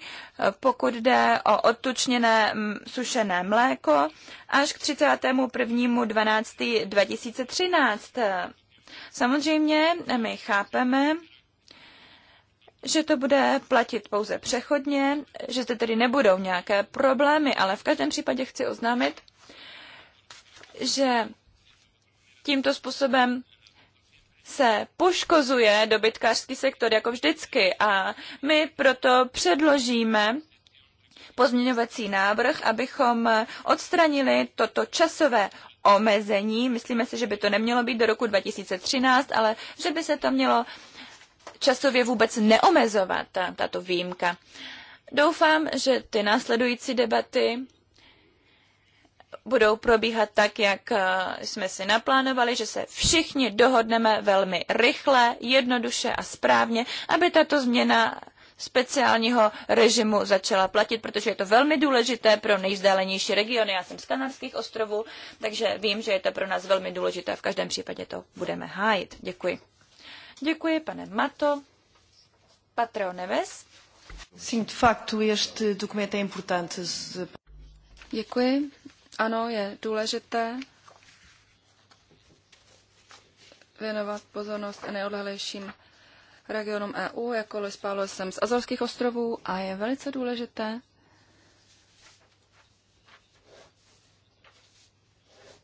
pokud jde o odtučněné mm, sušené mléko, až k 31.12.2013. Eh, samozřejmě my chápeme, že to bude platit pouze přechodně, že zde tedy nebudou nějaké problémy, ale v každém případě chci oznámit, že tímto způsobem se poškozuje dobytkářský sektor jako vždycky a my proto předložíme pozměňovací návrh, abychom odstranili toto časové omezení. Myslíme si, že by to nemělo být do roku 2013, ale že by se to mělo časově vůbec neomezovat, tato výjimka. Doufám, že ty následující debaty budou probíhat tak, jak eh, jsme si naplánovali, že se všichni dohodneme velmi rychle, jednoduše a správně, aby tato změna speciálního režimu začala platit, protože je to velmi důležité pro nejzdálenější regiony. Já jsem z kanadských ostrovů, takže vím, že je to pro nás velmi důležité. V každém případě to budeme hájit. Děkuji. Děkuji, pane Mato. Patro Neves. Sim, de facto, este documento é importante. Děkuji. Ano, je důležité věnovat pozornost nejodlehlejším regionům EU, jako Luis Paulo jsem z Azorských ostrovů a je velice důležité,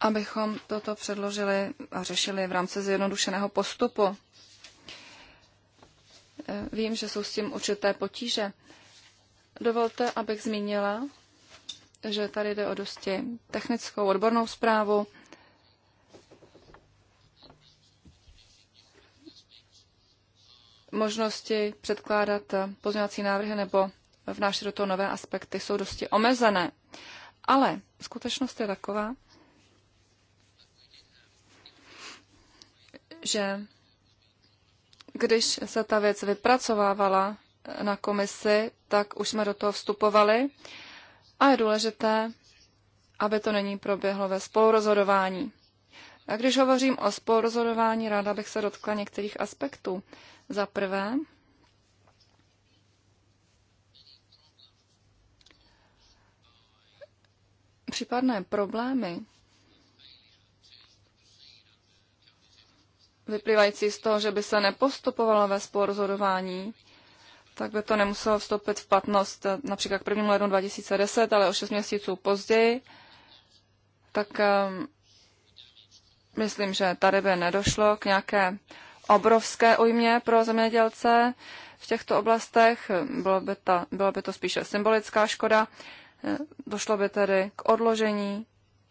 abychom toto předložili a řešili v rámci zjednodušeného postupu. Vím, že jsou s tím určité potíže. Dovolte, abych zmínila, že tady jde o dosti technickou odbornou zprávu. Možnosti předkládat pozměňovací návrhy nebo vnášet do toho nové aspekty jsou dosti omezené. Ale skutečnost je taková, že když se ta věc vypracovávala na komisi, tak už jsme do toho vstupovali a je důležité, aby to není proběhlo ve spolurozhodování. A když hovořím o spolurozhodování, ráda bych se dotkla některých aspektů. Za prvé, případné problémy vyplývající z toho, že by se nepostupovalo ve spolurozhodování, tak by to nemuselo vstoupit v platnost eh, například k 1. lednu 2010, ale o 6 měsíců později, tak ehm, myslím, že tady by nedošlo k nějaké obrovské ujmě pro zemědělce v těchto oblastech. Bylo by, ta, bylo by to spíše symbolická škoda. Eh, došlo by tedy k odložení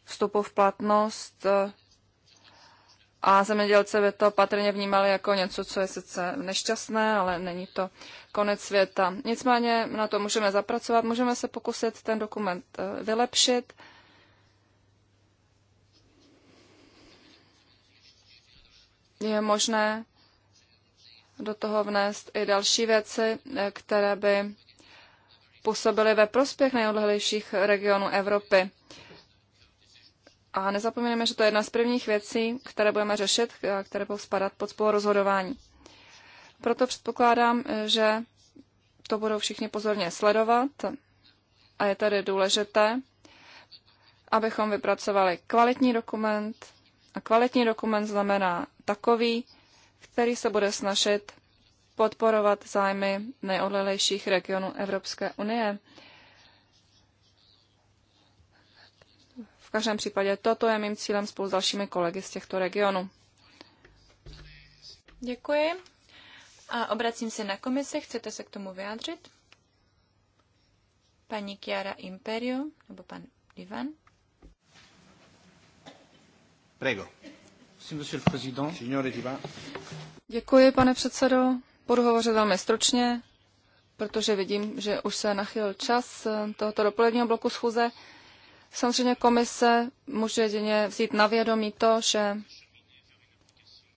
vstupu v platnost eh, a zemědělci by to patrně vnímali jako něco, co je sice nešťastné, ale není to konec světa. Nicméně na to můžeme zapracovat, můžeme se pokusit ten dokument eh, vylepšit. Je možné do toho vnést i další věci, eh, které by působily ve prospěch nejodlehlejších regionů Evropy. A nezapomeneme, že to je jedna z prvních věcí, které budeme řešit, které budou spadat pod spolurozhodování. Proto předpokládám, že to budou všichni pozorně sledovat a je tady důležité, abychom vypracovali kvalitní dokument. A kvalitní dokument znamená takový, který se bude snažit podporovat zájmy nejodlehlejších regionů Evropské unie. V každém případě toto je mým cílem spolu s dalšími kolegy z těchto regionů. Děkuji. A obracím se na komise. Chcete se k tomu vyjádřit? Paní Chiara Imperio nebo pan Ivan? Prego. Děkuji, pane předsedo. Budu hovořit velmi stručně, protože vidím, že už se nachyl čas tohoto dopoledního bloku schůze. Samozřejmě komise může jedině vzít na vědomí to, že